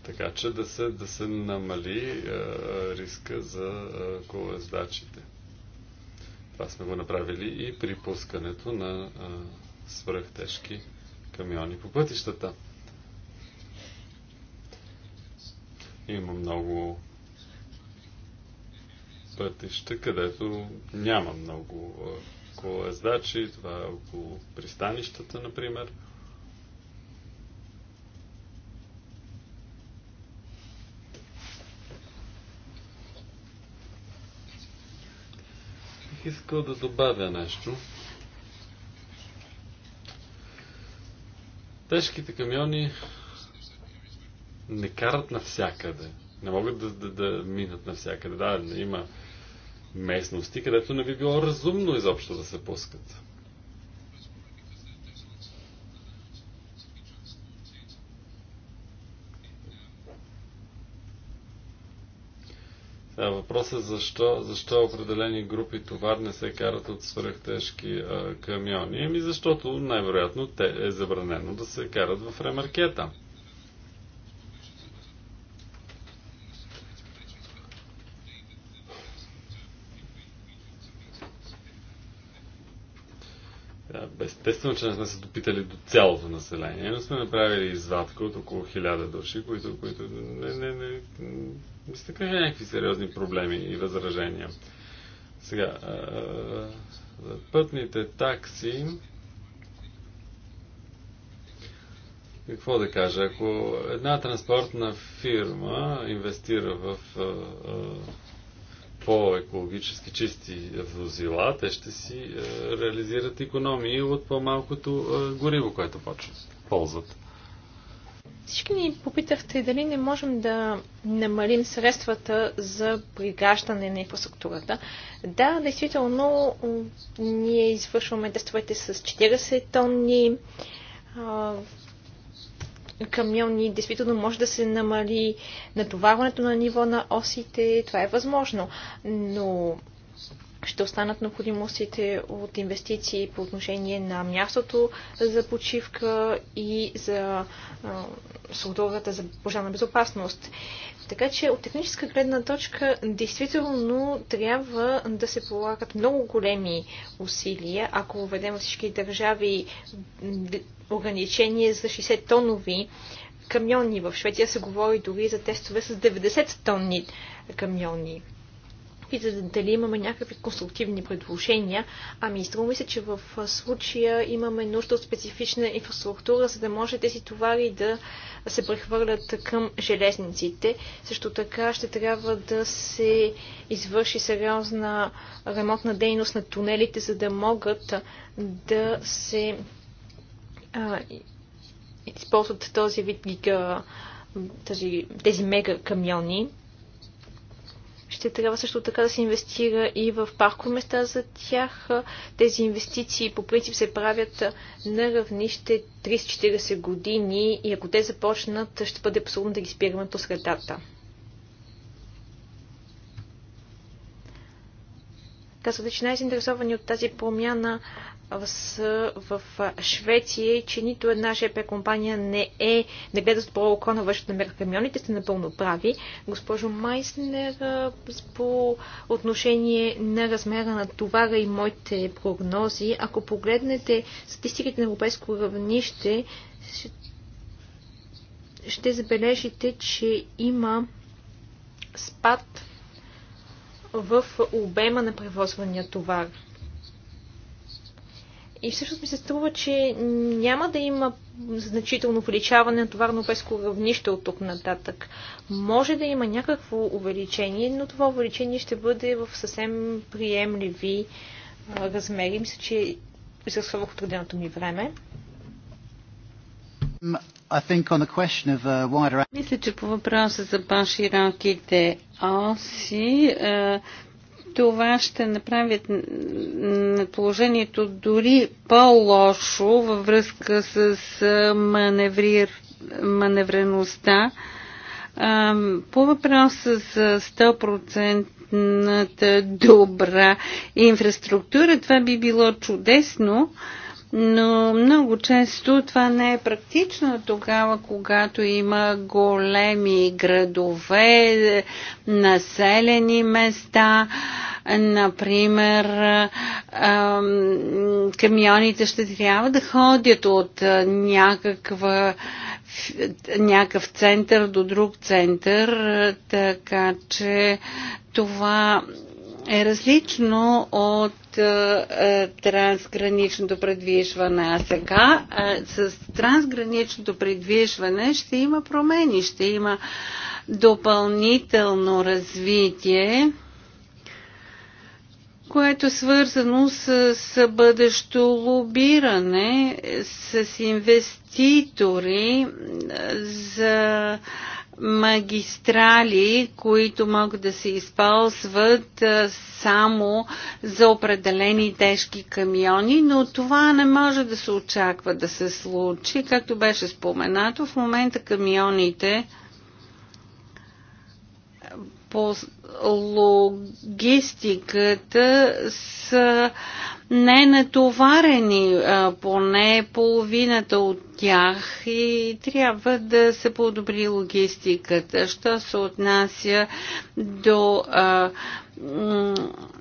така че да се, да се намали е, риска за е, колездачите. Това сме го направили и при пускането на е, свръхтежки камиони по пътищата. Има много пътища, където няма много е, около ездачи, това е около пристанищата, например. Бих искал да добавя нещо. Тежките камиони не карат навсякъде. Не могат да, да, да минат навсякъде. Да, има местности, където не би било разумно изобщо да се пускат. Да, въпросът е защо, защо определени групи товар не се карат от свръхтежки камиони. Еми защото най-вероятно те е забранено да се карат в ремаркета. Естествено, че не сме се допитали до цялото население, но сме направили извадка от около хиляда души, които, които не, не, не, не сте кажа някакви сериозни проблеми и възражения. Сега, пътните такси. Какво да кажа? Ако една транспортна фирма инвестира в по-екологически чисти возила, те ще си е, реализират економии от по-малкото е, гориво, което ползват. Всички ни попитахте дали не можем да намалим средствата за пригаждане на инфраструктурата. Да, действително, ние извършваме тестовете с 40 тонни камиони, действително може да се намали натоварването на ниво на осите. Това е възможно. Но ще останат необходимостите от инвестиции по отношение на мястото за почивка и за судовата за пожарна безопасност. Така че от техническа гледна точка, действително трябва да се полагат много големи усилия, ако введем всички държави ограничение за 60 тонови камиони. В Швеция се говори дори за тестове с 90 тонни камиони питате дали имаме някакви конструктивни предложения. Ами, струва ми се, че в случая имаме нужда от специфична инфраструктура, за да може тези товари да се прехвърлят към железниците. Също така ще трябва да се извърши сериозна ремонтна дейност на тунелите, за да могат да се а, използват този вид гига, тази, тези мега камиони. Ще трябва също така да се инвестира и в паркоместа за тях. Тези инвестиции по принцип се правят на равнище 30-40 години и ако те започнат, ще бъде абсурдно да ги спираме по средата. Казвате, че най-заинтересовани от тази промяна са в Швеция и че нито една ЖП компания не е, не гледа с добро око на вършата мера камионите, сте напълно прави. Госпожо Майснер, по отношение на размера на товара и моите прогнози, ако погледнете статистиките на европейско равнище, ще забележите, че има спад в обема на превозвания товар. И всъщност ми се струва, че няма да има значително увеличаване на товарно европейско равнище от тук нататък. Може да има някакво увеличение, но това увеличение ще бъде в съвсем приемливи размери. Мисля, че изразходвах отреденото ми време. Uh, wider... Мисля, че по въпроса за по-широките оси е, това ще направят положението дори по-лошо във връзка с маневрир, маневреността. По въпроса за 100% добра инфраструктура, това би било чудесно, но много често това не е практично тогава, когато има големи градове, населени места, например, камионите ще трябва да ходят от някаква някакъв център до друг център, така че това е различно от е, трансграничното предвижване. А сега е, с трансграничното предвижване ще има промени, ще има допълнително развитие което е свързано с, с бъдещо лобиране, с инвеститори е, за магистрали, които могат да се използват само за определени тежки камиони, но това не може да се очаква да се случи. Както беше споменато, в момента камионите по логистиката са ненатоварени, поне половината от тях и трябва да се подобри логистиката. Що се отнася до а,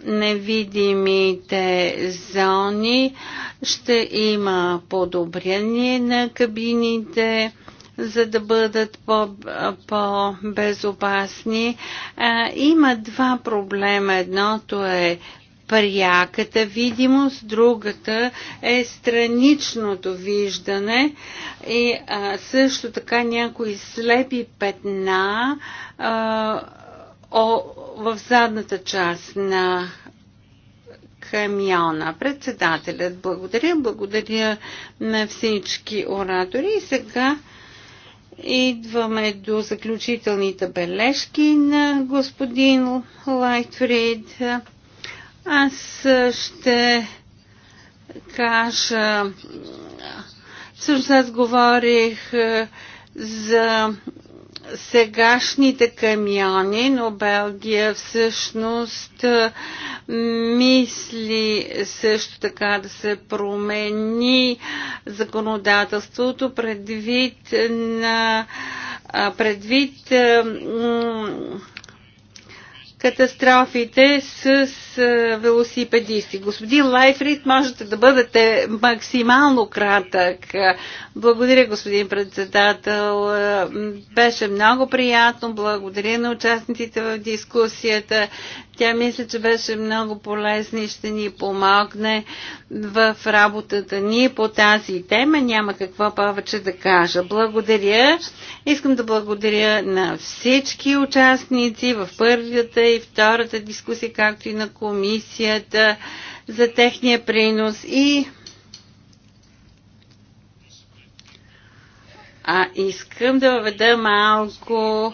невидимите зони, ще има подобрение на кабините, за да бъдат по-безопасни. По има два проблема. Едното е пряката видимост, другата е страничното виждане и а, също така някои слепи петна а, о, в задната част на камиона. Председателят благодаря, благодаря на всички оратори и сега Идваме до заключителните бележки на господин Лайтфрид. Аз ще кажа, всъщност аз говорих е, за сегашните камиони, но Белгия всъщност мисли също така да се промени законодателството предвид на предвид катастрофите с велосипедисти. Господин Лайфрид, можете да бъдете максимално кратък. Благодаря, господин председател. Беше много приятно. Благодаря на участниците в дискусията. Тя мисля, че беше много полезна и ще ни помогне в работата ни по тази тема. Няма какво повече да кажа. Благодаря. Искам да благодаря на всички участници в първата и втората дискусия, както и на комисията за техния принос и а искам да въведа малко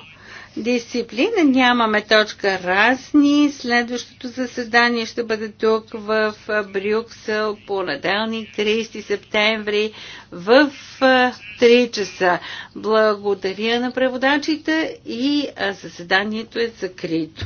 дисциплина. Нямаме точка разни. Следващото заседание ще бъде тук в Брюксел, понеделник, 30 септември в 3 часа. Благодаря на преводачите и заседанието е закрито.